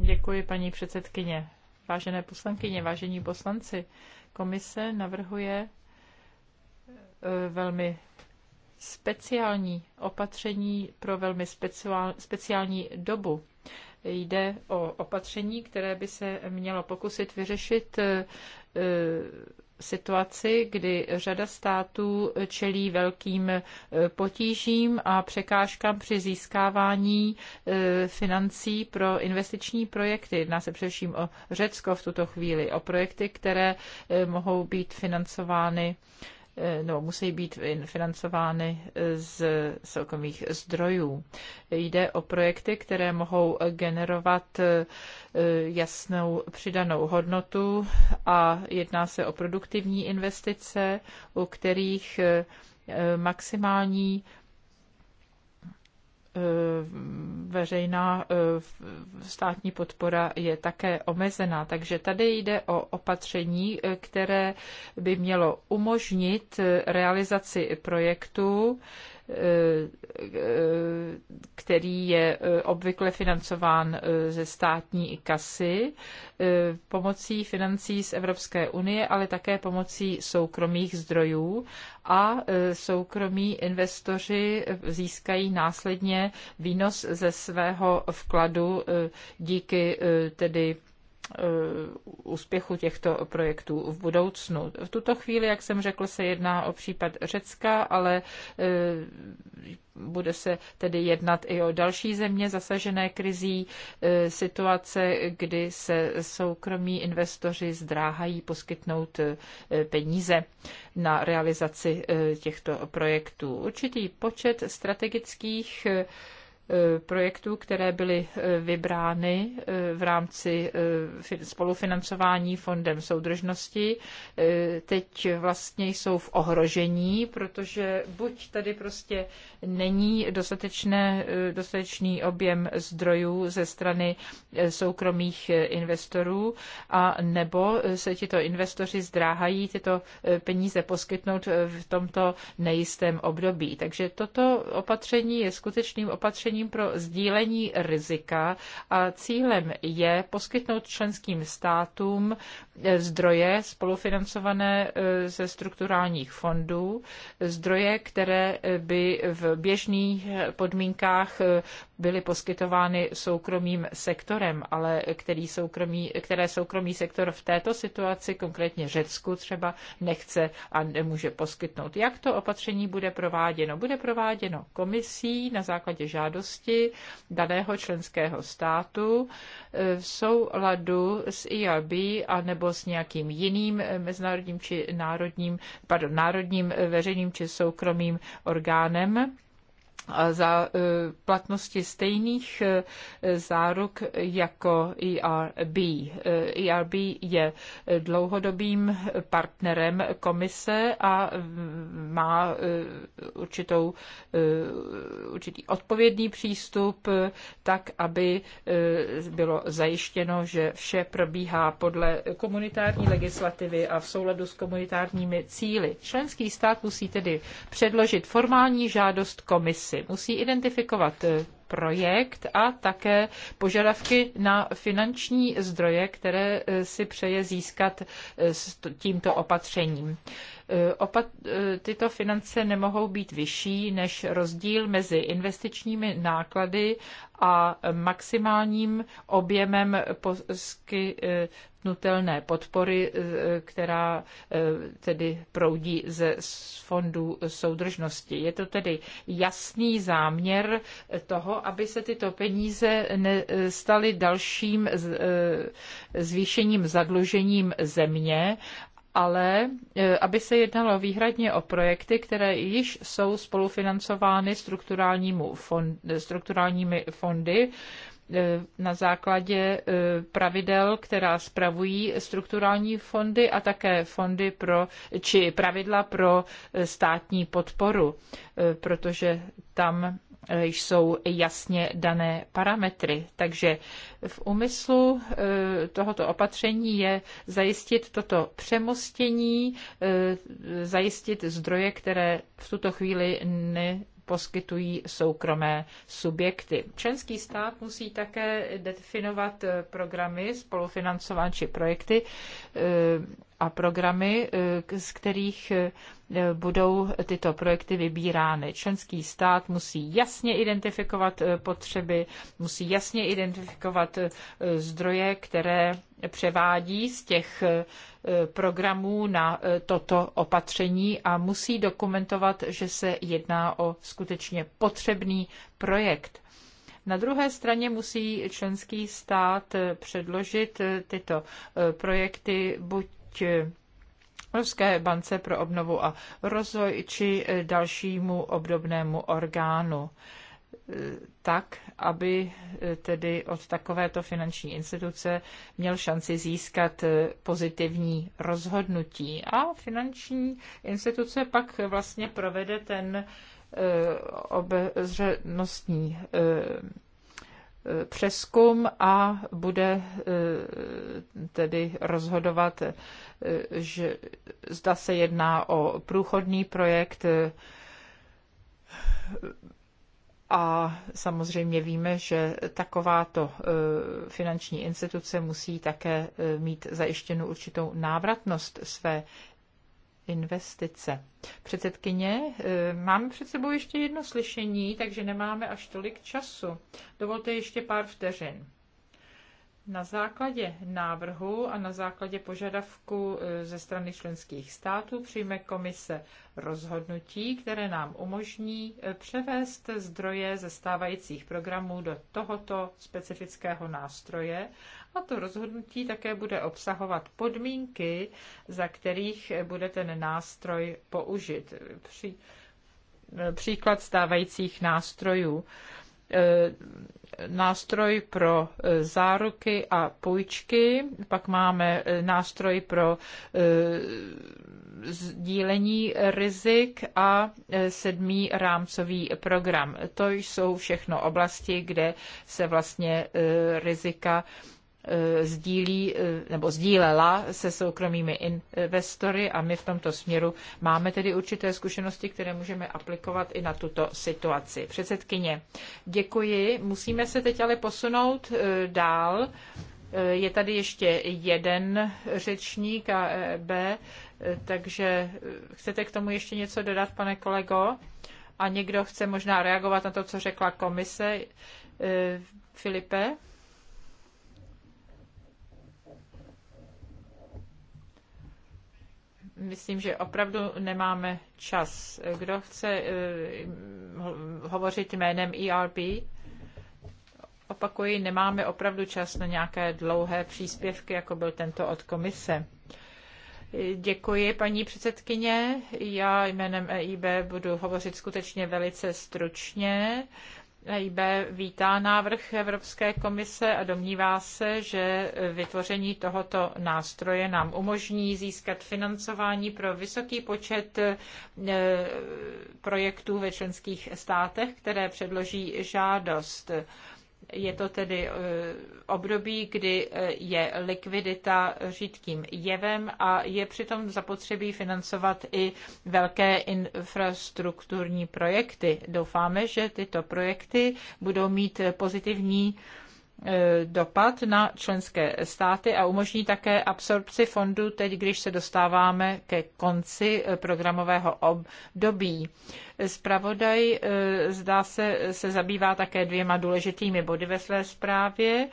Děkuji, paní předsedkyně. Vážené poslankyně, vážení poslanci, komise navrhuje eh, velmi speciální opatření pro velmi speciál, speciální dobu. Jde o opatření, které by se mělo pokusit vyřešit eh, situaci, kdy řada států čelí velkým eh, potížím a překážkám při získávání eh, financí pro investiční projekty. Jedná se především o Řecko v tuto chvíli, o projekty, které eh, mohou být financovány Eh, nebo musí být financovány eh, z soukromých zdrojů. Jde o projekty, které mohou generovat eh, jasnou přidanou hodnotu a jedná se o produktivní investice, u kterých maximální Eh, veřejná eh, státní podpora je také omezená. Takže tady jde o opatření, eh, které by mělo umožnit realizaci projektů, který je eh, obvykle financován eh, ze státní kasy, eh, pomocí financí z Evropské unie, ale také pomocí soukromých zdrojů a soukromí investoři získají následně výnos ze svého vkladu díky tedy Eh, úspěchu těchto projektů v budoucnu. V tuto chvíli, jak jsem řekl, se jedná o případ Řecka, ale eh, bude se tedy jednat i o další země zasažené krizí, eh, situace, kdy se soukromí investoři zdráhají poskytnout peníze na realizaci těchto projektů. Určitý počet strategických Eh, projektů, které byly eh, vybrány eh, v rámci spolufinancování Fondem soudržnosti, teď vlastně jsou v ohrožení, protože buď tady prostě není dostatečné, dostatečný objem zdrojů ze strany soukromých investorů, a nebo se tito investoři zdráhají tyto peníze poskytnout v tomto nejistém období. Takže toto opatření je skutečným opatřením opatřením pro sdílení rizika a cílem je poskytnout členským státům eh, zdroje spolufinancované eh, ze strukturálních fondů, zdroje, které eh, by v běžných podmínkách byly poskytovány soukromým sektorem, ale který soukromý, které soukromý sektor v této situaci, konkrétně Řecku třeba, nechce a nemůže poskytnout. Jak to opatření bude prováděno? Bude prováděno komisí na základě žádosti daného členského státu eh, v souladu s IAB a nebo s nějakým jiným eh, mezinárodním či národním, pardon, národním eh, veřejným či soukromým orgánem za e, platnosti stejných e, záruk jako ERB. ERB e je dlouhodobým partnerem komise a má určitou, určitý odpovědný přístup, tak, aby bylo zajištěno, že vše probíhá podle komunitární legislativy a v souladu s komunitárními cíly. Členský stát musí tedy předložit formální žádost komise komisi. Musí identifikovat eh, projekt a také požadavky na finanční zdroje, které eh, si přeje získat eh, s tímto opatřením. E, tyto finance nemohou být vyšší než rozdíl mezi investičními náklady a maximálním objemem poskytnutelné podpory, e, která e, tedy proudí ze fondů soudržnosti. Je to tedy jasný záměr toho, aby se tyto peníze nestaly dalším zvýšením zadlužením země ale e, aby se jednalo výhradně o projekty, které již jsou spolufinancovány fond, strukturálními fondy e, na základě e, pravidel, která spravují strukturální fondy a také fondy pro, či pravidla pro státní podporu, protože tam Eh, jsou jasně dané parametry. Takže v úmyslu eh, tohoto opatření je zajistit toto přemostění, eh, zajistit zdroje, které v tuto chvíli ne poskytují soukromé subjekty. Členský stát musí také definovat programy spolufinancování či projekty a programy, eh, z kterých eh, budou tyto projekty vybírány. Členský stát musí jasně identifikovat eh, potřeby, musí jasně identifikovat zdroje, které převádí z těch programů na toto opatření a musí dokumentovat, že se jedná o skutečně potřebný projekt. Na druhé straně musí členský stát předložit tyto projekty buď Ruské bance pro obnovu a rozvoj či dalšímu obdobnému orgánu tak, aby tedy od takovéto finanční instituce měl šanci získat pozitivní rozhodnutí. A finanční instituce pak vlastně provede ten eh, obezřetnostní eh, přeskum a bude eh, tedy rozhodovat, eh, že zda se jedná o průchodný projekt eh, a samozřejmě víme, že takováto finanční instituce musí také mít zajištěnu určitou návratnost své investice. Předsedkyně, eh, mám před sebou ještě jedno slyšení, takže nemáme až tolik času. Dovolte ještě pár vteřin. Na základě návrhu a na základě požadavku eh, ze strany členských států přijme komise rozhodnutí, které nám umožní eh, převést zdroje ze stávajících programů do tohoto specifického nástroje a to rozhodnutí také bude obsahovat podmínky, za kterých bude ten nástroj použit. Při, e, příklad stávajících nástrojů e, nástroj pro e, záruky a půjčky, pak máme nástroj pro sdílení rizik a sedmý rámcový program. To jsou všechno oblasti, kde se vlastně rizika Eh, sdílí eh, nebo sdílela se soukromými investory a my v tomto směru máme tedy určité zkušenosti, které můžeme aplikovat i na tuto situaci. Předsedkyně, děkuji. Musíme se teď ale posunout eh, dál. Je tady ještě jeden řečník a e B, takže chcete k tomu ještě něco dodat, pane kolego? A někdo chce možná reagovat na to, co řekla komise? Filipe? Myslím, že opravdu nemáme čas. Kdo chce eh, hovořit jménem ERP? Opakuji, nemáme opravdu čas na nějaké dlouhé příspěvky, jako byl tento od komise. Děkuji, paní předsedkyně. Já jménem EIB budu hovořit skutečně velice stručně. EIB vítá návrh Evropské komise a domnívá se, že vytvoření tohoto nástroje nám umožní získat financování pro vysoký počet e, projektů ve členských státech, které předloží žádost. Je to tedy eh, období, kdy eh, je likvidita řídkým jevem a je přitom zapotřebí financovat i velké infrastrukturní projekty. Doufáme, že tyto projekty budou mít pozitivní E, dopad na členské státy a umožní také absorpci fondu teď, když se dostáváme ke konci e, programového období. Spravodaj e, zdá se, se zabývá také dvěma důležitými body ve své zprávě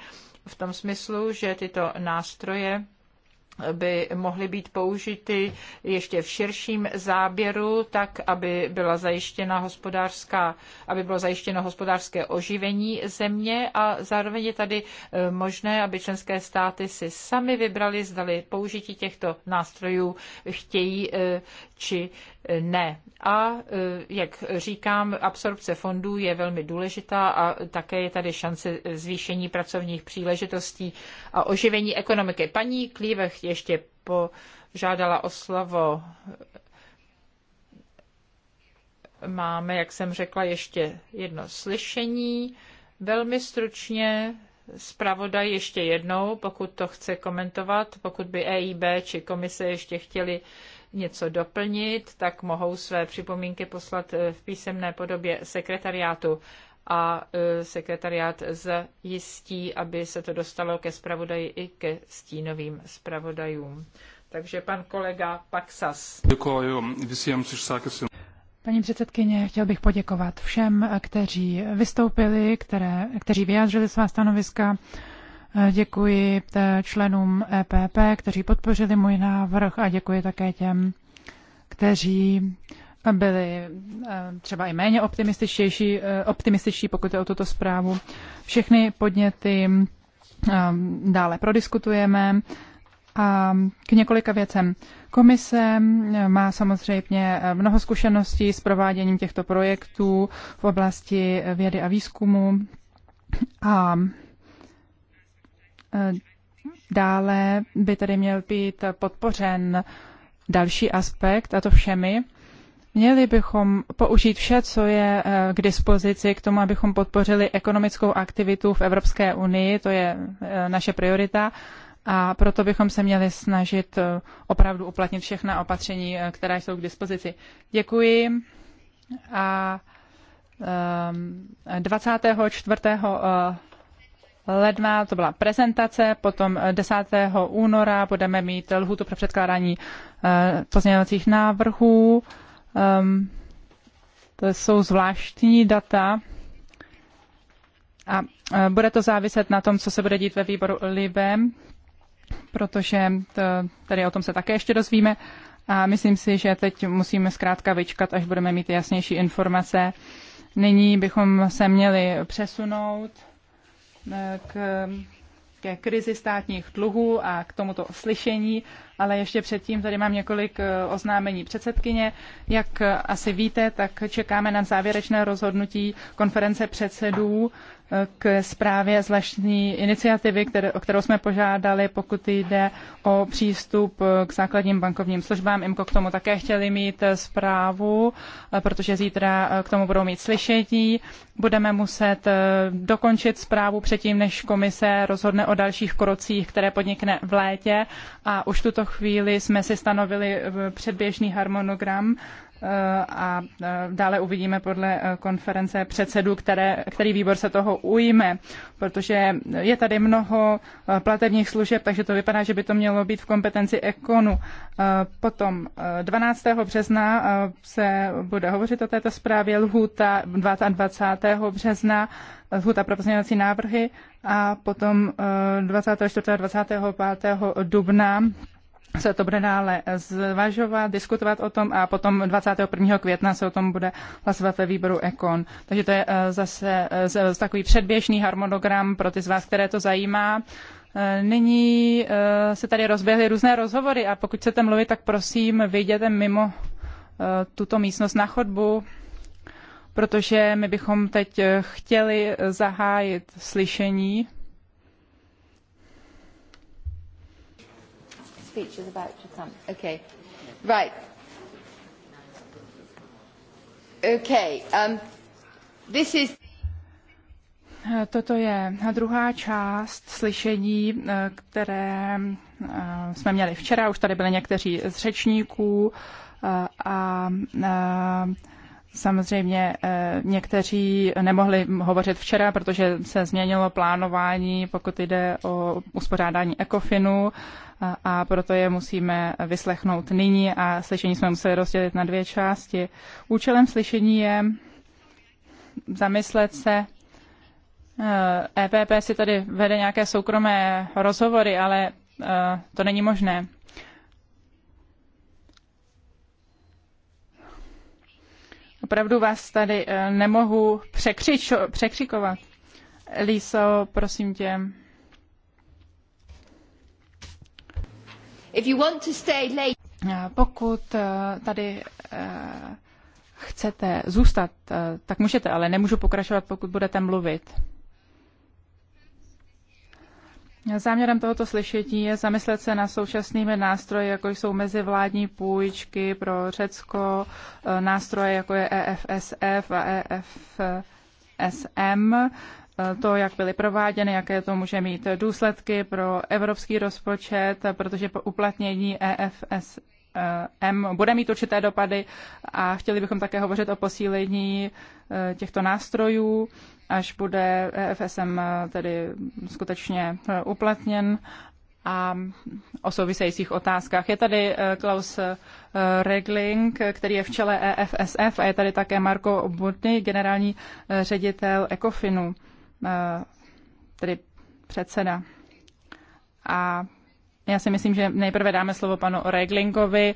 v tom smyslu, že tyto nástroje by mohly být použity ještě v širším záběru, tak aby, byla zajištěna hospodářská, aby bylo zajištěno hospodářské oživení země a zároveň je tady eh, možné, aby členské státy si sami vybrali, zdali použití těchto nástrojů chtějí eh, či eh, ne. A jak říkám, absorpce fondů je velmi důležitá a také je tady šance zvýšení pracovních příležitostí a oživení ekonomiky. Paní Klívech ještě požádala o slovo. Máme, jak jsem řekla, ještě jedno slyšení. Velmi stručně zpravodaj ještě jednou, pokud to chce komentovat, pokud by EIB či komise ještě chtěli něco doplnit, tak mohou své připomínky poslat v písemné podobě sekretariátu a e, sekretariát zjistí, aby se to dostalo ke zpravodaji i ke stínovým zpravodajům. Takže pan kolega Paksas. Děkuji Paní předsedkyně, chtěl bych poděkovat všem, kteří vystoupili, které, kteří vyjádřili svá stanoviska. Děkuji e, členům EPP, kteří podpořili můj návrh a děkuji také těm, kteří byli eh, třeba i méně optimističtější, eh, optimističtí, pokud je o tuto zprávu. Všechny podněty eh, dále prodiskutujeme a k několika věcem. Komise má samozřejmě mnoho zkušeností s prováděním těchto projektů v oblasti vědy a výzkumu a dále by tedy měl být podpořen další aspekt, a to všemi, Měli bychom použít vše, co je eh, k dispozici k tomu, abychom podpořili ekonomickou aktivitu v Evropské unii, to je eh, naše priorita. A proto bychom se měli snažit eh, opravdu uplatnit všechna opatření, která jsou k dispozici. Děkuji. A 24. Ehm, ledna to byla prezentace, potom 10. února budeme mít lhutu pro předkládání pozměňovacích návrhů. Um, to jsou zvláštní data a e, bude to záviset na tom, co se bude dít ve výboru LIBEM, protože to, tady o tom se také ještě dozvíme. A myslím si, že teď musíme zkrátka vyčkat, až budeme mít jasnější informace. Nyní bychom se měli přesunout e, k ke krizi státních dluhů a k tomuto slyšení, ale ještě předtím tady mám několik eh, oznámení předsedkyně. Jak asi víte, tak čekáme na závěrečné rozhodnutí konference předsedů k zprávě zvláštní iniciativy, které, o kterou jsme požádali, pokud jde o přístup k základním bankovním službám. IMKO k tomu také chtěli mít zprávu, eh, protože zítra eh, k tomu budou mít slyšetí. Budeme muset eh, dokončit zprávu předtím, než komise rozhodne o dalších krocích, které podnikne v létě. A už tuto chvíli jsme si stanovili předběžný harmonogram a dále uvidíme podle eh, konference předsedů, které, který výbor se toho ujme, protože je tady mnoho eh, platebních služeb, takže to vypadá, že by to mělo být v kompetenci ekonu. Eh, potom 12. března se bude hovořit o této zprávě, lhůta 22. března, lhůta pro pozměňovací návrhy a potom 24. a 25. dubna se to bude dále zvažovat, diskutovat o tom a potom 21. května se o tom bude hlasovat ve výboru Ekon. Takže to je eh, zase eh, takový předběžný harmonogram pro ty z vás, které to zajímá. Eh, nyní se tady rozběhly různé rozhovory a pokud chcete mluvit, tak prosím, vyjděte mimo tuto místnost na chodbu, protože my bychom teď chtěli zahájit slyšení speech is about to come. Okay. Right. Okay. Um, this is... Toto je druhá část slyšení, eh, které eh, jsme měli včera, už tady byli někteří z řečníků eh, a Samozřejmě někteří nemohli hovořit včera, protože se změnilo plánování, pokud jde o uspořádání ECOFINu a proto je musíme vyslechnout nyní a slyšení jsme museli rozdělit na dvě části. Účelem slyšení je zamyslet se, EPP eh, e si tady vede nějaké soukromé rozhovory, ale eh, to není možné. Opravdu vás tady eh, nemohu překřičo, překřikovat. Líso, prosím tě. If you want to stay late... Eh, pokud eh, tady eh, chcete zůstat, tak můžete, ale nemůžu pokračovat, pokud budete mluvit. Záměrem tohoto slyšení je zamyslet se na současnými nástroji, jako jsou mezivládní půjčky pro Řecko, nástroje jako je EFSF a EFSM, to, jak byly prováděny, jaké to může mít důsledky pro evropský rozpočet, protože po uplatnění EFS M bude mít určité dopady a chtěli bychom také hovořit o posílení eh, těchto nástrojů, až bude EFSM eh, tedy skutečně eh, uplatněn a o souvisejících otázkách. Je tady Klaus Regling, který je v čele EFSF a je tady také Marko Budny, generální ředitel Ecofinu. Eh, tedy předseda. A já si myslím, že nejprve dáme slovo panu Reglingovi. Eh,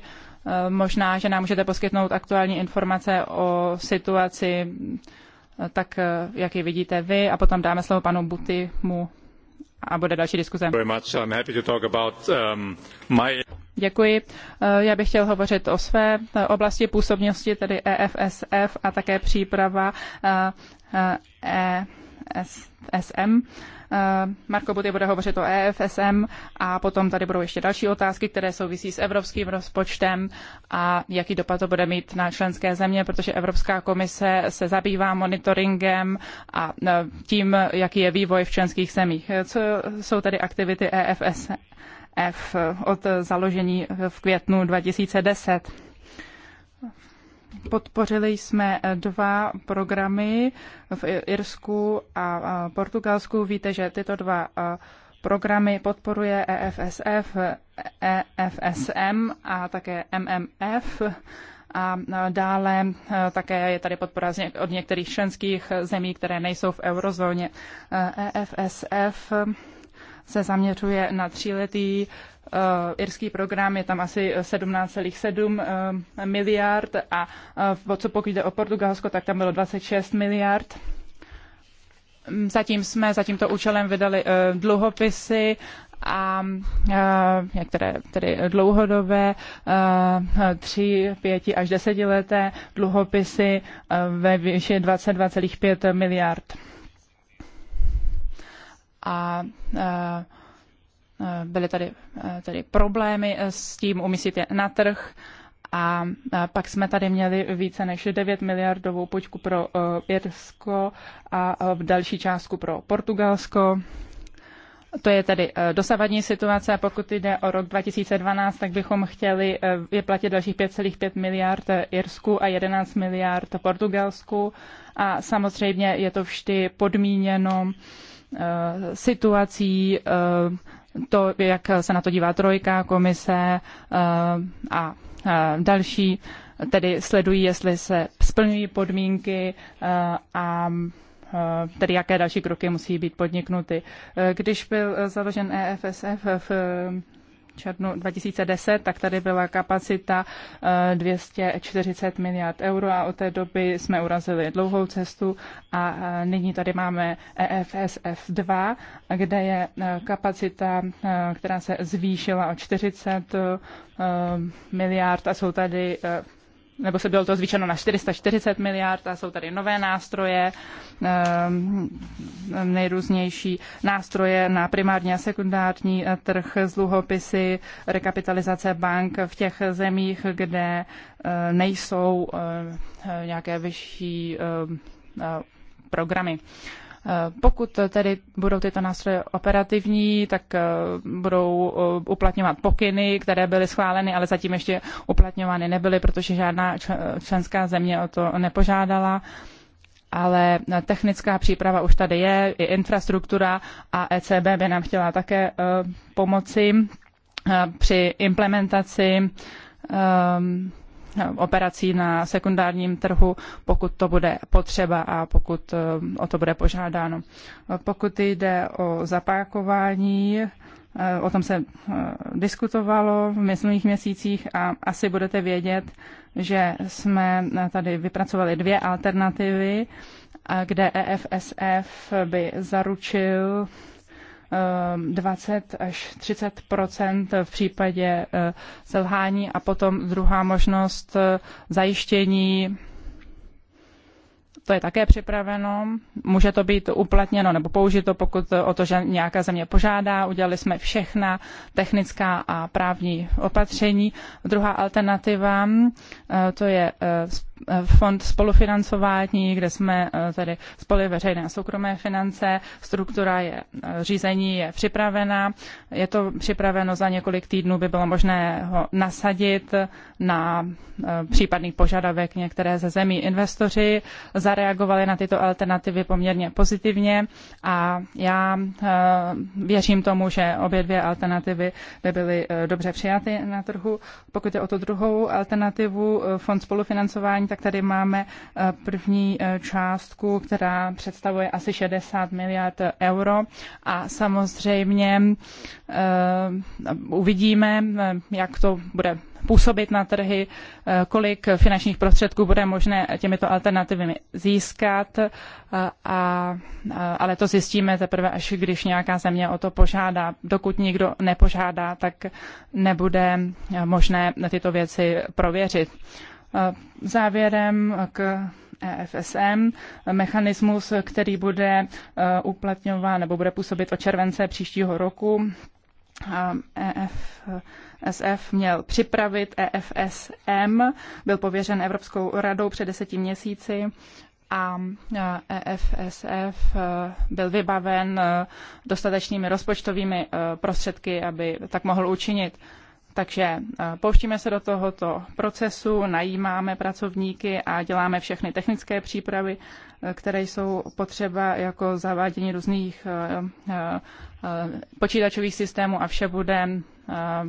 možná, že nám můžete poskytnout aktuální informace o situaci, eh, tak jak ji vidíte vy, a potom dáme slovo panu Butymu a bude další diskuze. Um, Děkuji. Já bych chtěl hovořit o své oblasti působnosti, tedy EFSF a také příprava E EFSM. Eh, Marko Buty bude hovořit o EFSM a potom tady budou ještě další otázky, které souvisí s evropským rozpočtem a jaký dopad to bude mít na členské země, protože Evropská komise se zabývá monitoringem a eh, tím, jaký je vývoj v členských zemích. Eh, co jsou tedy aktivity EFSM? F od založení v květnu 2010. Podpořili jsme eh, dva programy v Irsku a Portugalsku. Víte, že tyto dva eh, programy podporuje EFSF, EFSM a také MMF. A eh, dále také je tady podpora od některých členských zemí, které nejsou v eurozóně. EFSF e se zaměřuje na tříletý Eh, irský program, je tam asi 17,7 eh, miliard a eh, co pokud jde o Portugalsko, tak tam bylo 26 miliard. Mm, zatím jsme za tímto účelem vydali dluhopisy a některé tedy dlouhodobé, tři, pěti až desetileté dluhopisy ve výši 22,5 miliard. A, a byly tady, eh, tady problémy eh, s tím umístit je na trh a pak jsme tady měli více než 9 miliardovou počku pro eh, Irsko a v další částku pro Portugalsko. To je tedy dosavadní situace a pokud jde o rok 2012, tak bychom chtěli vyplatit dalších 5,5 miliard Irsku a 11 miliard Portugalsku a samozřejmě je to vždy podmíněno situací to, jak se na to dívá trojka, komise eh, a eh, další, tedy sledují, jestli se splňují podmínky eh, a tedy jaké další kroky musí být podniknuty. Když byl založen EFSF v červnu 2010, tak tady byla kapacita 240 eh, miliard euro a od té doby jsme urazili dlouhou cestu a eh, nyní tady máme EFSF2, kde je eh, kapacita, která se zvýšila o 40 miliard a jsou tady nebo se bylo to zvýšeno na 440 miliard a jsou tady nové nástroje, ehm, nejrůznější nástroje na primární a sekundární trh z dluhopisy, rekapitalizace bank v těch zemích, kde eh, nejsou eh, nějaké vyšší eh, programy. Eh, pokud tedy budou tyto nástroje operativní, tak eh, budou eh, uplatňovat pokyny, které byly schváleny, ale zatím ještě uplatňovány nebyly, protože žádná členská země o to nepožádala ale technická příprava už tady je, i infrastruktura a ECB by nám chtěla také pomoci při implementaci um, Eh, operací na sekundárním trhu, pokud to bude potřeba a pokud eh, o to bude požádáno. Eh, pokud jde o zapákování, o tom se diskutovalo v minulých měsících a asi budete vědět, že jsme tady vypracovali dvě alternativy, kde EFSF by zaručil 20 eh, až 30 v případě eh, selhání a potom druhá možnost eh, zajištění to je také připraveno. Může to být uplatněno nebo použito, pokud o to, že nějaká země požádá. Udělali jsme všechna technická a právní opatření. Druhá alternativa, to je fond spolufinancování, kde jsme eh, tady spoli veřejné a soukromé finance, struktura je, eh, řízení je připravena, je to připraveno za několik týdnů, by bylo možné ho nasadit na eh, případný požadavek některé ze zemí. Investoři zareagovali na tyto alternativy poměrně pozitivně a já věřím tomu, že obě dvě alternativy by byly dobře přijaty na trhu. Pokud je o tu druhou alternativu, fond spolufinancování, tak tady máme eh, první eh, částku, která představuje asi 60 miliard euro a samozřejmě eh, uvidíme, jak to bude působit na trhy, kolik finančních prostředků bude možné těmito alternativami získat, a, ale to zjistíme teprve, až když nějaká země o to požádá. Dokud nikdo nepožádá, tak nebude možné tyto věci prověřit. Eh, závěrem k EFSM, mechanismus, který bude eh, uplatňován nebo bude působit od července příštího roku. EFSF eh, e měl připravit EFSM, byl pověřen Evropskou radou před deseti měsíci a EFSF e byl vybaven dostatečnými rozpočtovými prostředky, aby tak mohl učinit. Takže eh, pouštíme se do tohoto procesu, najímáme pracovníky a děláme všechny technické přípravy, eh, které jsou potřeba jako zavádění různých eh, počítačových systémů a vše bude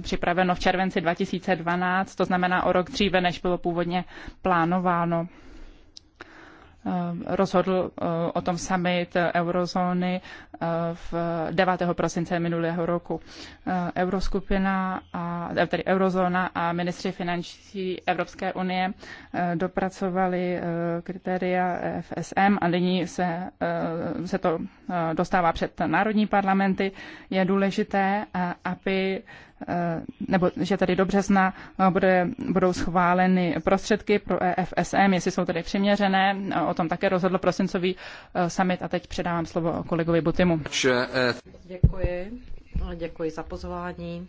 připraveno v červenci 2012, to znamená o rok dříve, než bylo původně plánováno. Eh, rozhodl eh, o tom summit eurozóny eh, v 9. prosince minulého roku. Euroskupina, a, tedy eurozóna a ministři financí Evropské unie dopracovali kritéria FSM a nyní se, se to dostává před národní parlamenty. Je důležité, aby Eh, nebo že tady do března eh, bude, budou schváleny prostředky pro EFSM, jestli jsou tady přiměřené. Eh, o tom také rozhodl prosincový summit a teď předávám slovo kolegovi Butimu. Děkuji. Děkuji za pozvání.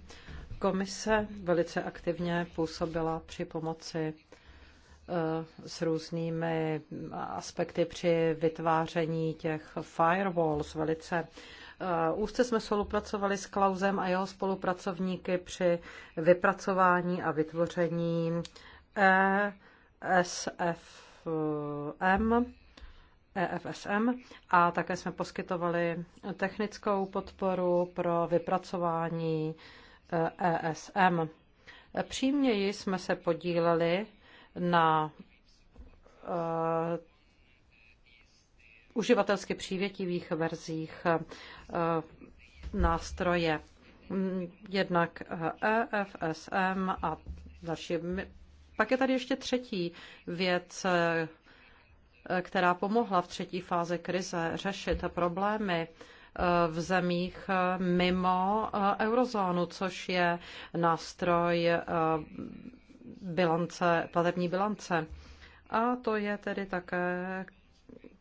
Komise velice aktivně působila při pomoci s různými aspekty při vytváření těch firewalls velice Eh, úzce jsme spolupracovali s Klausem a jeho spolupracovníky při vypracování a vytvoření ESFM, EFSM a také jsme poskytovali technickou podporu pro vypracování ESM. Eh, e Přímněji jsme se podíleli na eh, uživatelsky přívětivých verzích eh, nástroje. Mm, jednak EFSM eh, e a další. Pak je tady ještě třetí věc, eh, která pomohla v třetí fázi krize řešit problémy v zemích mimo eurozónu, což je nástroj bilance, platební bilance. A to je tedy také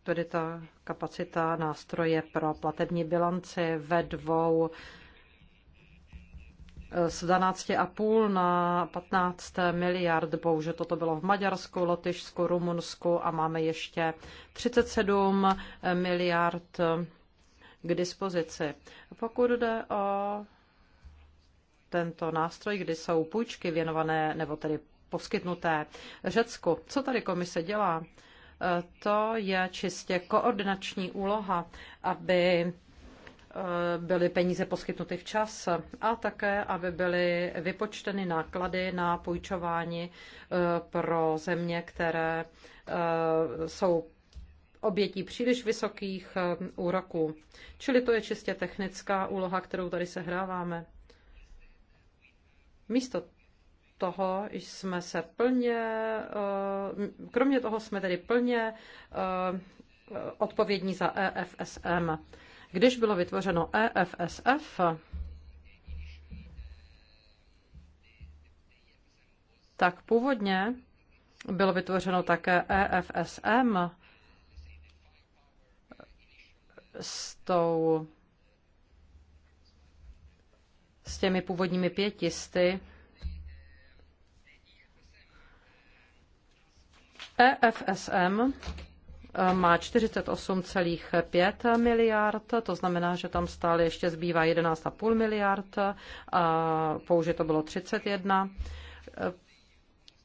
tedy ta kapacita nástroje pro platební bilanci ve dvou eh, z 12,5 na 15 miliard. Bohužel toto bylo v Maďarsku, Lotyšsku, Rumunsku a máme ještě 37 miliard eh, k dispozici. Pokud jde o tento nástroj, kdy jsou půjčky věnované nebo tedy poskytnuté Řecku, co tady komise dělá? To je čistě koordinační úloha, aby eh, byly peníze poskytnuty včas a také, aby byly vypočteny náklady na půjčování eh, pro země, které eh, jsou obětí příliš vysokých úroků. Čili to je čistě technická úloha, kterou tady sehráváme. Místo toho jsme se plně, eh, kromě toho jsme tedy plně eh, odpovědní za EFSM. Když bylo vytvořeno EFSF, tak původně bylo vytvořeno také EFSM s tou s těmi původními pětisty EFSM e, má 48,5 miliard, to znamená, že tam stále ještě zbývá 11,5 miliard a použito bylo 31. E,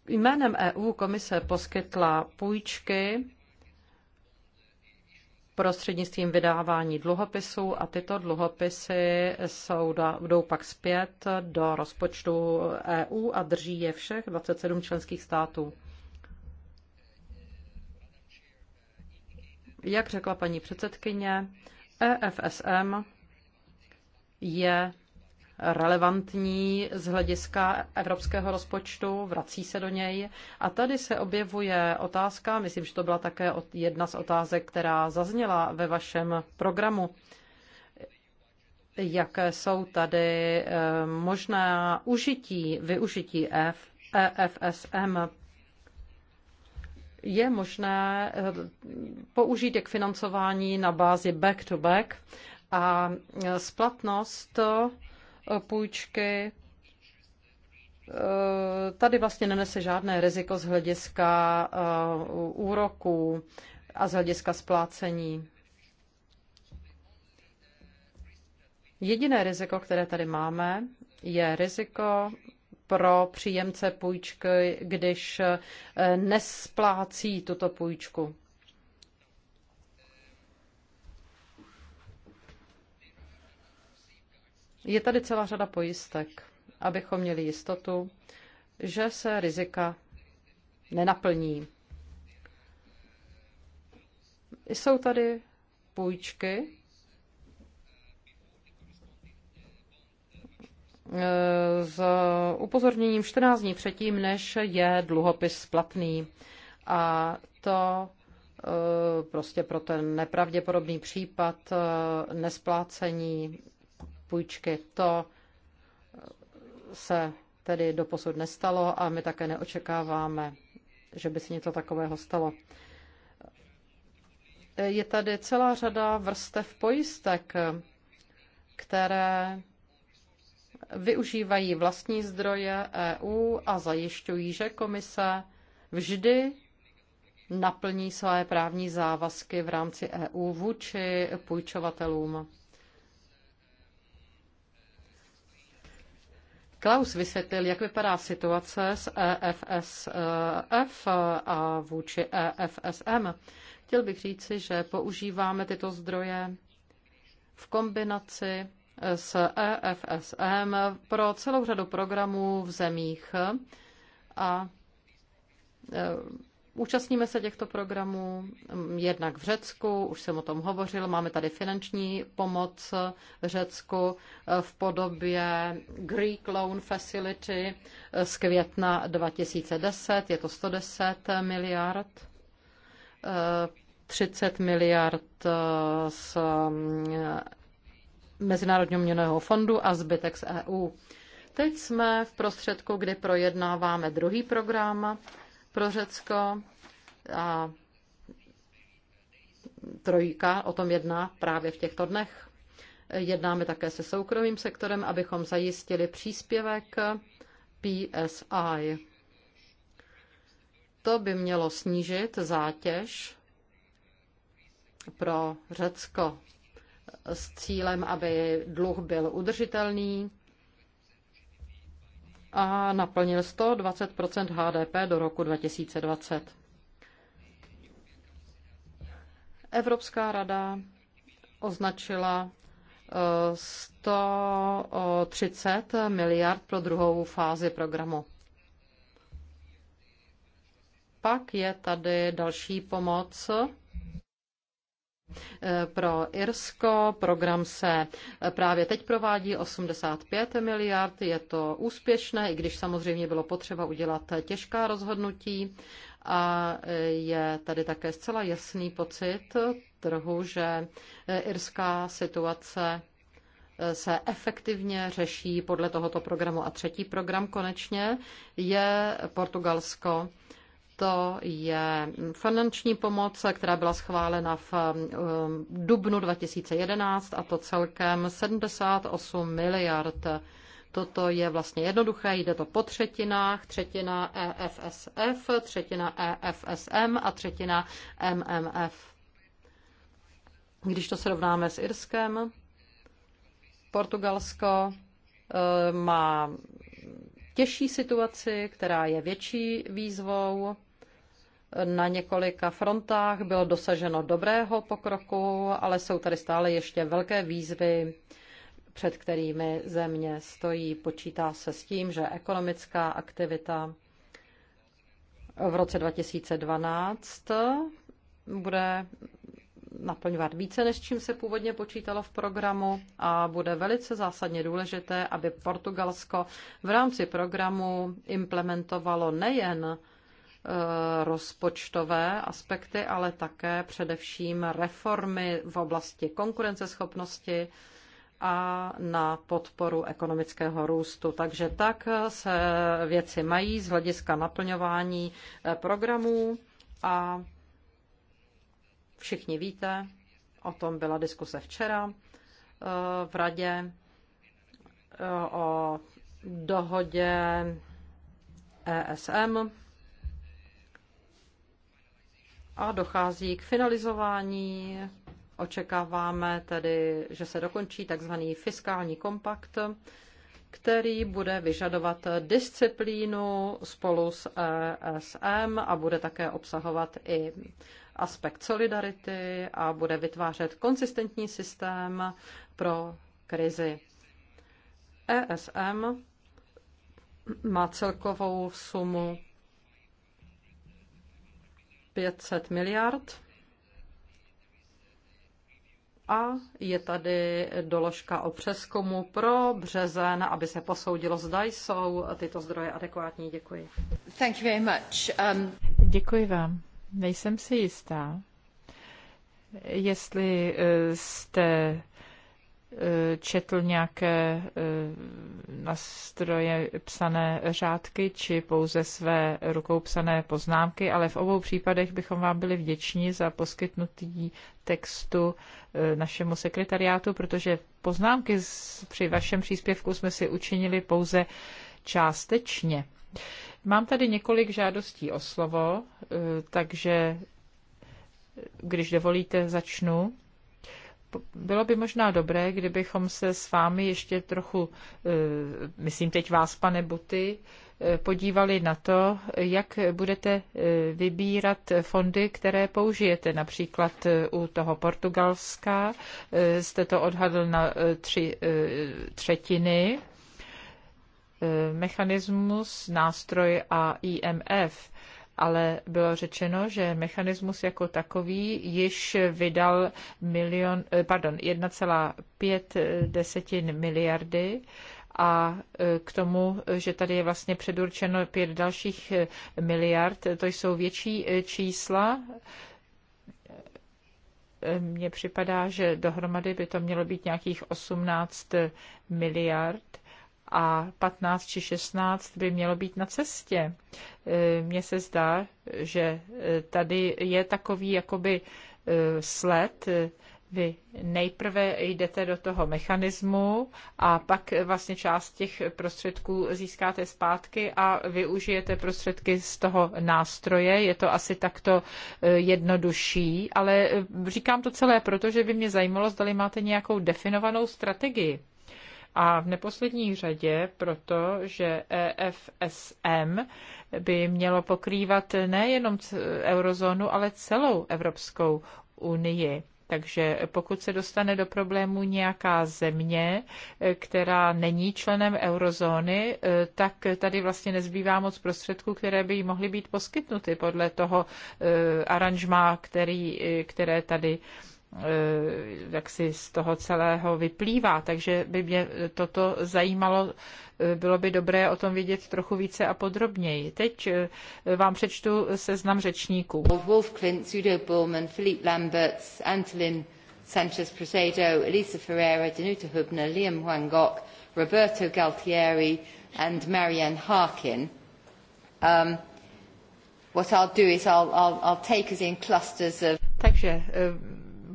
jménem EU komise poskytla půjčky prostřednictvím vydávání dluhopisů a tyto dluhopisy jsou, jdou pak zpět do rozpočtu EU a drží je všech 27 členských států. Jak řekla paní předsedkyně, EFSM je relevantní z hlediska evropského rozpočtu, vrací se do něj. A tady se objevuje otázka, myslím, že to byla také jedna z otázek, která zazněla ve vašem programu. Jaké jsou tady eh, možná užití, využití F, EFSM je možné eh, použít jak financování na bázi back-to-back a eh, splatnost eh, půjčky tady vlastně nenese žádné riziko z hlediska úroků a z hlediska splácení. Jediné riziko, které tady máme, je riziko pro příjemce půjčky, když eh, nesplácí tuto půjčku. Je tady celá řada pojistek, abychom měli jistotu, že se rizika nenaplní. Jsou tady půjčky, s upozorněním 14 dní předtím, než je dluhopis splatný. A to eh, prostě pro ten nepravděpodobný případ eh, nesplácení půjčky. To eh, se tedy doposud nestalo a my také neočekáváme, že by se něco takového stalo. Je tady celá řada vrstev pojistek, které využívají vlastní zdroje EU a zajišťují, že komise vždy naplní své právní závazky v rámci EU vůči půjčovatelům. Klaus vysvětlil, jak vypadá situace s EFSF e a vůči EFSM. Chtěl bych říci, že používáme tyto zdroje v kombinaci s EFSM pro celou řadu programů v zemích a e, Účastníme se těchto programů mm, jednak v Řecku, už jsem o tom hovořil, máme tady finanční pomoc Řecku e, v podobě Greek Loan Facility z května 2010, je to 110 miliard, 30 e, miliard z Mezinárodního měnového fondu a zbytek z EU. Teď jsme v prostředku, kdy projednáváme druhý program pro Řecko a trojka o tom jedná právě v těchto dnech. Jednáme také se soukromým sektorem, abychom zajistili příspěvek PSI. To by mělo snížit zátěž pro Řecko s cílem, aby dluh byl udržitelný a naplnil 120 HDP do roku 2020. Evropská rada označila 130 eh, miliard pro druhou fázi programu. Pak je tady další pomoc Eh, pro Irsko program se eh, právě teď provádí 85 miliard, je to úspěšné, i když samozřejmě bylo potřeba udělat těžká rozhodnutí a eh, je tady také zcela jasný pocit trhu, že irská situace se efektivně řeší podle tohoto programu. A třetí program konečně je Portugalsko to je finanční pomoc, která byla schválena v um, dubnu 2011 a to celkem 78 miliard. Toto je vlastně jednoduché, jde to po třetinách, třetina EFSF, třetina EFSM a třetina MMF. Když to srovnáme s Irskem, Portugalsko eh, má těžší situaci, která je větší výzvou na několika frontách bylo dosaženo dobrého pokroku, ale jsou tady stále ještě velké výzvy, před kterými země stojí. Počítá se s tím, že ekonomická aktivita v roce 2012 bude naplňovat více, než čím se původně počítalo v programu a bude velice zásadně důležité, aby Portugalsko v rámci programu implementovalo nejen Eh, rozpočtové aspekty, ale také především reformy v oblasti konkurenceschopnosti a na podporu ekonomického růstu. Takže tak se věci mají z hlediska naplňování eh, programů a všichni víte, o tom byla diskuse včera eh, v radě o dohodě ESM a dochází k finalizování. Očekáváme tedy, že se dokončí tzv. fiskální kompakt, který bude vyžadovat disciplínu spolu s ESM a bude také obsahovat i aspekt solidarity a bude vytvářet konsistentní systém pro krizi. ESM má celkovou sumu 500 miliard. A je tady doložka o přeskumu pro březen, aby se posoudilo, zda jsou tyto zdroje adekvátní. Děkuji. Thank you very much. Um... Děkuji vám. Nejsem si jistá, jestli eh, jste četl nějaké eh, nastroje psané řádky či pouze své rukou psané poznámky, ale v obou případech bychom vám byli vděční za poskytnutý textu eh, našemu sekretariátu, protože poznámky při vašem příspěvku jsme si učinili pouze částečně. Mám tady několik žádostí o slovo, eh, takže když dovolíte, začnu bylo by možná dobré, kdybychom se s vámi ještě trochu, eh, myslím teď vás, pane Buty, eh, podívali na to, jak budete eh, vybírat fondy, které použijete. Například u toho Portugalska jste to odhadl na tři třetiny. Mechanismus, nástroj a IMF ale bylo řečeno, že mechanismus jako takový již vydal milion, eh, pardon, 1,5 desetin miliardy a eh, k tomu, že tady je vlastně předurčeno pět dalších eh, miliard, to jsou větší čísla, mně připadá, že dohromady by to mělo být nějakých 18 miliard a 15 či 16 by mělo být na cestě. E, mně se zdá, že e, tady je takový jakoby e, sled, vy nejprve jdete do toho mechanismu a pak vlastně část těch prostředků získáte zpátky a využijete prostředky z toho nástroje. Je to asi takto jednodušší, ale říkám to celé proto, že by mě zajímalo, zda máte nějakou definovanou strategii. A v neposlední řadě proto, že EFSM by mělo pokrývat nejenom eurozónu, ale celou Evropskou unii. Takže pokud se dostane do problému nějaká země, která není členem eurozóny, tak tady vlastně nezbývá moc prostředků, které by jí mohly být poskytnuty podle toho eh, aranžma, který, eh, které tady Eh, jak si z toho celého vyplývá. Takže by mě toto zajímalo, eh, bylo by dobré o tom vědět trochu více a podrobněji. Teď eh, vám přečtu seznam řečníků. Wolf Klint, Sudo Bullman, Philippe Lamberts, Antolin Sanchez Presedo, Elisa Ferreira, Danuta Hubner, Liam Wangok, Roberto Galtieri and Marianne Harkin. Um, what I'll do is I'll, I'll, I'll take us in clusters of... Takže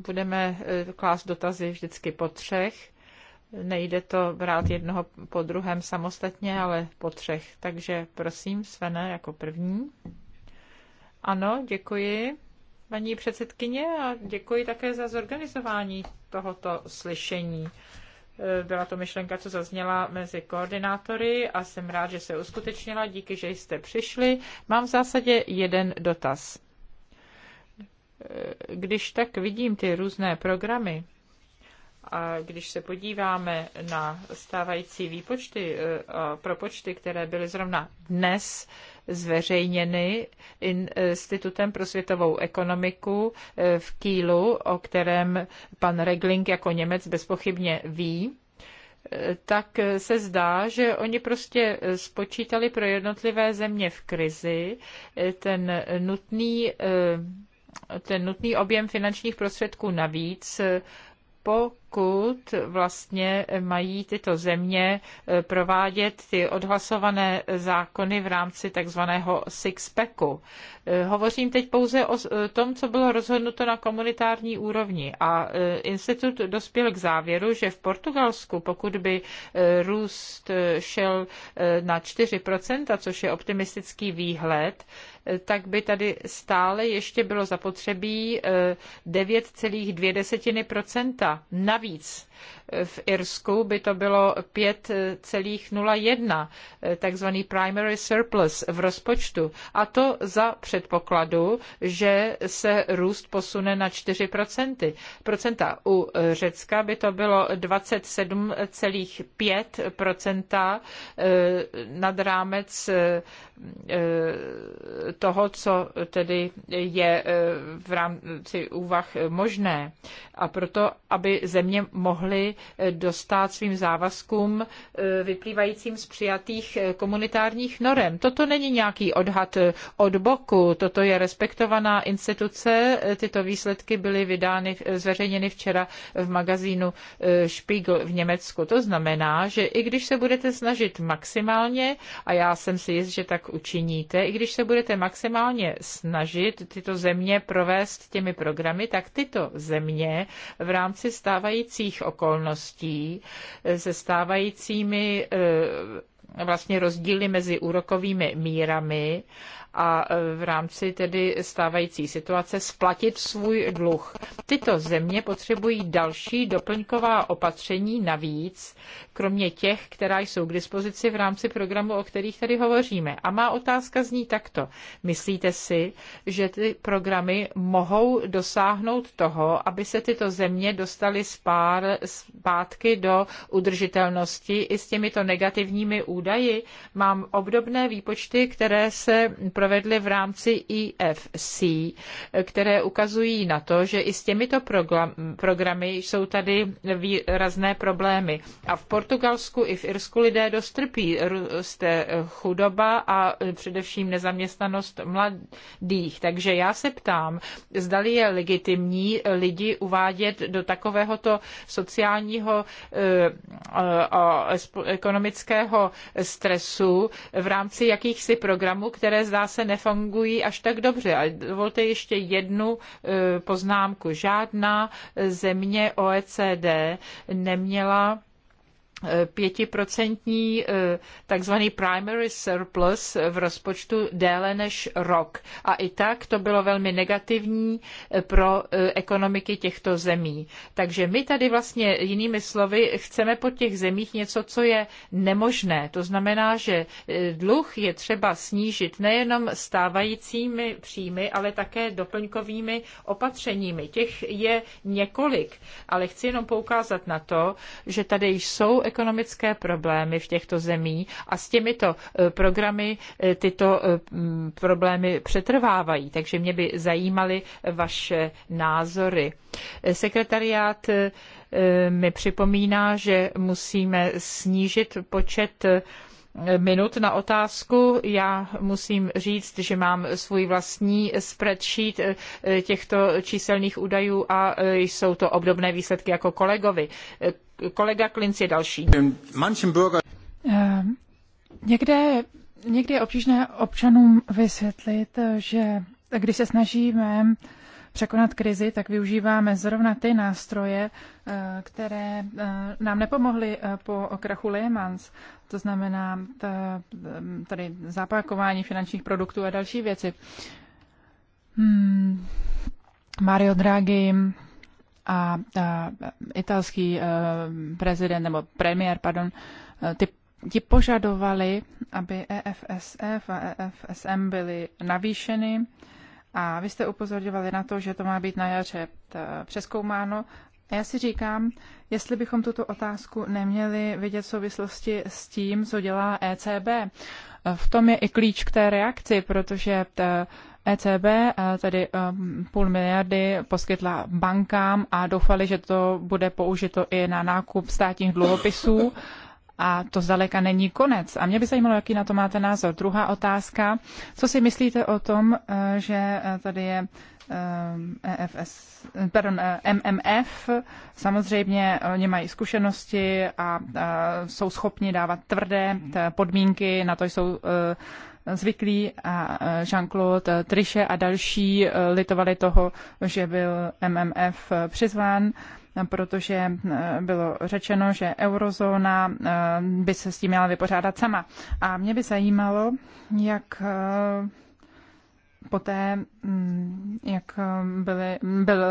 budeme eh, klást dotazy vždycky po třech. Nejde to brát jednoho po druhém samostatně, ale po třech. Takže prosím, Svene jako první. Ano, děkuji, paní předsedkyně, a děkuji také za zorganizování tohoto slyšení. Eh, byla to myšlenka, co zazněla mezi koordinátory a jsem rád, že se uskutečnila. Díky, že jste přišli. Mám v zásadě jeden dotaz když tak vidím ty různé programy, a když se podíváme na stávající výpočty eh, a propočty, které byly zrovna dnes zveřejněny Institutem pro světovou ekonomiku eh, v Kýlu, o kterém pan Regling jako Němec bezpochybně ví, eh, tak se zdá, že oni prostě spočítali pro jednotlivé země v krizi ten nutný ten nutný objem finančních prostředků navíc, pokud vlastně mají tyto země eh, provádět ty odhlasované zákony v rámci takzvaného six-packu. Eh, hovořím teď pouze o eh, tom, co bylo rozhodnuto na komunitární úrovni a institut dospěl k závěru, že v Portugalsku, pokud by růst šel na 4%, což je optimistický výhled, tak by tady stále ještě bylo zapotřebí 9,2 eh, navíc v Irsku by to bylo 5,01, eh, takzvaný primary surplus v rozpočtu. A to za předpokladu, že se růst posune na 4 procenta. U Řecka by to bylo 27,5 procenta eh, nad rámec eh, toho, co tedy je v rámci úvah možné. A proto, aby země mohla mohli eh, dostat svým závazkům eh, vyplývajícím z přijatých eh, komunitárních norem. Toto není nějaký odhad od boku, toto je respektovaná instituce. Tyto výsledky byly vydány, zveřejněny včera v magazínu Spiegel v Německu. To znamená, že i když se budete snažit maximálně, a já jsem si jist, že tak učiníte, i když se budete maximálně snažit tyto země provést těmi programy, tak tyto země v rámci stávajících okolností se stávajícími eh, vlastně rozdíly mezi úrokovými mírami a e, v rámci tedy stávající situace splatit svůj dluh. Tyto země potřebují další doplňková opatření navíc, kromě těch, která jsou k dispozici v rámci programu, o kterých tady hovoříme. A má otázka zní takto. Myslíte si, že ty programy mohou dosáhnout toho, aby se tyto země dostaly spár, zpátky do udržitelnosti i s těmito negativními údaji? Mám obdobné výpočty, které se pro provedly v rámci EFC, které ukazují na to, že i s těmito programy jsou tady výrazné problémy. A v Portugalsku i v Irsku lidé dost trpí. Roste chudoba a především nezaměstnanost mladých. Takže já se ptám, zdali je legitimní lidi uvádět do takovéhoto sociálního a eh, eh, eh, ekonomického stresu v rámci jakýchsi programů, které zdá zase nefungují až tak dobře. A dovolte ještě jednu e, poznámku. Žádná země OECD neměla pětiprocentní eh, takzvaný primary surplus v rozpočtu déle než rok. A i tak to bylo velmi negativní eh, pro eh, ekonomiky těchto zemí. Takže my tady vlastně jinými slovy chceme po těch zemích něco, co je nemožné. To znamená, že dluh je třeba snížit nejenom stávajícími příjmy, ale také doplňkovými opatřeními. Těch je několik, ale chci jenom poukázat na to, že tady jsou ekonomické problémy v těchto zemí a s těmito eh, programy eh, tyto eh, problémy přetrvávají. Takže mě by zajímaly vaše názory. Sekretariát mi připomíná, že musíme snížit počet minut na otázku. Já musím říct, že mám svůj vlastní spreadsheet těchto číselných údajů a jsou to obdobné výsledky jako kolegovi. Kolega Klinc je další. Eh, někde, někdy je obtížné občanům vysvětlit, že když se snažíme překonat krizi, tak využíváme zrovna ty nástroje, eh, které eh, nám nepomohly po krachu Lehmans. To znamená tady zapákování finančních produktů a další věci. Hmm. Mario Draghi a, a italský e, prezident nebo premiér, pardon, e, ty ti požadovali, aby EFSF a EFSM byly navýšeny a vy jste upozorňovali na to, že to má být na jaře přeskoumáno. E, a já si říkám, jestli bychom tuto otázku neměli vidět v souvislosti s tím, co dělá ECB. V tom je i klíč k té reakci, protože ta ECB eh, tedy eh, půl miliardy poskytla bankám a doufali, že to bude použito i na nákup státních dluhopisů. A to zdaleka není konec. A mě by zajímalo, jaký na to máte názor. Druhá otázka. Co si myslíte o tom, eh, že tady je EFS, e pardon, MMF. Samozřejmě oni mají zkušenosti a jsou schopni dávat tvrdé podmínky, na to jsou zvyklí a e, Jean-Claude Trichet a další e, litovali toho, že byl MMF e, přizván protože bylo řečeno, že eurozóna by se s tím měla vypořádat sama. A mě by zajímalo, jak poté, mm, jak mm, byly, byl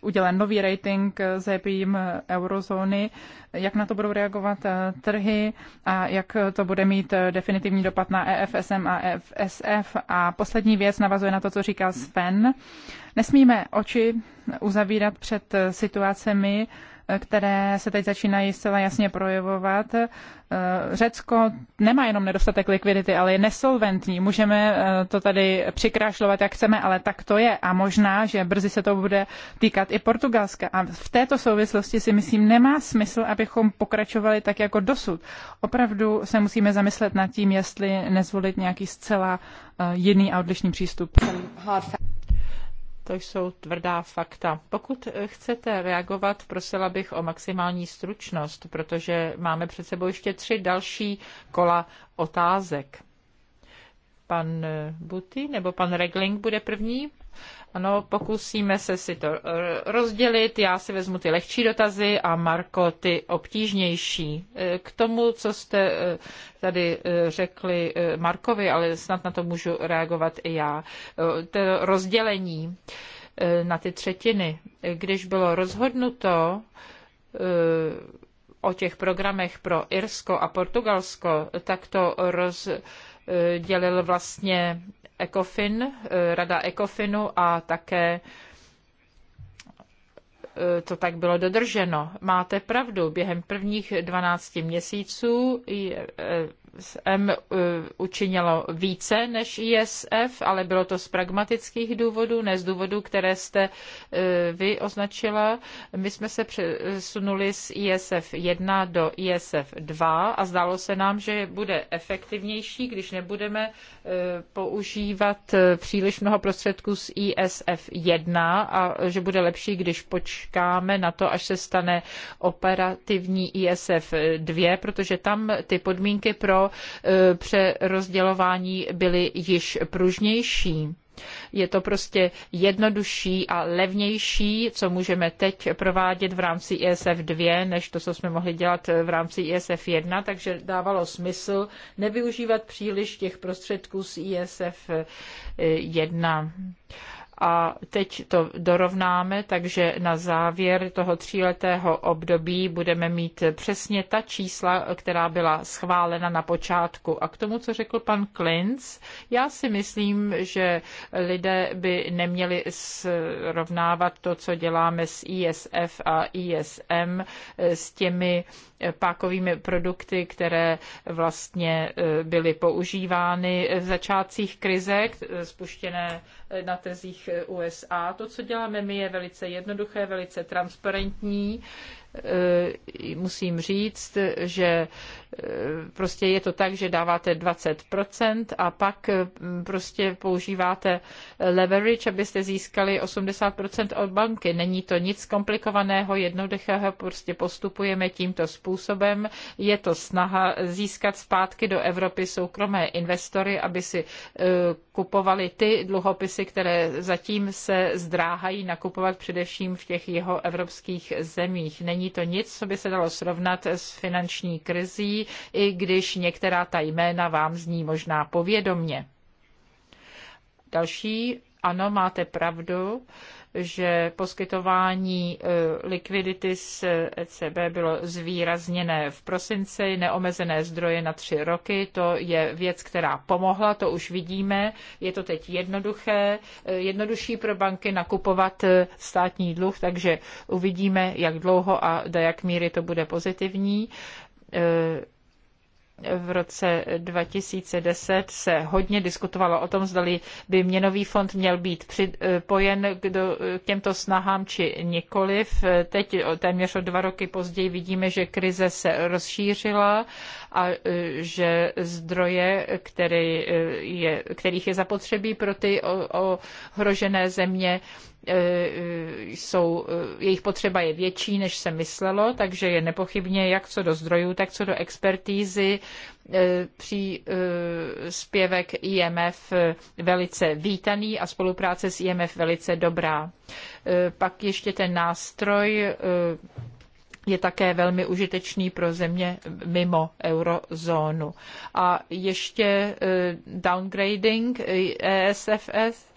udělen nový rating zepím eurozóny, jak na to budou reagovat eh, trhy a jak to bude mít eh, definitivní dopad na EFSM a EFSF. A poslední věc navazuje na to, co říkal Sven. Nesmíme oči uzavírat před eh, situacemi, které se teď začínají zcela jasně projevovat. Eh, Řecko nemá jenom nedostatek likvidity, ale je nesolventní. Můžeme eh, to tady přikrášlovat, jak chceme, ale tak to je. A možná, že brzy se to bude týkat i Portugalska. A v této souvislosti si myslím, nemá smysl, abychom pokračovali tak jako dosud. Opravdu se musíme zamyslet nad tím, jestli nezvolit nějaký zcela eh, jiný a odlišný přístup. To jsou tvrdá fakta. Pokud chcete reagovat, prosila bych o maximální stručnost, protože máme před sebou ještě tři další kola otázek. Pan Buty nebo pan Regling bude první? Ano, pokusíme se si to eh, rozdělit. Já si vezmu ty lehčí dotazy a Marko ty obtížnější. Eh, k tomu, co jste eh, tady řekli Markovi, ale snad na to můžu reagovat i já. To rozdělení na ty třetiny. Když bylo rozhodnuto, o těch programech pro Irsko a Portugalsko, tak to roz, Eh, dělil vlastně ECOFIN, eh, rada ECOFINu a také eh, to tak bylo dodrženo. Máte pravdu, během prvních 12 měsíců M eh, učinilo více než ISF, ale bylo to z pragmatických důvodů, ne z důvodů, které jste eh, vy označila. My jsme se přesunuli z ISF 1 do ISF 2 a zdálo se nám, že bude efektivnější, když nebudeme eh, používat příliš mnoho prostředků z ISF 1 a že bude lepší, když počkáme na to, až se stane operativní ISF 2, protože tam ty podmínky pro pro eh, přerozdělování byly již pružnější. Je to prostě jednodušší a levnější, co můžeme teď provádět v rámci ISF 2, než to, co jsme mohli dělat v rámci ISF 1, takže dávalo smysl nevyužívat příliš těch prostředků z ISF 1. Eh, a teď to dorovnáme, takže na závěr toho tříletého období budeme mít přesně ta čísla, která byla schválena na počátku. A k tomu, co řekl pan Klinc, já si myslím, že lidé by neměli srovnávat to, co děláme s ISF a ISM s těmi pákovými produkty, které vlastně e, byly používány v začátcích krize, e, spuštěné e, na trzích USA. To, co děláme my, je velice jednoduché, velice transparentní Eh, musím říct, že eh, prostě je to tak, že dáváte 20% a pak eh, prostě používáte leverage, abyste získali 80% od banky. Není to nic komplikovaného, jednoduchého, prostě postupujeme tímto způsobem. Je to snaha získat zpátky do Evropy soukromé investory, aby si kupovali ty dluhopisy, které zatím se zdráhají nakupovat především v těch jeho evropských zemích. Není Není to nic, co by se dalo srovnat s finanční krizí, i když některá ta jména vám zní možná povědomně. Další, ano, máte pravdu že poskytování e, likvidity z ECB bylo zvýrazněné v prosinci, neomezené zdroje na tři roky, to je věc, která pomohla, to už vidíme, je to teď jednoduché, e, jednodušší pro banky nakupovat e, státní dluh, takže uvidíme, jak dlouho a do jak míry to bude pozitivní v roce 2010 se hodně diskutovalo o tom, zdali by měnový fond měl být připojen k, do, k těmto snahám či nikoliv. Teď téměř o dva roky později vidíme, že krize se rozšířila a e, že zdroje, který e, je, kterých je zapotřebí pro ty ohrožené země, E, e, jsou, e, jejich potřeba je větší, než se myslelo, takže je nepochybně jak co do zdrojů, tak co do expertízy při zpěvek IMF velice vítaný a spolupráce s IMF velice dobrá. Pak ještě ten nástroj je také velmi užitečný pro země mimo eurozónu. A ještě downgrading ESFS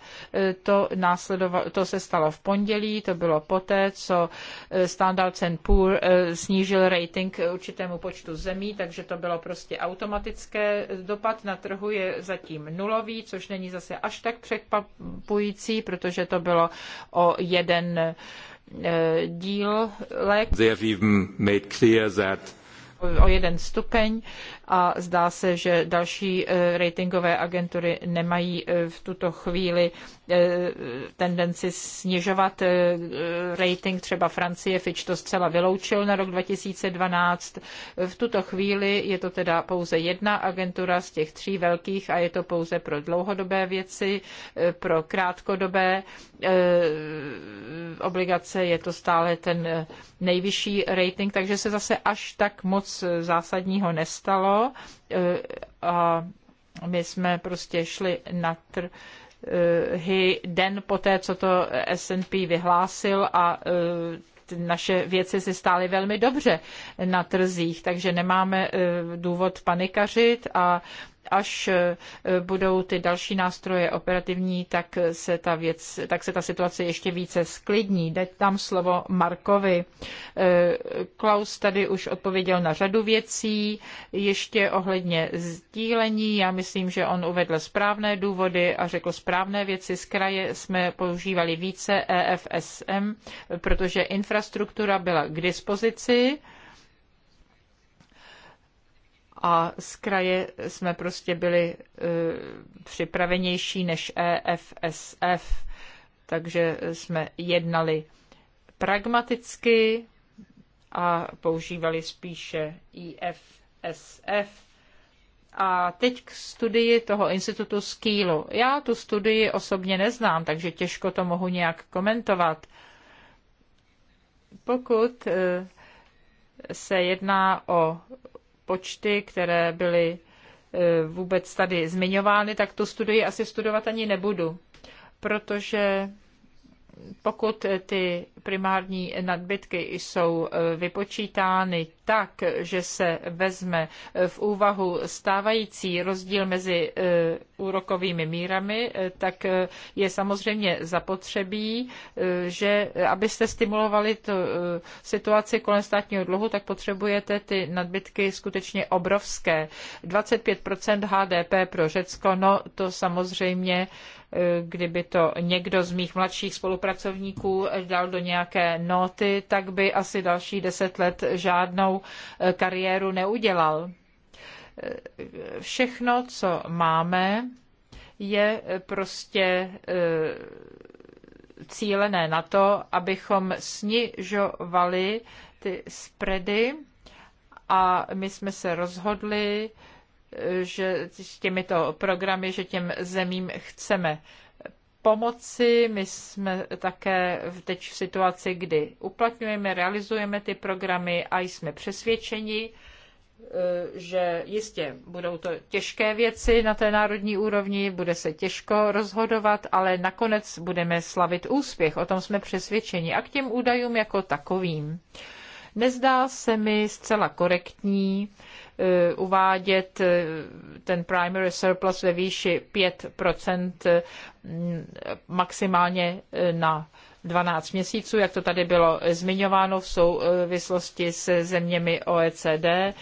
to, následovalo, to se stalo v pondělí, to bylo poté, co e, Standard Poor e, snížil rating určitému počtu zemí, takže to bylo prostě automatické. Dopad na trhu je zatím nulový, což není zase až tak překvapující, protože to bylo o jeden e, díl lek. o jeden stupeň a zdá se, že další e, ratingové agentury nemají e, v tuto chvíli e, tendenci snižovat rating. Třeba Francie Fitch to zcela vyloučil na rok 2012. V tuto chvíli je to teda pouze jedna agentura z těch tří velkých a je to pouze pro dlouhodobé věci, pro krátkodobé obligace je to stále ten nejvyšší rating, takže se zase až tak moc zásadního nestalo E, a my jsme prostě šli na trhy den poté, co to S&P vyhlásil a e, naše věci si stály velmi dobře na trzích, takže nemáme e, důvod panikařit a až eh, budou ty další nástroje operativní, tak se ta, věc, tak se ta situace ještě více sklidní. Dať tam slovo Markovi. Eh, Klaus tady už odpověděl na řadu věcí, ještě ohledně sdílení. Já myslím, že on uvedl správné důvody a řekl správné věci. Z kraje jsme používali více EFSM, protože infrastruktura byla k dispozici a z kraje jsme prostě byli e, připravenější než EFSF, takže jsme jednali pragmaticky a používali spíše IFSF. A teď k studii toho institutu Skýlu. Já tu studii osobně neznám, takže těžko to mohu nějak komentovat. Pokud e, se jedná o počty, které byly e, vůbec tady zmiňovány, tak tu studii asi studovat ani nebudu, protože pokud ty primární nadbytky jsou e, vypočítány tak, že se vezme e, v úvahu stávající rozdíl mezi e, úrokovými mírami, tak je samozřejmě zapotřebí, že abyste stimulovali tu situaci kolem státního dluhu, tak potřebujete ty nadbytky skutečně obrovské. 25 HDP pro Řecko, no to samozřejmě kdyby to někdo z mých mladších spolupracovníků dal do nějaké noty, tak by asi další deset let žádnou eh, kariéru neudělal. Eh, všechno, co máme, je eh, prostě cílené na to, abychom snižovali ty spready a my jsme se rozhodli, že s těmito programy, že těm zemím chceme pomoci. My jsme také teď v situaci, kdy uplatňujeme, realizujeme ty programy a jsme přesvědčeni, e, že jistě budou to těžké věci na té národní úrovni, bude se těžko rozhodovat, ale nakonec budeme slavit úspěch. O tom jsme přesvědčeni. A k těm údajům jako takovým. Nezdá se mi zcela korektní eh, uvádět eh, ten primary surplus ve výši 5 eh, maximálně na 12 měsíců, jak to tady bylo zmiňováno v souvislosti se zeměmi OECD.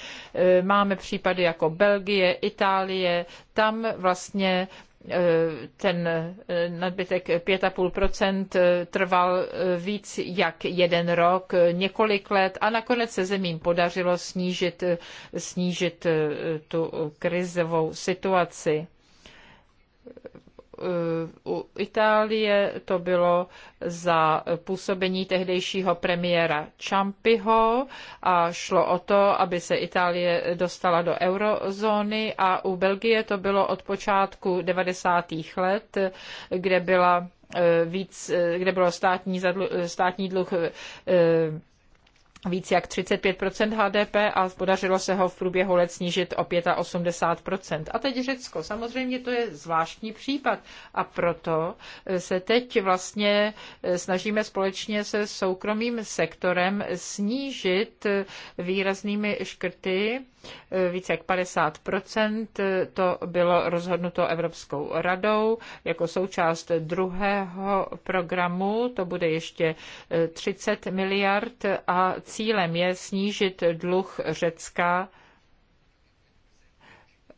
Máme případy jako Belgie, Itálie, tam vlastně Eh, ten eh, nadbytek 5,5 eh, trval víc jak jeden rok, několik let a nakonec se zemím podařilo snížit, snížit tu krizovou situaci Eh, u Itálie to bylo za působení tehdejšího premiéra Čampiho a šlo o to, aby se Itálie dostala do eurozóny a u Belgie to bylo od počátku 90. let, kde byla eh, víc, eh, kde bylo státní, zadlu, státní dluh víc jak 35 HDP a podařilo se ho v průběhu let snížit o 85 A teď Řecko. Samozřejmě to je zvláštní případ a proto eh, se teď vlastně eh, snažíme společně se soukromým sektorem snížit eh, výraznými škrty více jak 50 eh, to bylo rozhodnuto Evropskou radou jako součást druhého programu, to bude ještě 30 eh, miliard a cílem je snížit dluh Řecka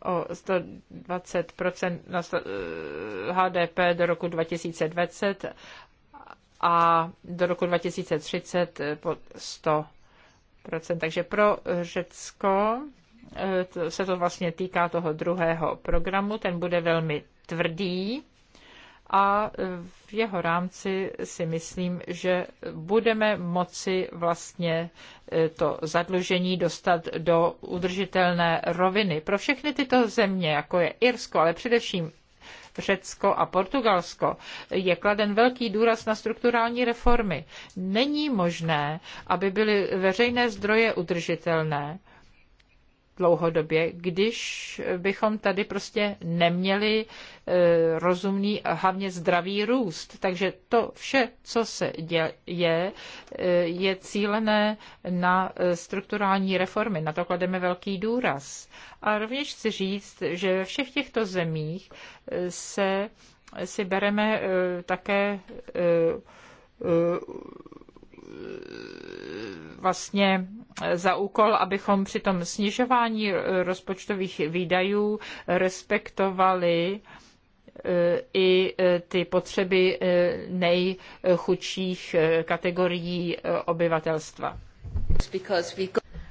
o 120 na HDP eh, do roku 2020 a do roku 2030 pod 100 takže pro Řecko eh, se to vlastně týká toho druhého programu, ten bude velmi tvrdý a eh, v jeho rámci si myslím, že budeme moci vlastně eh, to zadlužení dostat do udržitelné roviny. Pro všechny tyto země, jako je Irsko, ale především Řecko a Portugalsko, je kladen velký důraz na strukturální reformy. Není možné, aby byly veřejné zdroje udržitelné dlouhodobě, když bychom tady prostě neměli e, rozumný a hlavně zdravý růst. Takže to vše, co se děje, e, je cílené na e, strukturální reformy. Na to klademe velký důraz. A rovněž chci říct, že ve všech těchto zemích se si bereme také vlastně za úkol, abychom při tom snižování rozpočtových výdajů respektovali eh, i eh, ty potřeby eh, nejchudších kategorií obyvatelstva.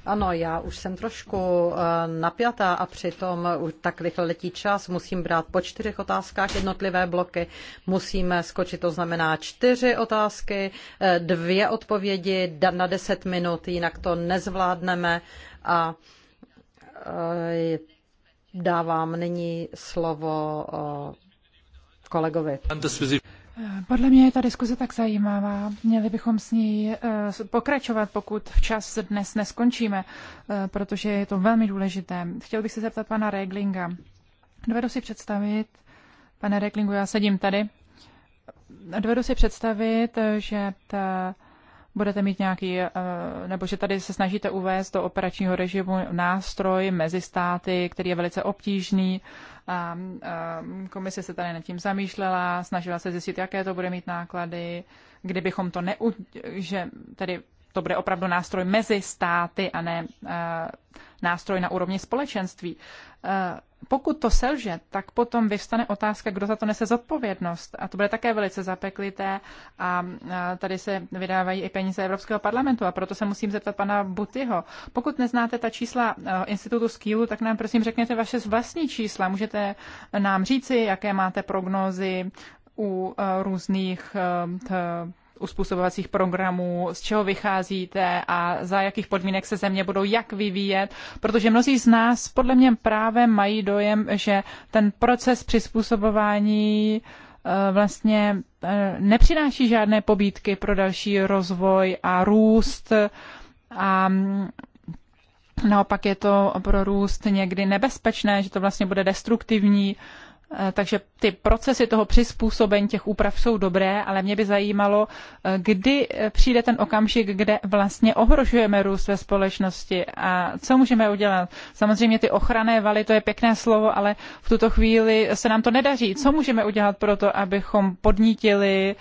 Ano, já už jsem trošku eh, napjatá a přitom už tak rychle letí čas. Musím brát po čtyřech otázkách jednotlivé bloky. Musíme skočit, to znamená čtyři otázky, eh, dvě odpovědi na deset minut, jinak to nezvládneme. A eh, dávám nyní slovo kolegovi. Podle mě je ta diskuze tak zajímavá. Měli bychom s ní eh, pokračovat, pokud včas dnes neskončíme, eh, protože je to velmi důležité. Chtěl bych se zeptat pana Reglinga. Dovedu si představit, pane Reglingu, já sedím tady, dovedu si představit, že ta budete mít nějaký, eh, nebo že tady se snažíte uvést do operačního režimu nástroj mezi státy, který je velice obtížný a komise se tady nad tím zamýšlela, snažila se zjistit, jaké to bude mít náklady, kdybychom to neu... že tedy to bude opravdu nástroj mezi státy a ne e, nástroj na úrovni společenství. E, pokud to selže, tak potom vyvstane otázka, kdo za to nese zodpovědnost. A to bude také velice zapeklité a tady se vydávají i peníze Evropského parlamentu a proto se musím zeptat pana Butyho. Pokud neznáte ta čísla e, institutu Skýlu, tak nám prosím řekněte vaše vlastní čísla. Můžete nám říci, jaké máte prognózy u e, různých e, uspůsobovacích programů, z čeho vycházíte a za jakých podmínek se země budou jak vyvíjet, protože mnozí z nás podle mě právě mají dojem, že ten proces přizpůsobování eh, vlastně eh, nepřináší žádné pobídky pro další rozvoj a růst a mm, naopak je to pro růst někdy nebezpečné, že to vlastně bude destruktivní Eh, takže ty procesy toho přizpůsobení těch úprav jsou dobré, ale mě by zajímalo, eh, kdy eh, přijde ten okamžik, kde vlastně ohrožujeme růst ve společnosti a co můžeme udělat. Samozřejmě ty ochranné valy, to je pěkné slovo, ale v tuto chvíli se nám to nedaří. Co můžeme udělat pro to, abychom podnítili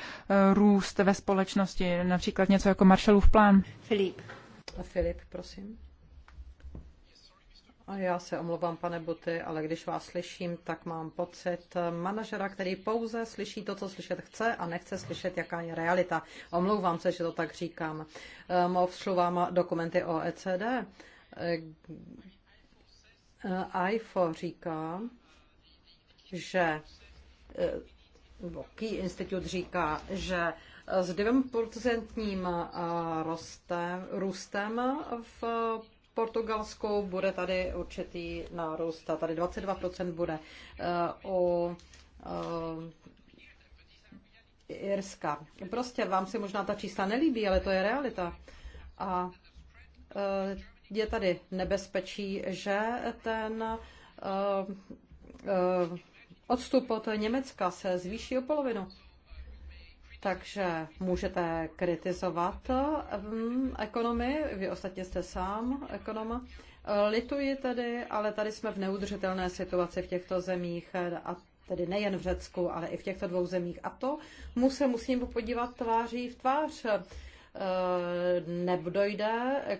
růst ve společnosti, například něco jako Marshallův plán? Filip. Filip, prosím. A já se omlouvám, pane Buty, ale když vás slyším, tak mám pocit manažera, který pouze slyší to, co slyšet chce a nechce slyšet, jaká je realita. Omlouvám se, že to tak říkám. Ehm, vám dokumenty OECD. Ehm, IFO říká, že ehm, Key Institute říká, že s 2% rostem, růstem v Portugalsku bude tady určitý nárůst a tady 22% bude uh, Irska. Prostě vám se možná ta čísla nelíbí, ale to je realita. A eh, je tady nebezpečí, že ten odstup od Německa se zvýší o polovinu. Takže můžete kritizovat mm, ekonomy, vy ostatně jste sám ekonoma. Lituji tedy, ale tady jsme v neudržitelné situaci v těchto zemích a tedy nejen v Řecku, ale i v těchto dvou zemích. A to mu se musím podívat tváří v tvář. E, Nedojde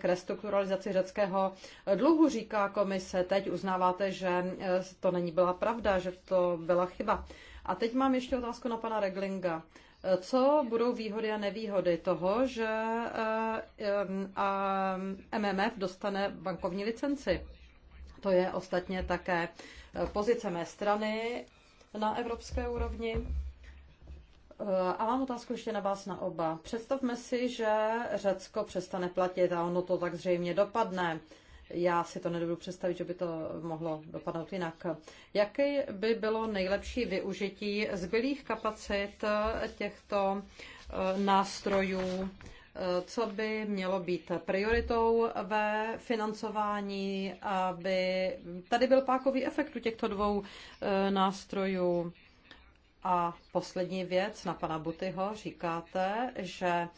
k restrukturalizaci řeckého dluhu, říká komise. Teď uznáváte, že e, to není byla pravda, že to byla chyba. A teď mám ještě otázku na pana Reglinga. Co budou výhody a nevýhody toho, že eh, eh, MMF dostane bankovní licenci? To je ostatně také eh, pozice mé strany na evropské úrovni. A mám otázku ještě na vás na oba. Představme si, že Řecko přestane platit a ono to tak zřejmě dopadne. Já si to nedovedu představit, že by to mohlo dopadnout jinak. Jaké by bylo nejlepší využití zbylých kapacit těchto eh, nástrojů? Eh, co by mělo být prioritou ve financování, aby tady byl pákový efekt u těchto dvou eh, nástrojů? A poslední věc na pana Butyho. Říkáte, že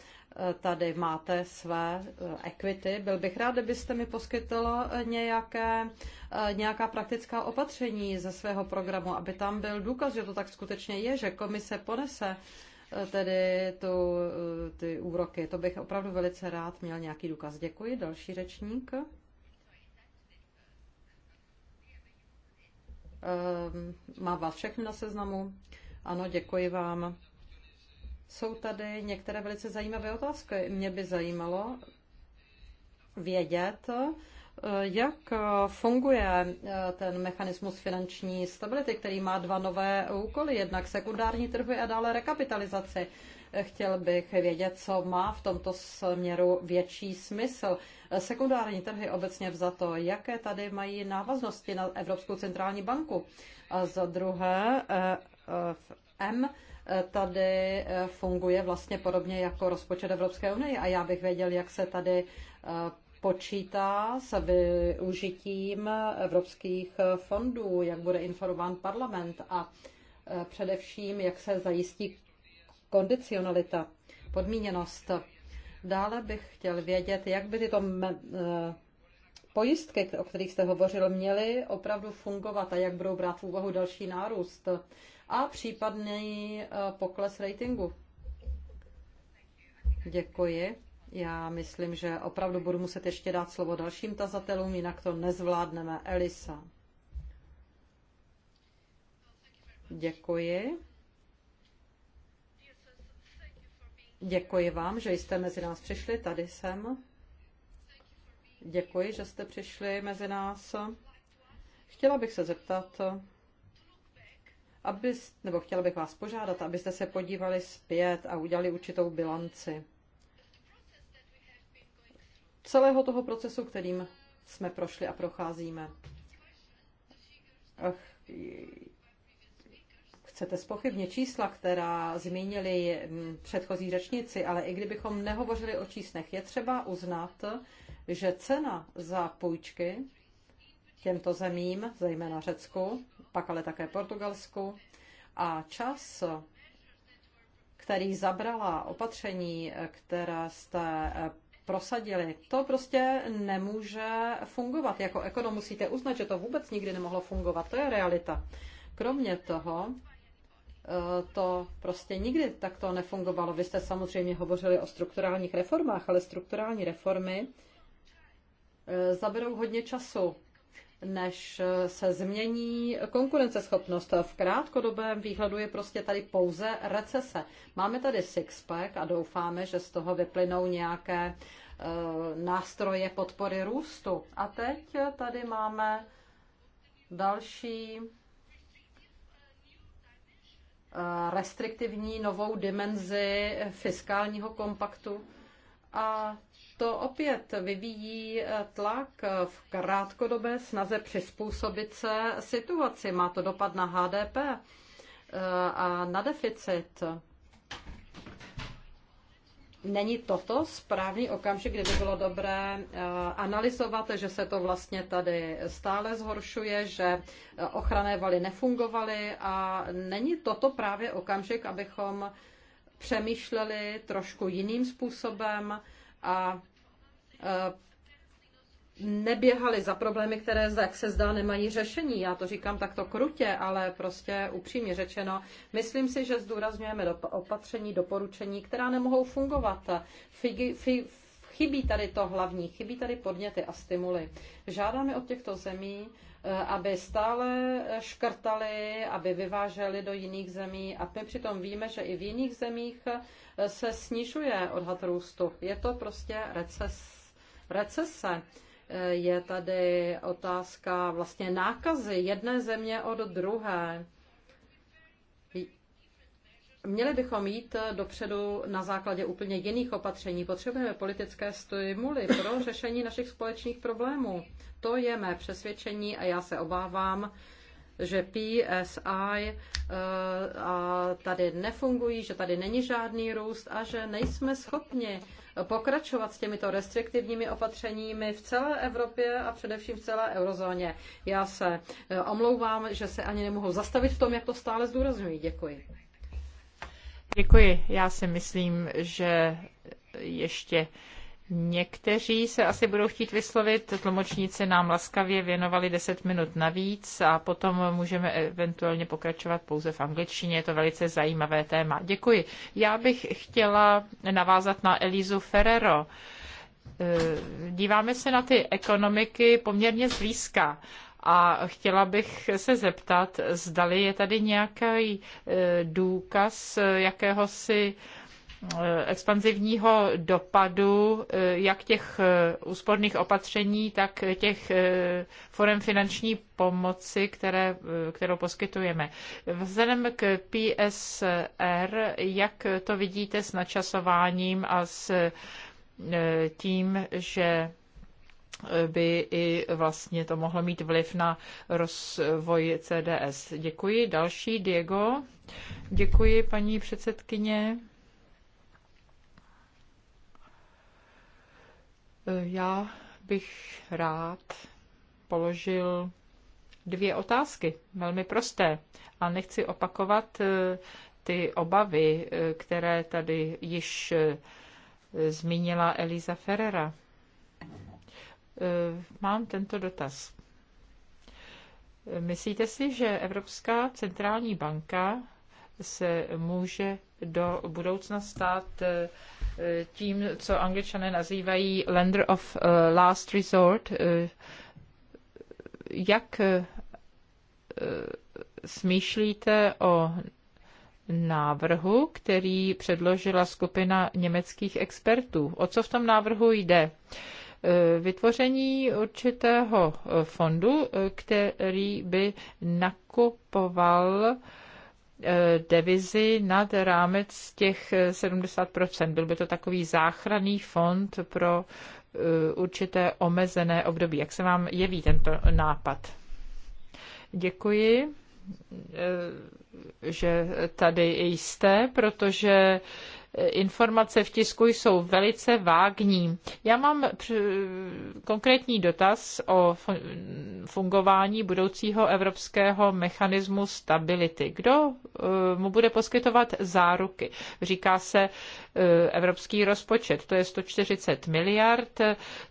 Tady máte své eh, equity. Byl bych rád, kdybyste mi poskytlo eh, nějaké, eh, nějaká praktická opatření ze svého programu, aby tam byl důkaz, že to tak skutečně je, že komise ponese tedy tu, ty úroky. To bych opravdu velice rád měl nějaký důkaz. Děkuji. Další řečník. Ehm, Mám vás všechny na seznamu. Ano, děkuji vám. Jsou tady některé velice zajímavé otázky. Mě by zajímalo vědět, eh, jak funguje eh, ten mechanismus finanční stability, který má dva nové úkoly, jednak sekundární trhy a dále rekapitalizaci. Chtěl bych vědět, co má v tomto směru větší smysl. Sekundární trhy obecně vzato, jaké tady mají návaznosti na Evropskou centrální banku. A za druhé, eh, M tady eh, funguje vlastně podobně jako rozpočet Evropské unie a já bych věděl, jak se tady eh, počítá s využitím evropských eh, fondů, jak bude informován parlament a především, jak se zajistí kondicionalita, podmíněnost. Dále bych chtěl vědět, jak by tyto pojistky, o kterých jste hovořil, měly opravdu fungovat a jak budou brát v úvahu další nárůst a případný eh, pokles ratingu. Děkuji. Já myslím, že opravdu budu muset ještě dát slovo dalším tazatelům, jinak to nezvládneme. Elisa. Děkuji. Děkuji vám, že jste mezi nás přišli. Tady jsem. Děkuji, že jste přišli mezi nás. Chtěla bych se zeptat, aby, nebo chtěla bych vás požádat, abyste se podívali zpět a udělali určitou bilanci celého toho procesu, kterým jsme prošli a procházíme. Ach, chcete spochybnit čísla, která zmínili předchozí řečnici, ale i kdybychom nehovořili o číslech, je třeba uznat, že cena za půjčky těmto zemím, zejména Řecku, pak ale také Portugalsku. A čas, který zabrala opatření, která jste eh, prosadili. To prostě nemůže fungovat. Jako ekonom musíte uznat, že to vůbec nikdy nemohlo fungovat. To je realita. Kromě toho, eh, to prostě nikdy takto nefungovalo. Vy jste samozřejmě hovořili o strukturálních reformách, ale strukturální reformy eh, zaberou hodně času než se změní konkurenceschopnost. V krátkodobém výhledu je prostě tady pouze recese. Máme tady sixpack a doufáme, že z toho vyplynou nějaké eh, nástroje podpory růstu. A teď tady máme další eh, restriktivní novou dimenzi fiskálního kompaktu a to opět vyvíjí eh, tlak v krátkodobé snaze přizpůsobit se situaci. Má to dopad na HDP eh, a na deficit. Není toto správný okamžik, kdyby bylo dobré eh, analyzovat, že se to vlastně tady stále zhoršuje, že ochranné valy nefungovaly a není toto právě okamžik, abychom přemýšleli trošku jiným způsobem, a neběhali za problémy, které, jak se zdá, nemají řešení. Já to říkám takto krutě, ale prostě upřímně řečeno, myslím si, že zdůrazňujeme opatření, doporučení, která nemohou fungovat. Figi, fi, chybí tady to hlavní, chybí tady podněty a stimuly. Žádáme od těchto zemí, Eh, aby stále škrtali, aby vyváželi do jiných zemí. A my přitom víme, že i v jiných zemích eh, se snižuje odhad růstu. Je to prostě reces, recese. Eh, je tady otázka vlastně nákazy jedné země od druhé. Měli bychom jít eh, dopředu na základě úplně jiných opatření. Potřebujeme politické stimuly pro řešení našich společných problémů. To je mé přesvědčení a já se obávám, že PSI eh, a tady nefungují, že tady není žádný růst a že nejsme schopni pokračovat s těmito restriktivními opatřeními v celé Evropě a především v celé eurozóně. Já se eh, omlouvám, že se ani nemohu zastavit v tom, jak to stále zdůrazňuji. Děkuji. Děkuji. Já si myslím, že ještě Někteří se asi budou chtít vyslovit, tlumočníci nám laskavě věnovali 10 minut navíc a potom můžeme eventuálně pokračovat pouze v angličtině, je to velice zajímavé téma. Děkuji. Já bych chtěla navázat na Elizu Ferrero. E, díváme se na ty ekonomiky poměrně zblízka a chtěla bych se zeptat, zdali je tady nějaký e, důkaz e, jakéhosi e, expanzivního dopadu jak těch úsporných opatření, tak těch forem finanční pomoci, které, kterou poskytujeme. Vzhledem k PSR, jak to vidíte s načasováním a s tím, že by i vlastně to mohlo mít vliv na rozvoj CDS. Děkuji. Další, Diego. Děkuji, paní předsedkyně. Já bych rád položil dvě otázky, velmi prosté, a nechci opakovat eh, ty obavy, eh, které tady již eh, zmínila Eliza Ferrera. Eh, mám tento dotaz. Myslíte si, že Evropská centrální banka se může do budoucna stát eh, tím, co angličané nazývají lender of eh, last resort? Jak smýšlíte o návrhu, který předložila skupina německých expertů? O co v tom návrhu jde? vytvoření určitého eh, fondu, eh, který by nakupoval eh, devizi nad rámec těch 70%. Byl by to takový záchranný fond pro určité omezené období. Jak se vám jeví tento nápad? Děkuji, že tady jste, protože informace v tisku jsou velice vágní. Já mám konkrétní dotaz o fungování budoucího evropského mechanismu stability. Kdo eh, mu bude poskytovat záruky? Říká se eh, evropský rozpočet, to je 140 miliard.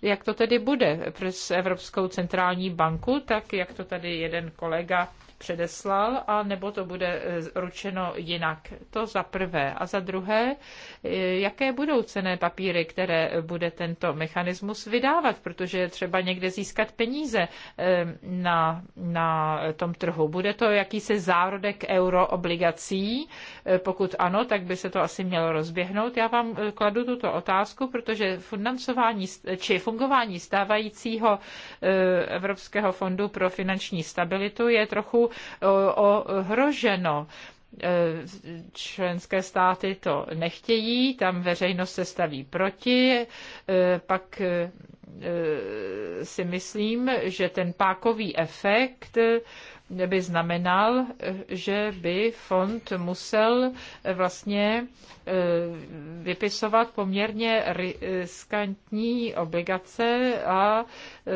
Jak to tedy bude přes Evropskou centrální banku, tak jak to tady jeden kolega předeslal, a nebo to bude e, ručeno jinak. To za prvé. A za druhé, e, jaké budou cené papíry, které bude tento mechanismus vydávat, protože je třeba někde získat peníze e, na, na tom trhu. Bude to jakýsi zárodek euroobligací? Pokud ano, tak by se to asi mělo rozběhnout. Já vám kladu tuto otázku, protože financování či fungování stávajícího Evropského fondu pro finanční stabilitu je trochu ohroženo e, členské státy to nechtějí, tam veřejnost se staví proti, e, pak e, si myslím, že ten pákový efekt by znamenal, že by fond musel eh, vlastně eh, vypisovat poměrně riskantní obligace a eh,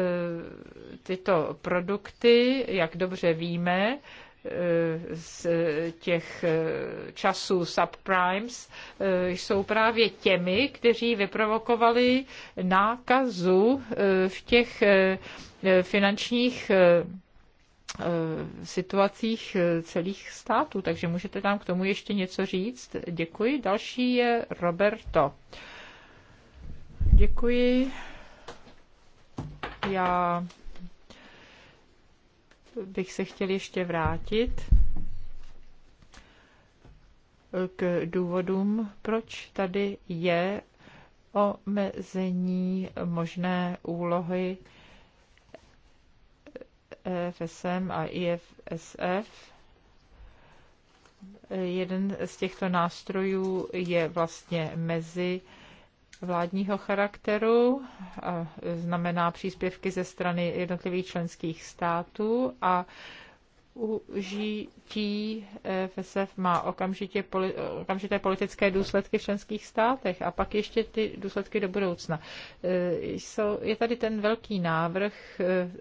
tyto produkty, jak dobře víme, z těch časů subprimes jsou právě těmi, kteří vyprovokovali nákazu v těch finančních Eh, situacích eh, celých států, takže můžete tam k tomu ještě něco říct. Děkuji. Další je Roberto. Děkuji. Já bych se chtěl ještě vrátit k důvodům, proč tady je omezení možné úlohy EFSM a IFSF. Jeden z těchto nástrojů je vlastně mezi vládního charakteru, a znamená příspěvky ze strany jednotlivých členských států a užití FSF e má okamžitě, okamžité politické důsledky v členských státech a pak ještě ty důsledky do budoucna. E, je tady ten velký návrh e,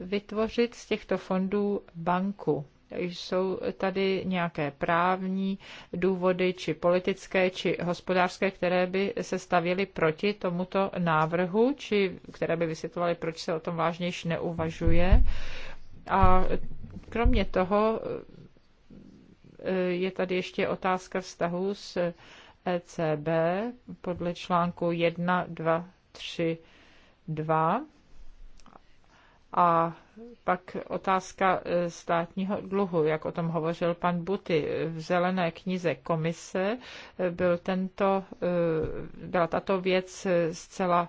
vytvořit z těchto fondů banku. Jsou tady nějaké právní důvody, či politické, či hospodářské, které by se stavěly proti tomuto návrhu, či které by vysvětlovaly, proč se o tom vážnější neuvažuje. A kromě toho eh, je tady ještě otázka vztahu s ECB podle článku 1, 2, 3, 2 a pak otázka e, státního dluhu, jak o tom hovořil pan Buty. V zelené knize komise e, byl tento, e, byla tato věc zcela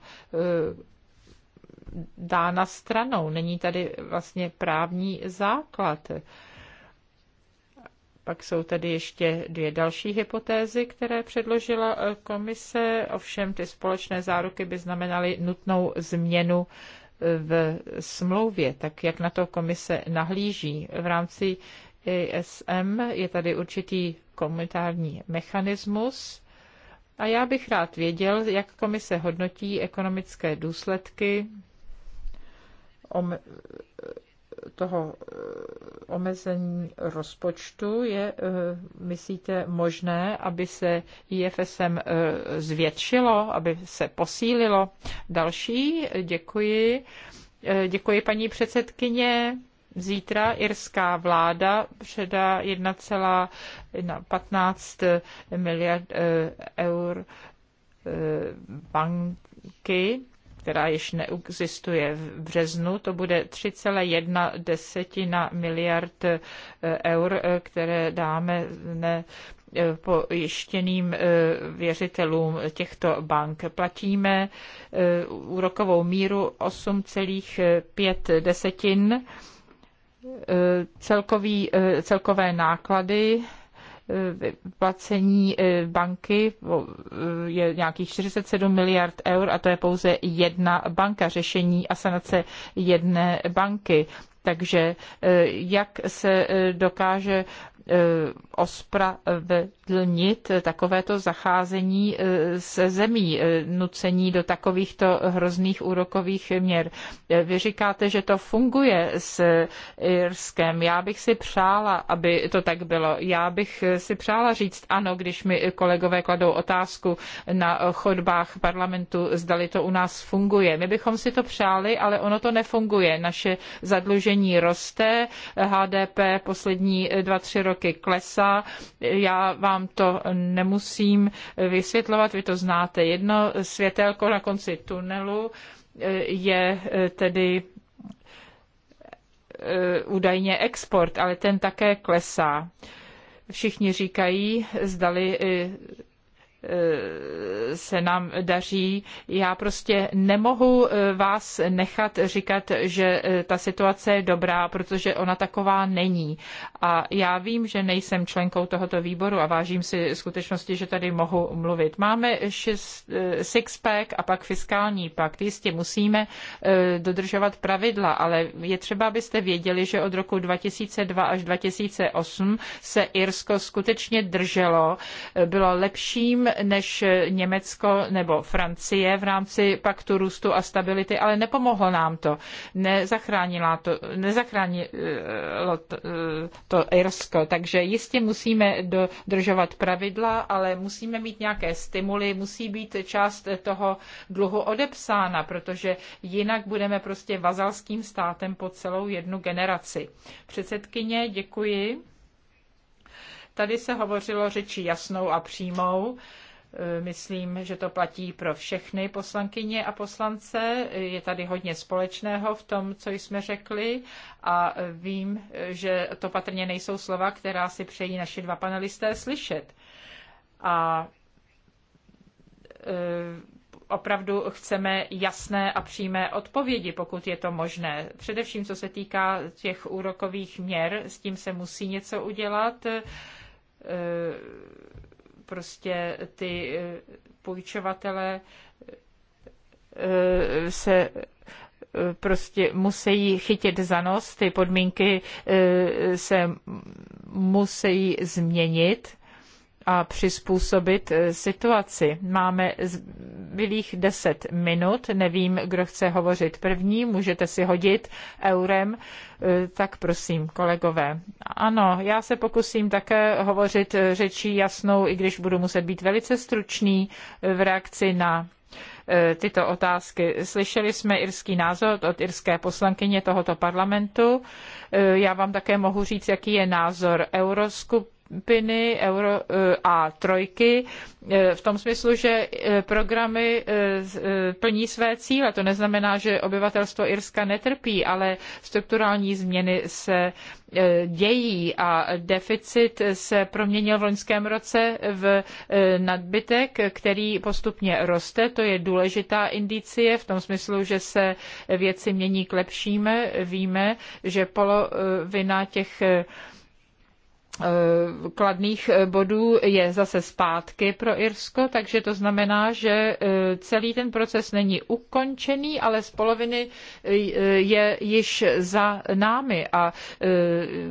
dána stranou. Není tady vlastně právní základ. Pak jsou tady ještě dvě další hypotézy, které předložila komise, ovšem ty společné záruky by znamenaly nutnou změnu v smlouvě, tak jak na to komise nahlíží. V rámci ISM je tady určitý komunitární mechanismus a já bych rád věděl, jak komise hodnotí ekonomické důsledky toho eh, omezení rozpočtu je, eh, myslíte, možné, aby se IFSM eh, zvětšilo, aby se posílilo? Další, děkuji. Děkuji, paní předsedkyně. Zítra irská vláda předá 1,15 miliard eur banky která již neexistuje v březnu. To bude 3,1 desetina miliard eh, eur, eh, které dáme ne eh, pojištěným věřitelům těchto bank. Platíme úrokovou míru 8,5 desetin celkový, celkové náklady vyplacení eh, banky eh, je nějakých 47 miliard eur a to je pouze jedna banka, řešení a sanace jedné banky. Takže eh, jak se eh, dokáže eh, ospravedlnit takovéto zacházení se zemí, nucení do takovýchto hrozných úrokových měr. Vy říkáte, že to funguje s Irskem. Já bych si přála, aby to tak bylo. Já bych si přála říct ano, když mi kolegové kladou otázku na chodbách parlamentu, zdali to u nás funguje. My bychom si to přáli, ale ono to nefunguje. Naše zadlužení zadlužení roste, HDP poslední eh, dva, tři roky klesá. Já vám to nemusím eh, vysvětlovat, vy to znáte. Jedno světélko na konci tunelu eh, je tedy údajně export, ale ten také klesá. Všichni říkají, zdali Eh, se nám daří. Já prostě nemohu eh, vás nechat říkat, že eh, ta situace je dobrá, protože ona taková není. A já vím, že nejsem členkou tohoto výboru a vážím si skutečnosti, že tady mohu mluvit. Máme six-pack a pak fiskální pakt. Jistě musíme dodržovat pravidla, ale je třeba, abyste věděli, že od roku 2002 až 2008 se Irsko skutečně drželo, bylo lepším než Německo nebo Francie v rámci paktu růstu a stability, ale nepomohlo nám to. Nezachránilo to, nezachránilo to, to Irsko, takže jistě musíme dodržovat pravidla, ale musíme mít nějaké stimuly, musí být část toho dluhu odepsána, protože jinak budeme prostě vazalským státem po celou jednu generaci. Předsedkyně, děkuji. Tady se hovořilo řeči jasnou a přímou. Eh, myslím, že to platí pro všechny poslankyně a poslance. Je tady hodně společného v tom, co jsme řekli a vím, že to patrně nejsou slova, která si přejí naši dva panelisté slyšet. A eh, opravdu chceme jasné a přímé odpovědi, pokud je to možné. Především co se týká těch úrokových měr, s tím se musí něco udělat eh, prostě ty eh, půjčovatele eh, se eh, prostě musí chytit za nos, ty podmínky se musí změnit a přizpůsobit eh, situaci. Máme zbylých 10 minut, nevím, kdo chce hovořit první, můžete si hodit eurem, eh, tak prosím, kolegové. Ano, já se pokusím také hovořit eh, řečí jasnou, i když budu muset být velice stručný v reakci na tyto otázky. Slyšeli jsme irský názor od irské poslankyně tohoto parlamentu. Já vám také mohu říct, jaký je názor Euroskup skupiny Euro eh, a trojky eh, v tom smyslu, že eh, programy plní své cíle. To neznamená, že obyvatelstvo Irska netrpí, ale strukturální změny se dějí a deficit se proměnil v loňském roce v nadbytek, který postupně roste. To je důležitá indicie v tom smyslu, že se věci mění k lepšímu. Víme, že polovina těch Eh, kladných eh, bodů je zase zpátky pro Irsko, takže to znamená, že eh, celý ten proces není ukončený, ale z poloviny je již za námi a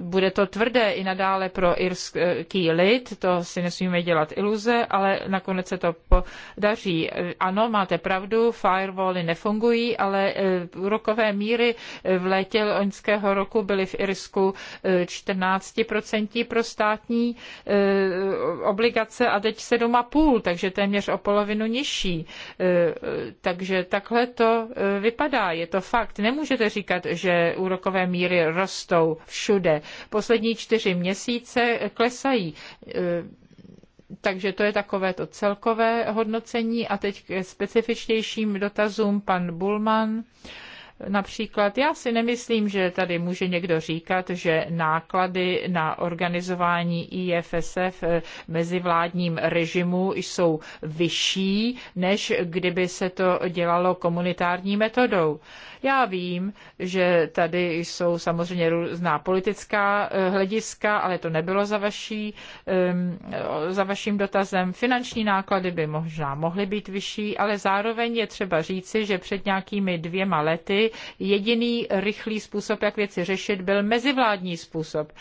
bude to tvrdé i nadále pro irský lid, to si nesmíme dělat iluze, ale nakonec se to podaří. Ano, máte pravdu, firewally nefungují, ale úrokové míry v létě loňského roku byly v Irsku 14%, pro státní eh, obligace a teď 7,5, takže téměř o polovinu nižší. Eh, takže takhle to eh, vypadá, je to fakt. Nemůžete říkat, že úrokové míry rostou všude. Poslední čtyři měsíce klesají. Takže to je takové to celkové hodnocení a teď k specifičtějším dotazům pan Bulman. Uh, Například já si nemyslím, že tady může někdo říkat, že náklady na organizování IFSF eh, mezivládním režimu jsou vyšší, než kdyby se to dělalo komunitární metodou. Já vím, že tady jsou samozřejmě různá politická eh, hlediska, ale to nebylo za, vaší, za vaším dotazem. Finanční náklady by možná mohly být vyšší, ale zároveň je třeba říci, že před nějakými dvěma lety jediný rychlý způsob, jak věci řešit, byl mezivládní způsob.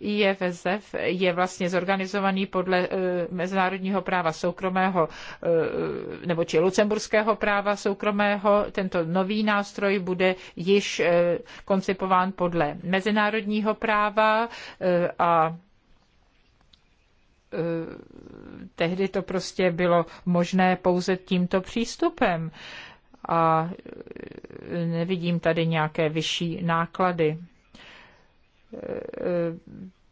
IFSF je vlastně zorganizovaný podle eh, mezinárodního práva soukromého eh, nebo či lucemburského práva soukromého. Tento nový nástroj bude již eh, koncipován podle mezinárodního práva eh, a eh, tehdy to prostě bylo možné pouze tímto přístupem a nevidím tady nějaké vyšší náklady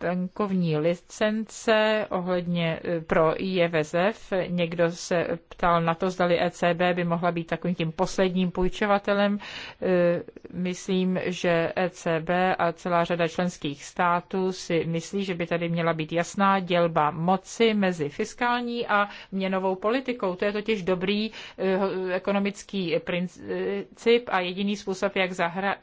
bankovní licence ohledně eh, pro IEVZF. Někdo se ptal na to, zdali ECB by mohla být takovým tím posledním půjčovatelem. Eh, myslím, že ECB a celá řada členských států si myslí, že by tady měla být jasná dělba moci mezi fiskální a měnovou politikou. To je totiž dobrý eh, ekonomický princip a jediný způsob, jak zahra-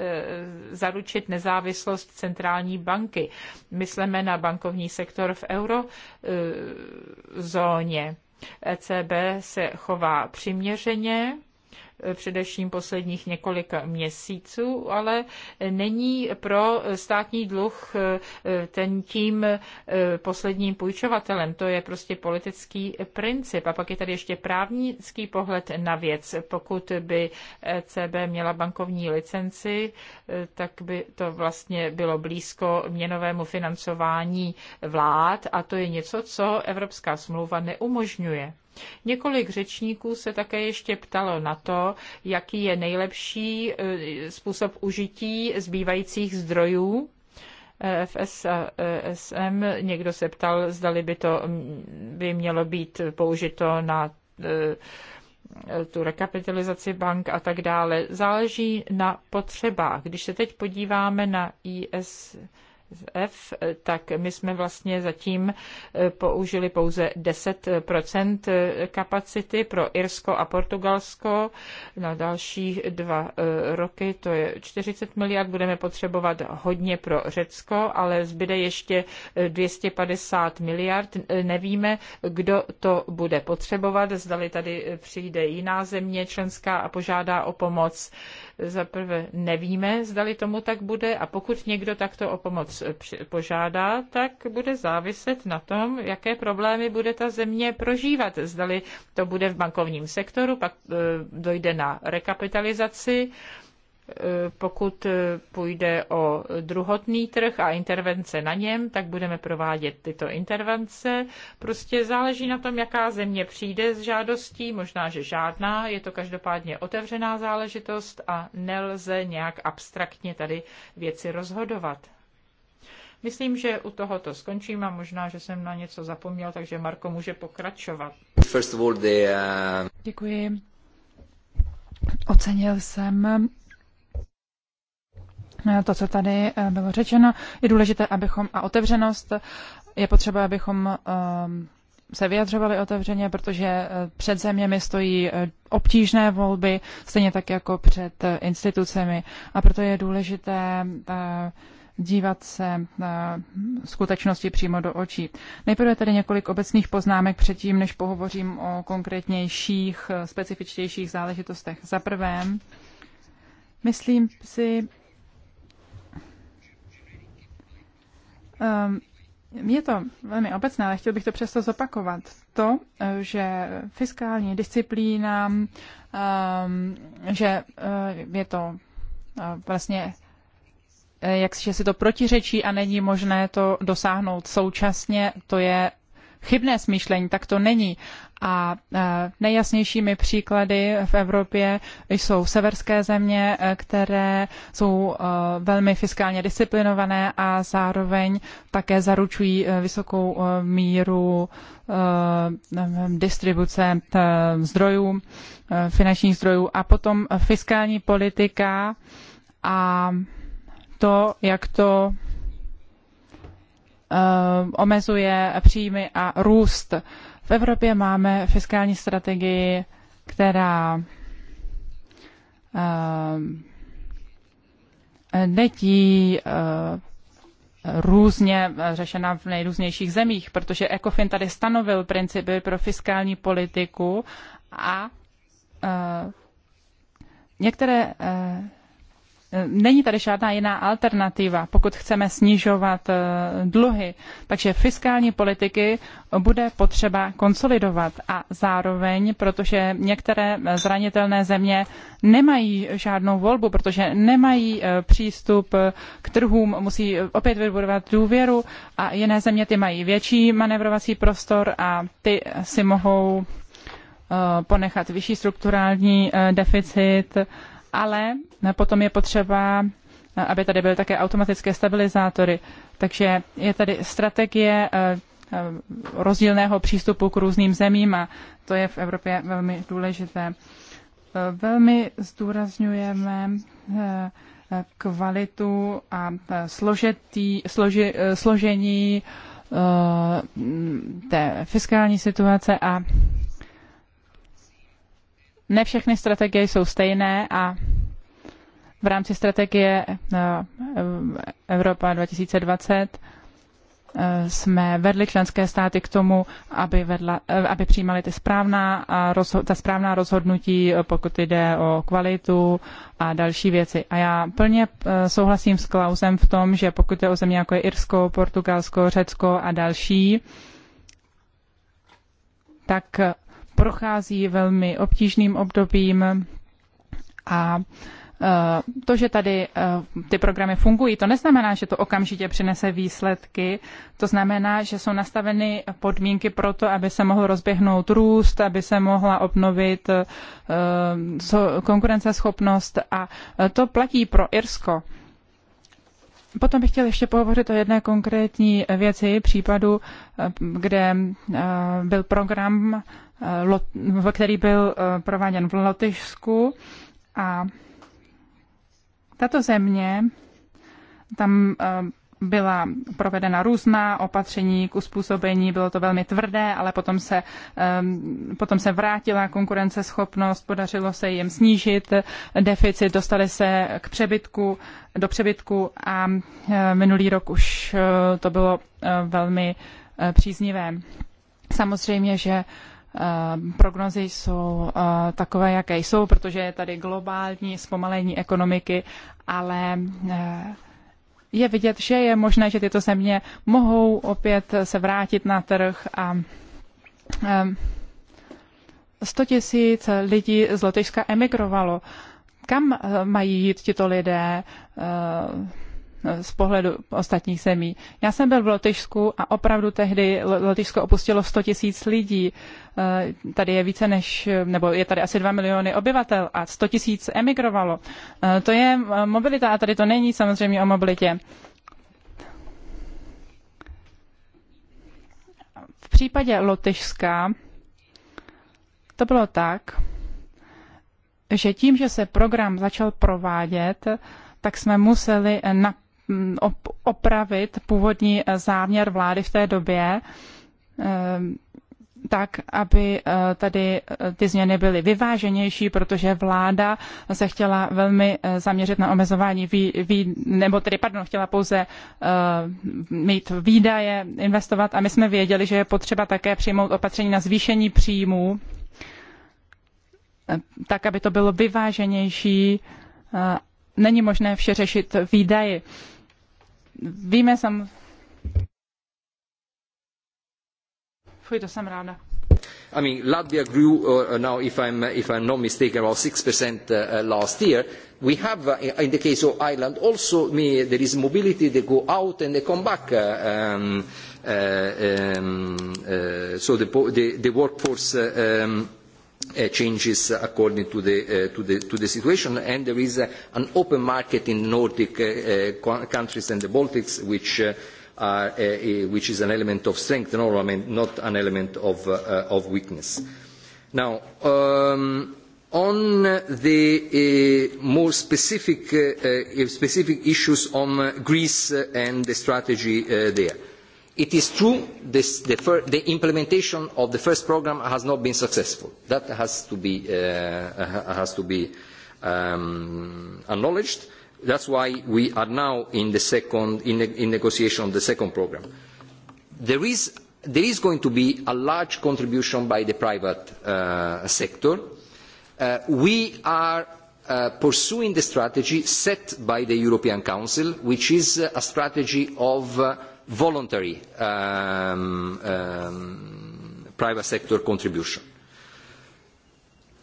zaručit nezávislost centrální banky. Myslím, mysleme na bankovní sektor v eurozóně. E, ECB se chová přiměřeně především posledních několika měsíců, ale není pro státní dluh eh, ten tím eh, posledním půjčovatelem. To je prostě politický princip. A pak je tady ještě právnický pohled na věc. Pokud by ECB měla bankovní licenci, eh, tak by to vlastně bylo blízko měnovému financování vlád a to je něco, co Evropská smlouva neumožňuje. Několik řečníků se také ještě ptalo na to, jaký je nejlepší eh, způsob užití zbývajících zdrojů FS eh, eh, SM. Někdo se ptal, zdali by to mm, by mělo být použito na tu rekapitalizaci bank a tak dále. Záleží na potřebách. Když se teď podíváme na IS F, tak my jsme vlastně zatím eh, použili pouze 10 eh, kapacity pro Irsko a Portugalsko. Na další dva eh, roky to je 40 miliard, budeme potřebovat hodně pro Řecko, ale zbyde ještě 250 miliard. Nevíme, kdo to bude potřebovat, zdali tady přijde jiná země členská a požádá o pomoc zaprvé nevíme, zdali tomu tak bude a pokud někdo takto o pomoc požádá, tak bude záviset na tom, jaké problémy bude ta země prožívat. Zdali to bude v bankovním sektoru, pak eh, dojde na rekapitalizaci, Eh, pokud eh, půjde o druhotný trh a intervence na něm, tak budeme provádět tyto intervence. Prostě záleží na tom, jaká země přijde s žádostí, možná, že žádná. Je to každopádně otevřená záležitost a nelze nějak abstraktně tady věci rozhodovat. Myslím, že u tohoto skončím a možná, že jsem na něco zapomněl, takže Marko může pokračovat. First of all, the, uh... Děkuji. Ocenil jsem to, co tady eh, bylo řečeno. Je důležité, abychom, a otevřenost, je potřeba, abychom ehm, se vyjadřovali otevřeně, protože eh, před zeměmi stojí eh, obtížné volby, stejně tak jako před institucemi. A proto je důležité dívat se na skutečnosti přímo do očí. Nejprve tedy několik obecných poznámek předtím, než pohovořím o konkrétnějších, specifičtějších záležitostech. Za prvé, myslím si, Ehm, je to velmi obecné, ale chtěl bych to přesto zopakovat. To, eh, že fiskální disciplína, ehm, že eh, je to eh, vlastně jak, že si to protiřečí a není možné to dosáhnout současně, to je chybné smýšlení, tak to není. A e, nejjasnějšími příklady v Evropě jsou severské země, e, které jsou e, velmi fiskálně disciplinované a zároveň také zaručují vysokou míru distribuce zdrojů, finančních zdrojů a potom fiskální politika a to, jak to Eh, omezuje příjmy a růst. V Evropě máme fiskální strategii, která eh, netí eh, různě řešena v nejrůznějších zemích, protože ECOFIN tady stanovil principy pro fiskální politiku a některé Není tady žádná jiná alternativa, pokud chceme snižovat eh, dluhy. Takže fiskální politiky bude potřeba konsolidovat a zároveň, protože některé eh, zranitelné země nemají žádnou volbu, protože nemají eh, přístup k trhům, musí opět vybudovat důvěru a jiné země ty mají větší manevrovací prostor a ty si mohou ponechat vyšší strukturální deficit ale eh, potom je potřeba, eh, aby tady byly také automatické stabilizátory. Takže je tady strategie eh, rozdílného přístupu k různým zemím a to je v Evropě velmi důležité. Velmi zdůrazňujeme kvalitu a složitý, složi, složení té fiskální situace a ne všechny strategie jsou stejné a v rámci strategie eh, eh, Evropa 2020 eh, jsme vedli členské státy k tomu, aby, vedla, aby přijímali ty správná, rozho- ta správná rozhodnutí, pokud jde o kvalitu a další věci. A já plně souhlasím s Klausem v tom, že pokud jde o země jako je Irsko, Portugalsko, Řecko a další, tak prochází velmi obtížným obdobím a e, to, že tady e, ty programy fungují, to neznamená, že to okamžitě přinese výsledky. To znamená, že jsou nastaveny podmínky pro to, aby se mohl rozběhnout růst, aby se mohla obnovit e, konkurenceschopnost. A to platí pro Irsko. Potom bych chtěl ještě pohovořit o jedné konkrétní věci, případu, kde eh, byl program, eh, který byl eh, prováděn v Lotyšsku a tato země tam byla provedena různá opatření k uspůsobení, bylo to velmi tvrdé, ale potom se, ehm, potom se vrátila konkurenceschopnost, podařilo se jim snížit deficit, dostali se k přebytku, do přebytku a eh, minulý rok už eh, to bylo eh, velmi příznivé. Samozřejmě, že prognozy jsou takové, jaké jsou, protože je tady globální zpomalení ekonomiky, ale je vidět, že je možné, že tyto země mohou opět se vrátit na trh a 100 ehm, tisíc lidí z Lotyšska emigrovalo. Kam eh, mají jít tito lidé? Eh, z pohledu ostatních zemí. Já jsem byl v Lotyšsku a opravdu tehdy Lotyšsko opustilo 100 tisíc lidí. Eh, tady je více než, nebo je tady asi 2 miliony obyvatel a 100 tisíc emigrovalo. Eh, to je eh, mobilita a tady to není samozřejmě o mobilitě. V případě Lotyšska to bylo tak, že tím, že se program začal provádět, tak jsme museli na Mm, opravit původní eh, záměr vlády v té době, eh, tak, aby eh, tady ty změny byly vyváženější, protože vláda se chtěla velmi zaměřit na omezování, vý, vý, nebo tedy, pardon, chtěla pouze uh, mít výdaje, investovat a my jsme věděli, že je potřeba také přijmout opatření na zvýšení příjmů, tak, aby to bylo vyváženější. Uh, není možné vše řešit výdaji. Uh, Víme sam... Fuj, to jsem ráda. I mean, Latvia grew uh, now, if I'm, if I'm not mistaken, about 6% uh, uh, last year. We have, uh, in the case of Ireland, also me, there is mobility. They go out and they come back. Uh, um, uh, um, so the, the, the workforce um, Uh, changes according uh, to the, situation. And there is uh, an open market in Nordic countries and the Baltics, which, is an element of strength, no, not an element of, weakness. Now, um, on the more specific issues on Greece and the strategy there. It is true this, the, the, implementation of the first programme has not been successful. That has to be, uh, uh, has to be um, acknowledged. That's why we are now in the second, in, in negotiation of the second programme. There is, there is going to be a large contribution by the private uh, sector. Uh, we are Uh, pursuing the strategy set by the European Council, which is uh, a strategy of uh, voluntary um, um, private sector contribution.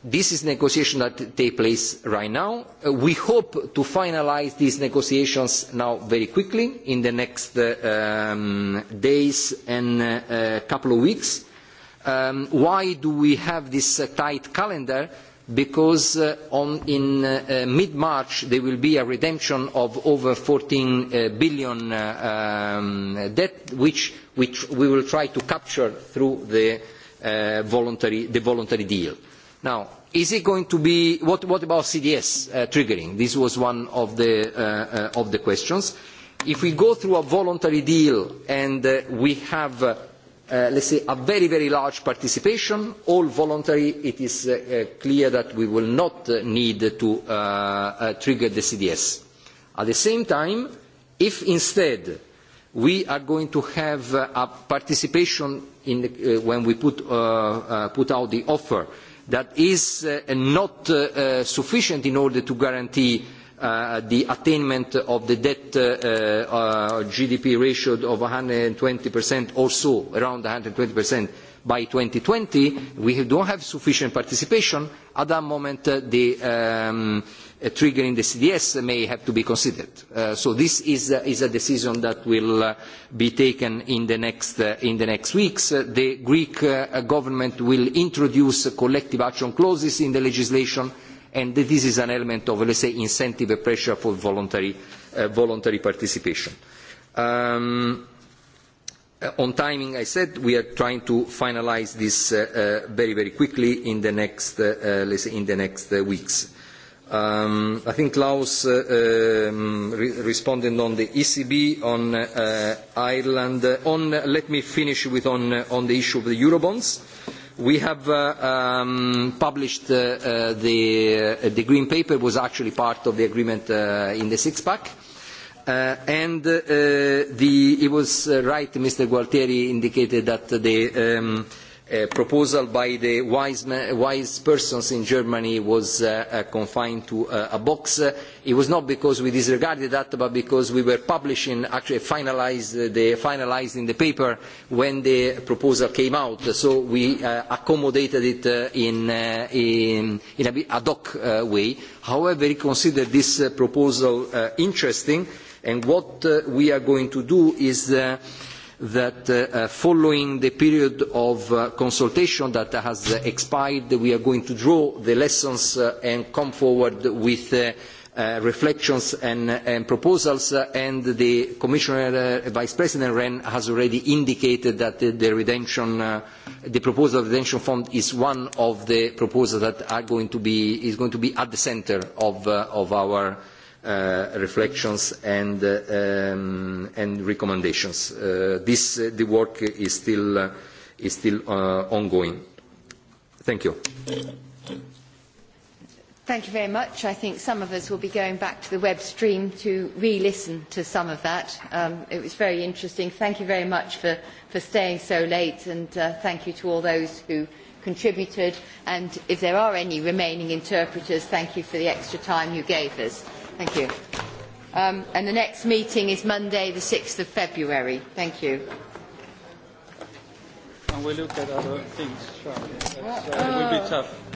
This is negotiation that take place right now. Uh, we hope to finalize these negotiations now very quickly in the next uh, um, days and a uh, uh, couple of weeks. Um, why do we have this uh, tight calendar? because uh, on, in uh, uh, mid-March there will be a redemption of over 14 uh, billion uh, um, debt, which, we will try to capture through the, uh, voluntary, the voluntary deal. Now, is it going to be, what, what about CDS triggering? This was one of the, of the questions. If we go through a voluntary deal and we have let uh, let's say, a very, very large participation, all voluntary, it is uh, uh, clear that we will not need to trigger the CDS. At the same time, if instead we are going to have a participation in the, when we put, put out the offer that is not sufficient in order to guarantee Uh, the attainment of the debt uh, uh, uh GDP ratio of 120% or so, around 120% by 2020, we don't have sufficient participation. At that moment, uh, the um, triggering the CDS may have to be considered. so this is, is, a decision that will be taken in the next, in the next weeks. the Greek government will introduce collective action clauses in the legislation and this is an element of, let's say, incentive and pressure for voluntary, uh, voluntary participation. Um, uh, on timing, I said we are trying to finalize this uh, uh, very, very quickly in the next, uh, uh let's say, in the next uh, weeks. Um, I think Klaus um, re responded on the ECB, on Ireland. On, let me finish with on, on the issue of the Eurobonds we have uh, um, published uh, uh, the, green paper was actually part of the agreement in the six pack. and it was right, Mr. Gualtieri indicated that the um, proposal by the wise, wise, persons in Germany was uh, uh confined to uh, a box. It was not because we disregarded that, but because we were publishing, actually finalized, uh, the, finalized in the paper when the proposal came out. So we accommodated it in, in, in a bit ad hoc way. However, we consider this proposal interesting, and what we are going to do is that uh, uh, following the period of uh, consultation that has expired, we are going to draw the lessons uh, and come forward with uh, reflections and, and proposals, and the Commissioner Vice President Rehn has already indicated that the, redemption, the proposal of the redemption fund is one of the proposals that are going to be, is going to be at the centre of, of our Uh, reflections and, uh, um, and recommendations. Uh, this, uh, the work is still, uh, is still uh, ongoing. Thank you. Thank you very much. I think some of us will be going back to the web stream to re-listen to some of that. Um, it was very interesting. Thank you very much for, for staying so late and uh, thank you to all those who contributed and if there are any remaining interpreters, thank you for the extra time you gave us. Thank you. Um, and the next meeting is Monday, the 6th of February. Thank you. And we look at other things, shall we? That's, uh, It will be uh, tough.